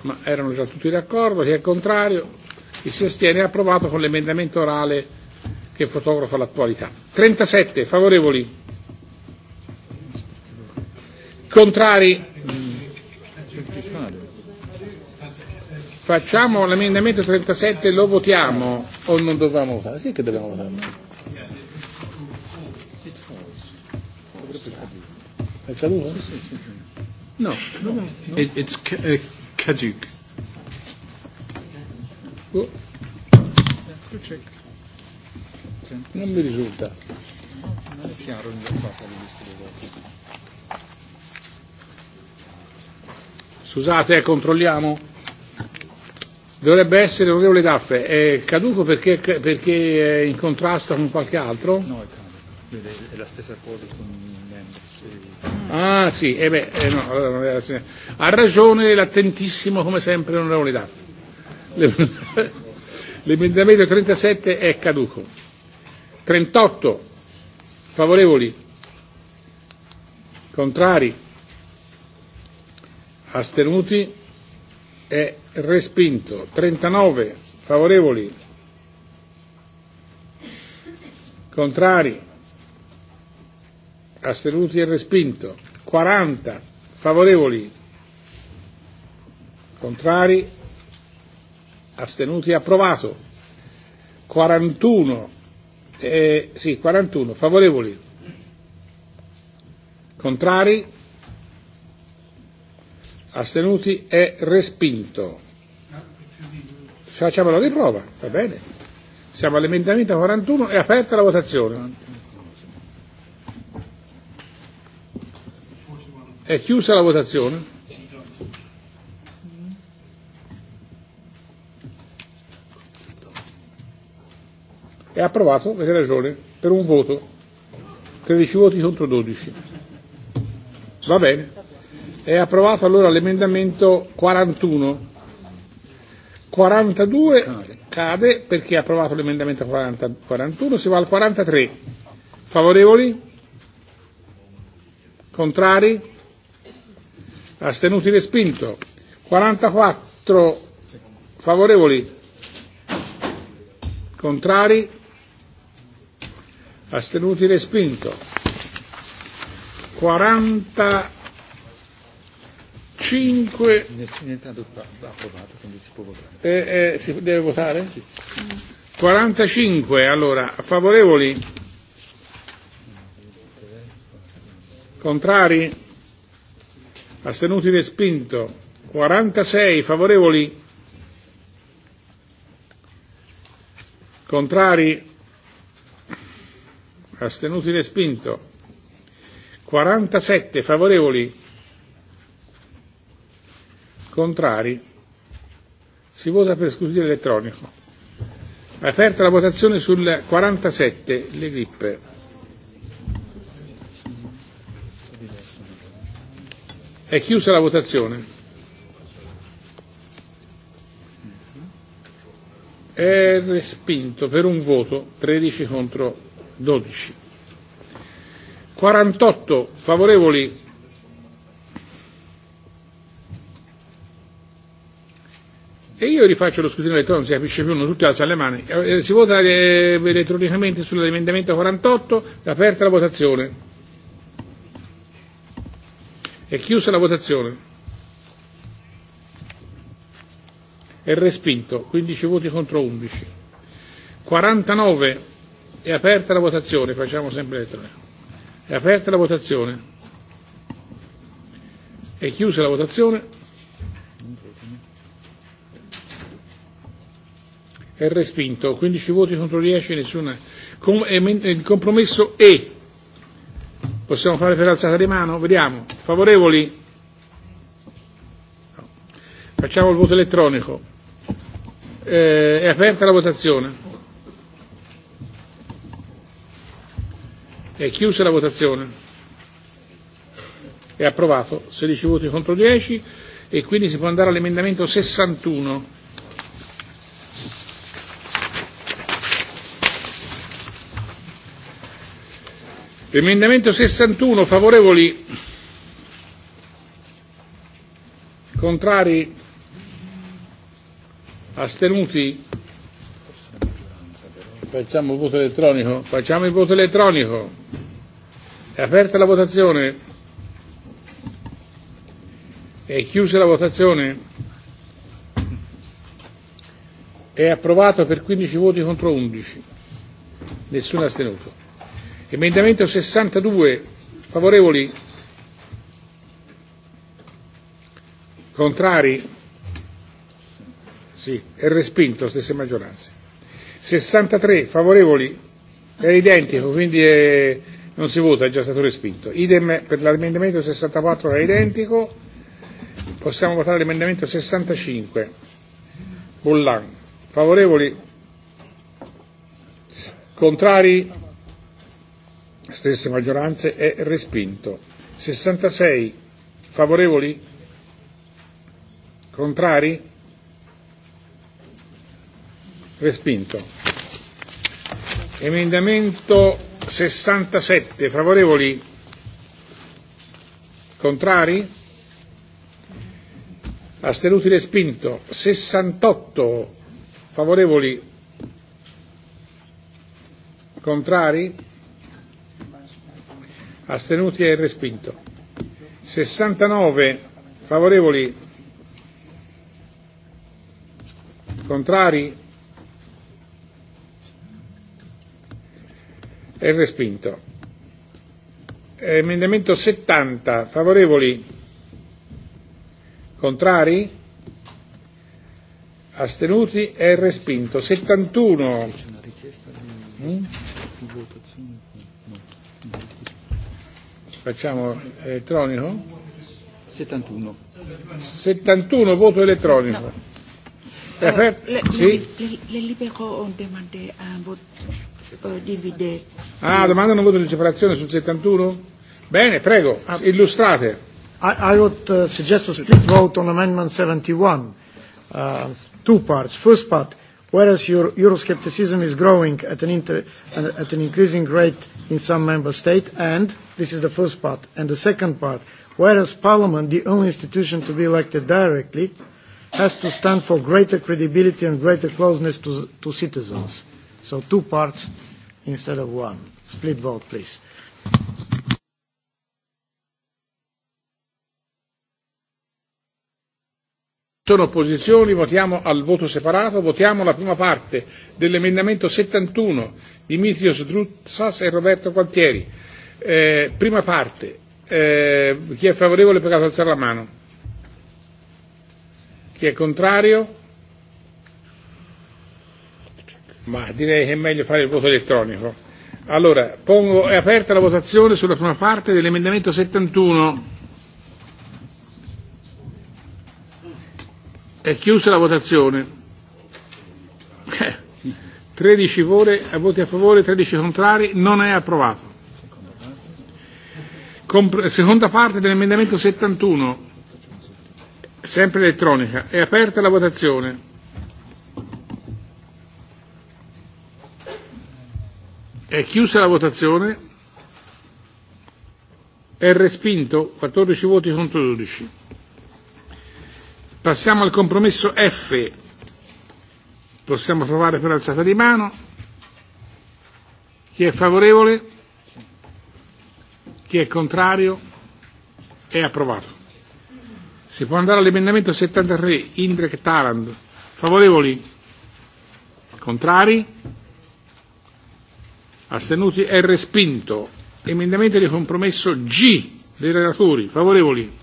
Ma erano già tutti d'accordo. Chi è contrario? Chi si astiene è approvato con l'emendamento orale che fotografa l'attualità. 37 favorevoli. Contrari? Facciamo l'emendamento 37, lo votiamo o non dobbiamo votare? Sì che dobbiamo votare. È caduto? No. no. It, it's uh, Kajuk. Oh. Non mi risulta. Non è chiaro in realtà la lista dei voti. Scusate, eh, controlliamo. Dovrebbe essere l'onorevole Daffe, è caduco perché, perché è eh, in contrasto con qualche altro? No, è caduco, è la stessa cosa con Ah sì, eh beh, eh, no, allora non era ha ragione l'attentissimo come sempre l'onorevole Daffe. L'emendamento 37 è caduco. 38 favorevoli, contrari, astenuti, è respinto. 39 favorevoli, contrari, astenuti e respinto. 40 favorevoli, contrari, astenuti e approvato. 41, eh, sì, 41 favorevoli, contrari, astenuti e respinto. Se facciamo la riprova, va bene. Siamo all'emendamento 41, è aperta la votazione. È chiusa la votazione. È approvato, avete ragione, per un voto. 13 voti contro 12. Va bene. È approvato allora l'emendamento 41. 42 cade perché ha approvato l'emendamento 40, 41, si va al 43. Favorevoli? Contrari? Astenuti respinto. 44 favorevoli? Contrari? Astenuti respinto. 40 5 niente approvato quindi si può votare eh, eh, si deve votare? Sì. 45 allora favorevoli contrari astenuti respinto 46 favorevoli contrari astenuti respinto 47 favorevoli Contrari? Si vota per scrutinio elettronico. Aperta la votazione sul 47, le grippe. È chiusa la votazione. È respinto per un voto, 13 contro 12. 48 favorevoli, E io rifaccio lo scrutinio elettronico, non si capisce più, non tutti alzano le mani. Eh, eh si vota eh, elettronicamente sull'emendamento 48, è aperta la votazione. È chiusa la votazione. È respinto, 15 voti contro 11. 49, è aperta la votazione, facciamo sempre elettronico. È aperta la votazione. È chiusa la votazione è respinto. 15 voti contro 10, nessuna. Com- eh, eh, il compromesso E. Possiamo fare per alzata di mano? Vediamo. Favorevoli? No. Facciamo il voto elettronico. Eh, è aperta la votazione. È chiusa la votazione. È approvato. 16 voti contro 10 e quindi si può andare all'emendamento 61 Emendamento 61, favorevoli? Contrari? Astenuti? Facciamo il voto elettronico? Facciamo il voto elettronico. È aperta la votazione? È chiusa la votazione? È approvato per 15 voti contro 11. Nessuno astenuto. Emendamento 62, favorevoli? Contrari? Sì, è respinto, stesse maggioranze. 63, favorevoli? È identico, quindi è, eh, non si vota, è già stato respinto. Idem per l'emendamento 64 è identico. Possiamo votare l'emendamento 65. Bullan. Favorevoli? Contrari? stesse maggioranze, è respinto. 66 favorevoli? Contrari? Respinto. Emendamento 67 favorevoli? Contrari? Astenuti respinto. 68 favorevoli? Contrari? astenuti è e respinto. 69 favorevoli, contrari, è respinto. Emendamento 70 favorevoli, contrari, astenuti, è e respinto. 71 mm? votazione Facciamo eh, elettronico? 71. 71 voto elettronico. No. Alors, eh, le, sì? le, le libero on demande un eh, voto uh, dividé. Ah, domandano un voto di separazione sul 71? Bene, prego, uh, illustrate. I, I would uh, suggest a split vote on amendment 71. Uh, two parts. First part, uh, whereas Euro Euroscepticism is growing at an, inter, uh, at an increasing rate in some member states, and this is the first part. And the second part, whereas Parliament, the only institution to be elected directly, has to stand for greater credibility and greater closeness to, to citizens. So two parts instead of one. Split vote, please. sono opposizioni, votiamo al voto separato, votiamo la prima parte dell'emendamento 71 di Mitios Druzzas e Roberto Gualtieri. Eh, prima parte, eh, chi è favorevole per caso alzare la mano? Chi è contrario? Ma direi che è meglio fare il voto elettronico. Allora, pongo, è aperta la votazione sulla prima parte dell'emendamento 71. È chiusa la votazione. Eh, 13 voti a, eh, voti a favore, 13 contrari, non è approvato. Compr- seconda parte dell'emendamento 71, sempre elettronica. È aperta la votazione. È chiusa la votazione. È respinto 14 voti contro 12. Passiamo al compromesso F. Possiamo provare per alzata di mano. Chi è favorevole? Chi è contrario? È approvato. Si può andare all'emendamento 73, Indrek Tarand. Favorevoli? Contrari? Astenuti? È respinto. Emendamento di compromesso G dei relatori. Favorevoli?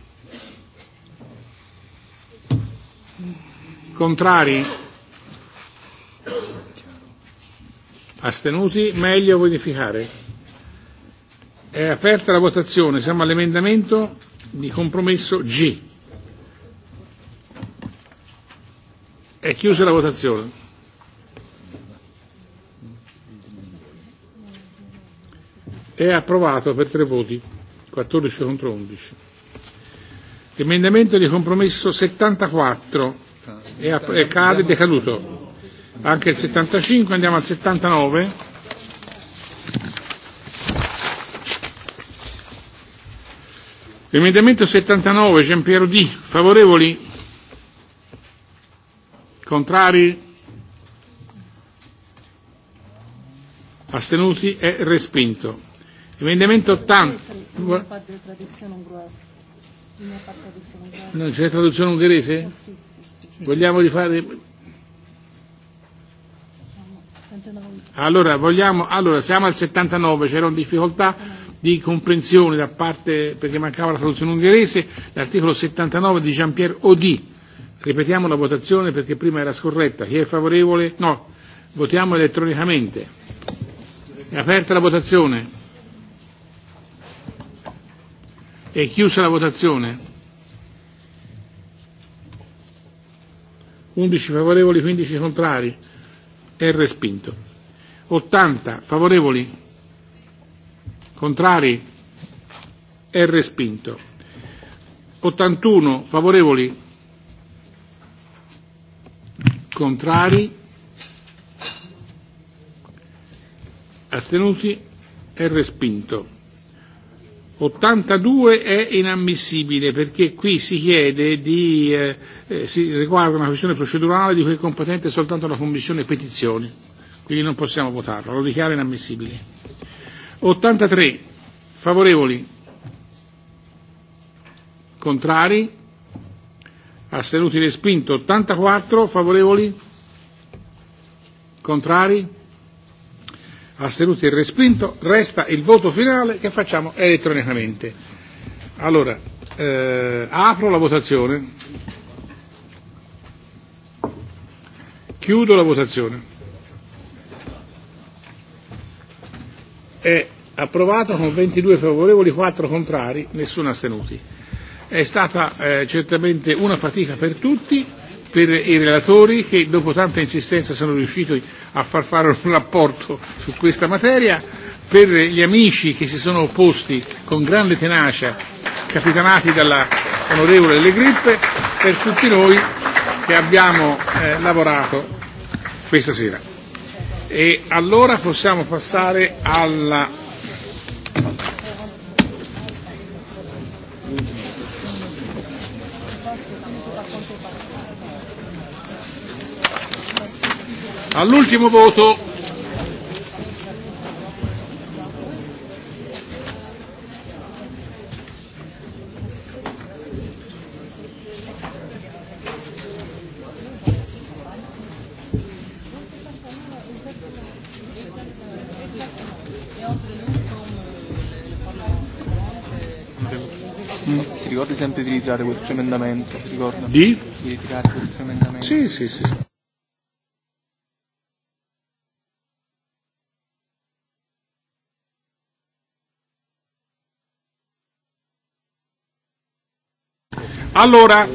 Contrari? Astenuti? Meglio verificare. È aperta la votazione. Siamo all'emendamento di compromesso G. È chiusa la votazione. È approvato per tre voti, 14 contro 11. Emendamento di compromesso 74 è, e è e cade ed è caduto. Anche il 75, andiamo al 79. Emendamento 79, Gian Piero D. Favorevoli? Contrari? Astenuti? È respinto. Emendamento 80. Non c'è traduzione ungherese? Vogliamo di fare... Allora, vogliamo, allora, siamo al 79, c'erano difficoltà di comprensione da parte, perché mancava la traduzione ungherese, l'articolo 79 di Jean-Pierre Audi. Ripetiamo la votazione perché prima era scorretta. Chi è favorevole? No. Votiamo elettronicamente. È aperta la votazione. È chiusa la votazione. 11 favorevoli, 15 contrari, è respinto. 80 favorevoli, contrari, è respinto. 81 favorevoli, contrari, astenuti, è respinto. 82 è inammissibile perché qui si chiede di, eh, eh, si riguarda una questione procedurale di cui è competente soltanto la Commissione petizioni, quindi non possiamo votarlo, lo dichiaro inammissibile. 83 favorevoli, contrari, astenuti respinto, 84 favorevoli, contrari, astenuti e respinto, resta il voto finale che facciamo elettronicamente. Allora, eh, apro la votazione, chiudo la votazione. È approvato con 22 favorevoli, 4 contrari, nessuno astenuti. È stata eh, certamente una fatica per tutti per i relatori che dopo tanta insistenza sono riusciti a far fare un rapporto su questa materia, per gli amici che si sono opposti con grande tenacia, capitanati dall'onorevole Le Grippe, per tutti noi che abbiamo eh, lavorato questa sera. E allora possiamo passare alla All'ultimo voto. Mm. Si ricordi sempre di ritirare questo emendamento, ricorda? Di? Di ritirare questo emendamento. Sì, sì, sì. Allora,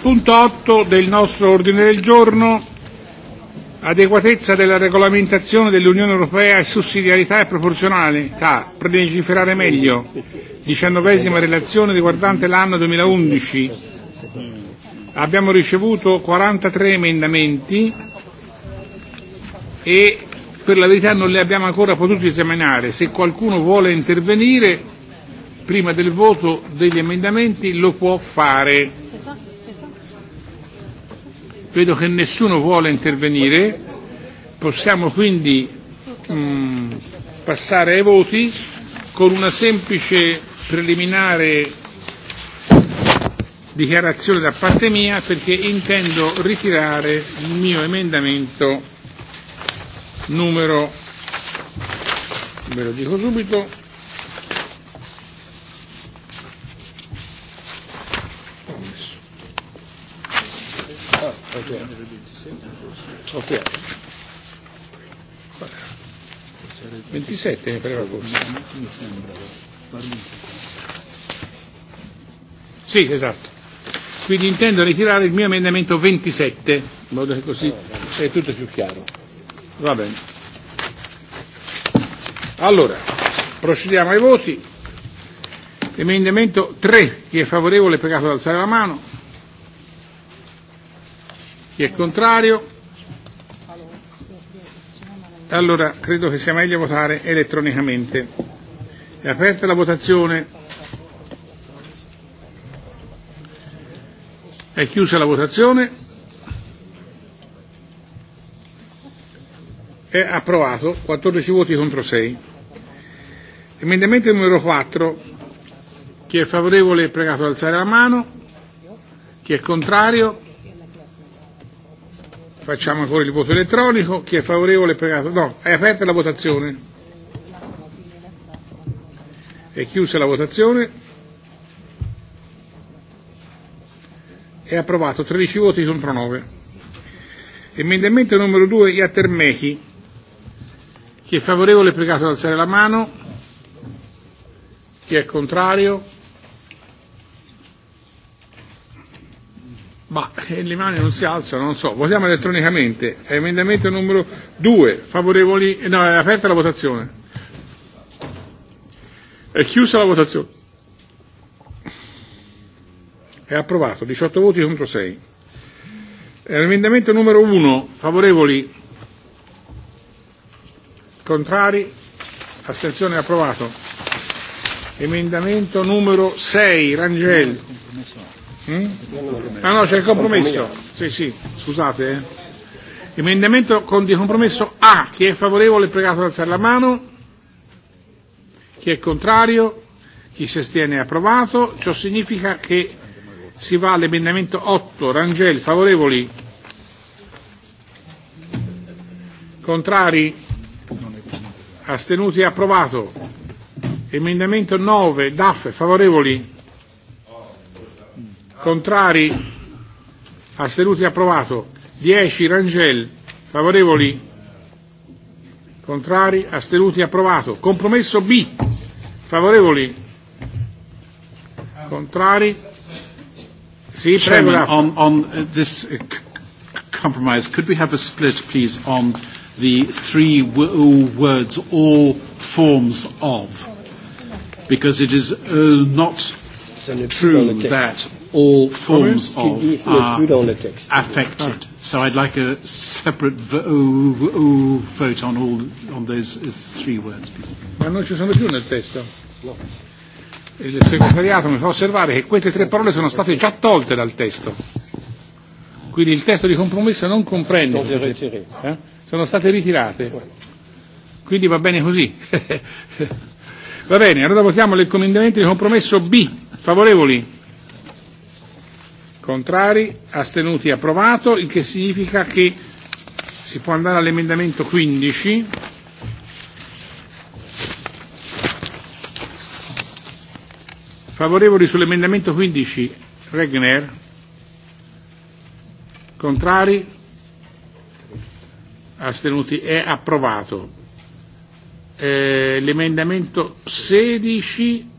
Il punto 8 del nostro ordine del giorno, adeguatezza della regolamentazione dell'Unione Europea e sussidiarietà e proporzionalità, per legiferare meglio, diciannovesima relazione riguardante l'anno 2011. Abbiamo ricevuto 43 emendamenti e per la verità non li abbiamo ancora potuti esaminare. Se qualcuno vuole intervenire prima del voto degli emendamenti lo può fare Vedo che nessuno vuole intervenire, possiamo quindi mh, mm, passare ai voti con una semplice preliminare dichiarazione da parte mia perché intendo ritirare il mio emendamento numero ve lo dico subito Ok. 27 mi pareva forse. Mi sembra. Sì, esatto. Quindi intendo ritirare il mio emendamento 27, in modo che così è tutto più chiaro. Va bene. Allora, procediamo ai voti. Emendamento 3, chi è favorevole è pregato ad alzare la mano. Chi è contrario? Allora credo che sia meglio votare elettronicamente. È aperta la votazione. È chiusa la votazione. È approvato 14 voti contro 6. Emendamento numero 4. Chi è favorevole è pregato ad alzare la mano. Chi è contrario Facciamo ancora il voto elettronico. Chi è favorevole è pregato. No, è aperta la votazione. È chiusa la votazione. È approvato 13 voti contro 9. Emendamento numero 2 Iatermechi. Chi è favorevole è pregato ad alzare la mano. Chi è contrario? Ma eh, le mani non si alzano, non so. Votiamo elettronicamente. Emendamento numero 2. Favorevoli? No, è aperta la votazione. È chiusa la votazione. È approvato. 18 voti contro 6. Emendamento numero 1. Favorevoli? Contrari? Astensione approvato. Emendamento numero 6. Rangel. Compromesso Mm? Ah no, c'è il compromesso. Sì, sì, scusate. Eh. Emendamento con di compromesso A. Chi è favorevole è pregato ad alzare la mano. Chi è contrario? Chi si astiene è approvato. Ciò significa che si va all'emendamento 8. Rangel, favorevoli? Contrari? Astenuti? Approvato. Emendamento 9. DAF, favorevoli? Contrari? Astenuti approvato. 10 Rangel. Favorevoli? Contrari? Astenuti approvato. Compromesso B. Favorevoli? Contrari? Sì, prego. Chairman, on, on uh, this uh, compromise, could we have a split, please, on the three w- uh, words, all forms of? Because it is uh, not true that all forms of are uh, affected. So I'd like a separate vo- vote on all on those three words, please. Ma non ci sono più nel testo. Il segretariato mi fa osservare che queste tre parole sono state già tolte dal testo. Quindi il testo di compromesso non comprende. Eh? Sono state ritirate. Quindi va bene così. va bene, allora votiamo l'encomendamento di compromesso B. Favorevoli? Contrari? Astenuti? Approvato, il che significa che si può andare all'emendamento 15. Favorevoli sull'emendamento 15? Regner? Contrari? Astenuti? È approvato. Eh, l'emendamento 16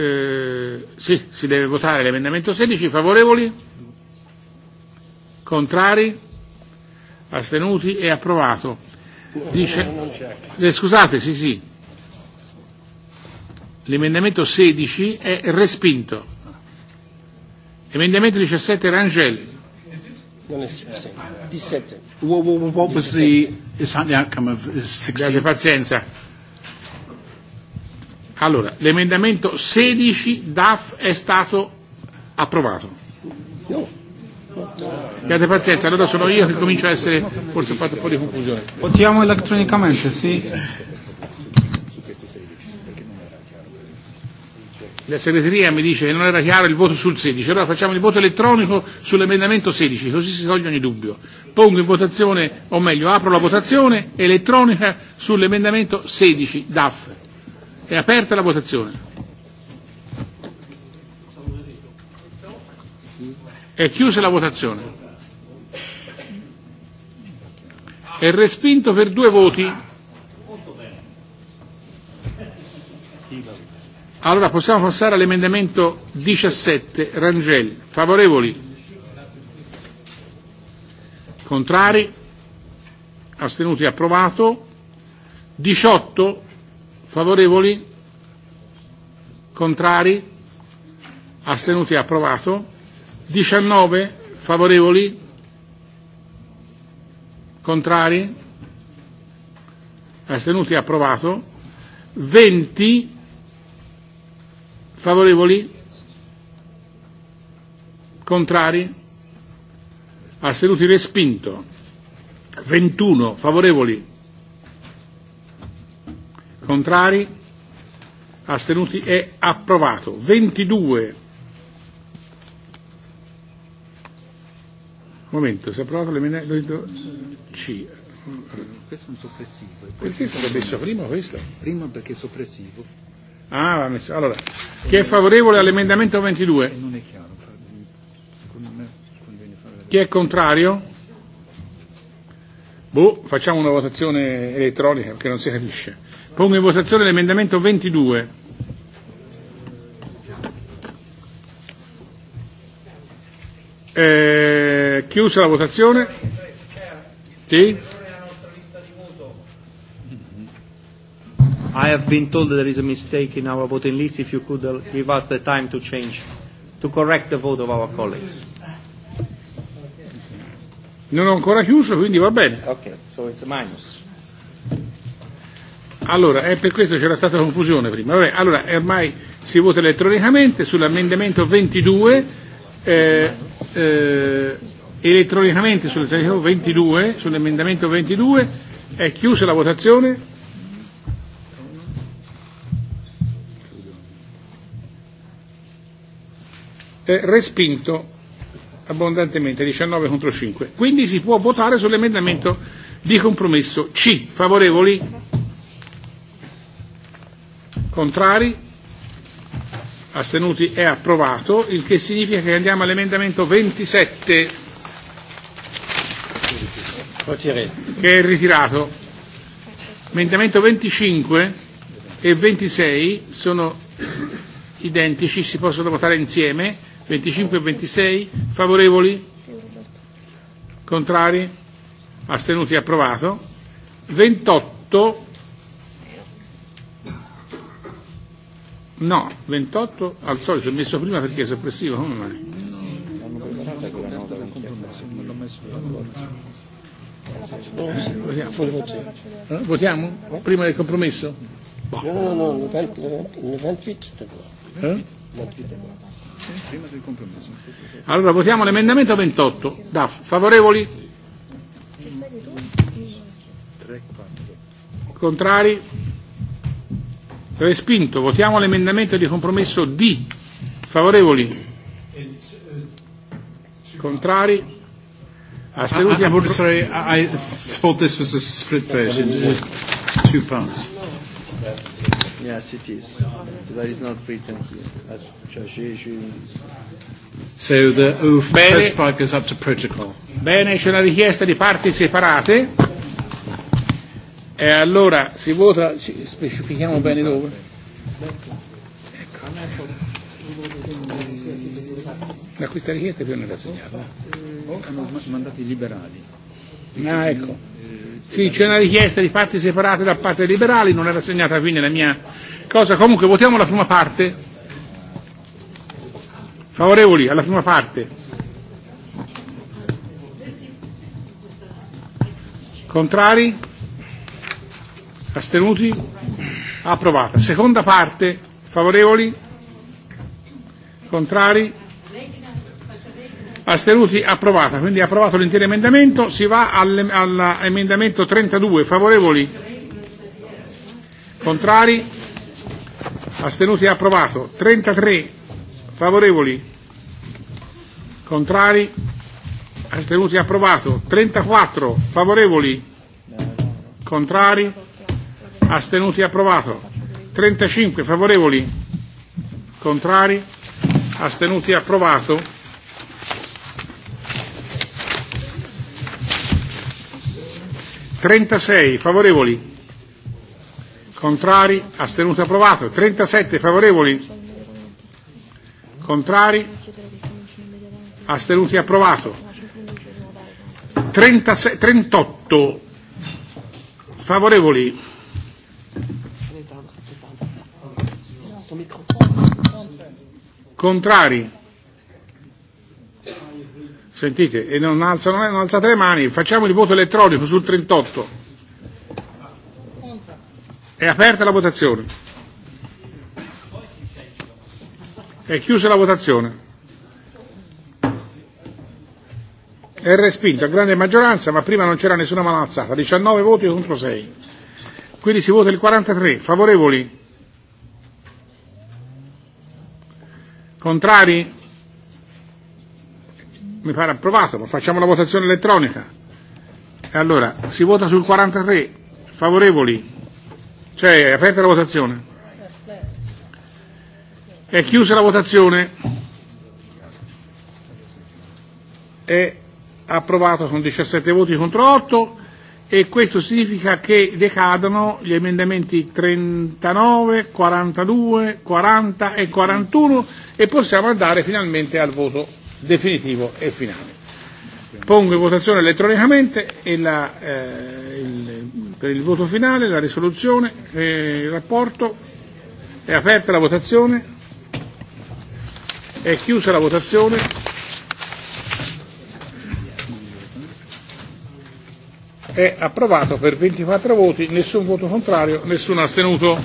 Eh, sì, si deve votare l'emendamento 16. Favorevoli? Contrari? Astenuti? È approvato. Dice, eh, scusate, sì, sì. L'emendamento 16 è respinto. Emendamento 17 Rangel. 17. What was the, is that the outcome of 16? Date pazienza. Allora, l'emendamento 16 DAF è stato approvato. No. Abbiate pazienza, allora sono io che comincio a essere forse fatto un po' di confusione. Votiamo elettronicamente, sì. La segreteria mi dice che non era chiaro il voto sul 16, allora facciamo il voto elettronico sull'emendamento 16, così si toglie ogni dubbio. Pongo in votazione, o meglio, apro la votazione elettronica sull'emendamento 16 DAF. È aperta la votazione. È chiusa la votazione. È respinto per due voti. Allora possiamo passare all'emendamento 17, Rangel. Favorevoli? Contrari? Astenuti? Approvato. 18, Favorevoli? Contrari? Astenuti? Approvato. 19. Favorevoli? Contrari? Astenuti? Approvato. 20. Favorevoli? Contrari? Astenuti? Respinto. 21. Favorevoli? Contrari? Astenuti? È e approvato. 22. Momento, si è approvato l'emendamento C. Questo è un soppressivo. Perché è stato messo prima questo? Prima perché è soppressivo. Ah, va messo. Allora, chi è favorevole all'emendamento 22? E non è chiaro, secondo me conviene fare la Chi è contrario? Boh, facciamo una votazione elettronica perché non si capisce. Pongo in votazione l'emendamento 22. Eh, chiusa la votazione. Sì. I have been told that there is a mistake in our voting list. If you could uh, give us the time to change, to correct the vote of our colleagues. Non ho ancora chiuso, quindi va bene. Okay, so it's a minus. Allora, è per questo c'era stata confusione prima. Vabbè, allora, ormai si vota elettronicamente sull'ammendamento 22, eh, eh, elettronicamente sull'emendamento 22, sull'emendamento 22, è chiusa la votazione. Eh, respinto abbondantemente 19 contro 5. Quindi si può votare sull'emendamento di compromesso C. Favorevoli? Contrari? Astenuti? È approvato, il che significa che andiamo all'emendamento 27 che è ritirato. Emendamento 25 e 26 sono identici, si possono votare insieme. 25 e 26 favorevoli? Contrari? Astenuti? Approvato. 28 No, 28 al solito, l'ho messo prima perché è soppressivo, come mai? Votiamo? Votiamo? Prima del compromesso? Boh. No, no, no, il 28. Eh? Prima del compromesso. Allora votiamo l'emendamento 28. DAF, favorevoli? Contrari? Respinto. Votiamo l'emendamento di compromesso D. Favorevoli? Contrari? Astenuti? I'm sorry, I thought this was a split vote. Two parts. Yes, it is. That is not written here. So the oh, first part goes up to protocol. Bene, c'è una richiesta di parti separate E allora si vota, ci specifichiamo bene dove. Da questa richiesta più ne era segnata. Hanno oh, mandato i liberali. Ah, ecco. Sì, c'è una richiesta di parti separate da parte dei liberali, non era segnata quindi la mia cosa. Comunque votiamo la prima parte. Favorevoli alla prima parte. Contrari? Astenuti? Approvata. Seconda parte. Favorevoli? Contrari? Astenuti? Approvata. Quindi è approvato l'intero emendamento. Si va all'emendamento 32. Favorevoli? Contrari? Astenuti? Approvato. 33. Favorevoli? Contrari? Astenuti? Approvato. 34. Favorevoli? Contrari? astenuti approvato 35 favorevoli contrari astenuti approvato trentasei favorevoli contrari astenuto approvato trentasette favorevoli contrari astenuti approvato 36, 38 favorevoli Contrari? Sentite, e non, alzano, non alzate le mani, facciamo il voto elettronico sul 38. È aperta la votazione. È chiusa la votazione. È respinto a grande maggioranza, ma prima non c'era nessuna mano alzata. 19 voti contro 6. Quindi si vota il 43. Favorevoli? Contrari? Mi pare approvato, ma facciamo la votazione elettronica. E allora, si vota sul 43. Favorevoli? Cioè, è aperta la votazione. È chiusa la votazione. È approvato con 17 voti contro 8 e questo significa che decadono gli emendamenti 39, 42, 40 e 41 e possiamo andare finalmente al voto definitivo e finale. Pongo in votazione elettronicamente e la, eh, il, per il voto finale la risoluzione, eh, il rapporto. È aperta la votazione. È chiusa la votazione. è approvato per 24 voti, nessun voto contrario, nessuno astenuto.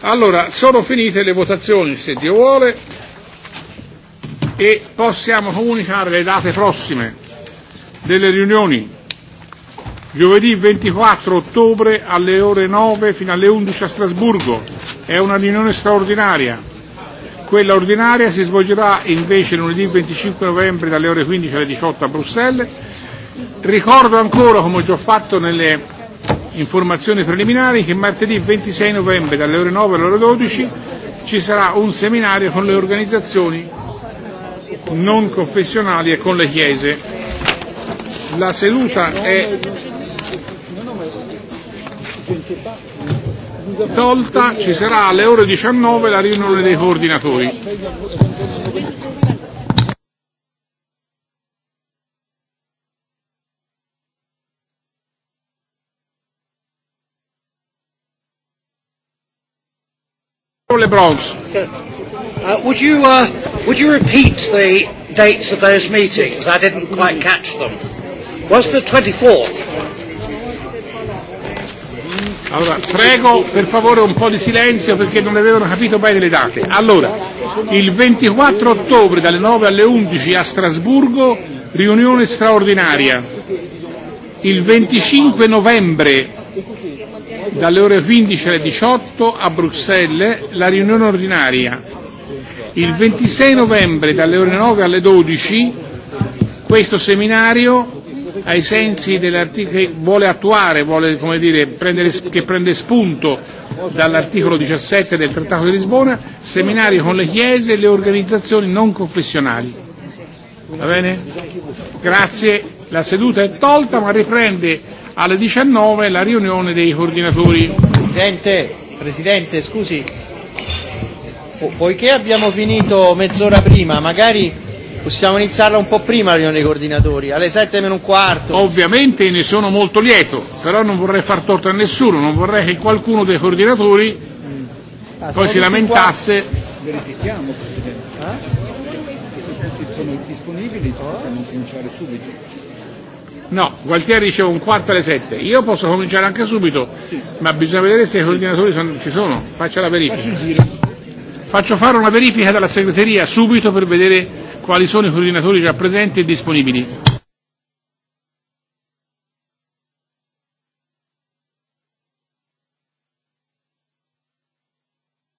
Allora, sono finite le votazioni, se Dio vuole, e possiamo comunicare le date prossime delle riunioni. Giovedì 24 ottobre alle ore 9 fino alle 11 a Strasburgo è una riunione straordinaria. Quella ordinaria si svolgerà invece lunedì 25 novembre dalle ore 15 alle 18 a Bruxelles Ricordo ancora, come ho già fatto nelle informazioni preliminari, che martedì 26 novembre dalle ore 9 alle ore 12 ci sarà un seminario con le organizzazioni non confessionali e con le chiese. La seduta è tolta, ci sarà alle ore 19 la riunione dei coordinatori. Lebranche. Uh, would you uh, would you repeat the dates of those meetings? I didn't quite catch them. Was the 24th? Allora, prego per favore un po' di silenzio perché non avevano capito bene le date. Allora, il 24 ottobre dalle 9 alle 11 a Strasburgo, riunione straordinaria. Il 25 novembre dalle ore 15 alle 18 a Bruxelles la riunione ordinaria. Il 26 novembre dalle ore 9 alle 12 questo seminario ai sensi dell'articolo che vuole attuare, vuole come dire, prendere, che prende spunto dall'articolo 17 del Trattato di Lisbona, seminario con le chiese e le organizzazioni non confessionali. Va bene? Grazie, la seduta è tolta ma riprende alle 19 la riunione dei coordinatori. Presidente, Presidente scusi, po- poiché abbiamo finito mezz'ora prima, magari possiamo iniziarla un po' prima la riunione dei coordinatori, alle 7 meno un quarto. Ovviamente ne sono molto lieto, però non vorrei far torto a nessuno, non vorrei che qualcuno dei coordinatori mm. ah, poi si lamentasse. Verifichiamo, Presidente. Eh? Ah? I sono disponibili, possiamo cominciare subito. No, Gualtieri dice un quarto alle sette. Io posso cominciare anche subito, sì. ma bisogna vedere se i coordinatori sono, ci sono. Faccia la verifica. Faccio fare una verifica dalla segreteria subito per vedere quali sono i coordinatori già presenti e disponibili.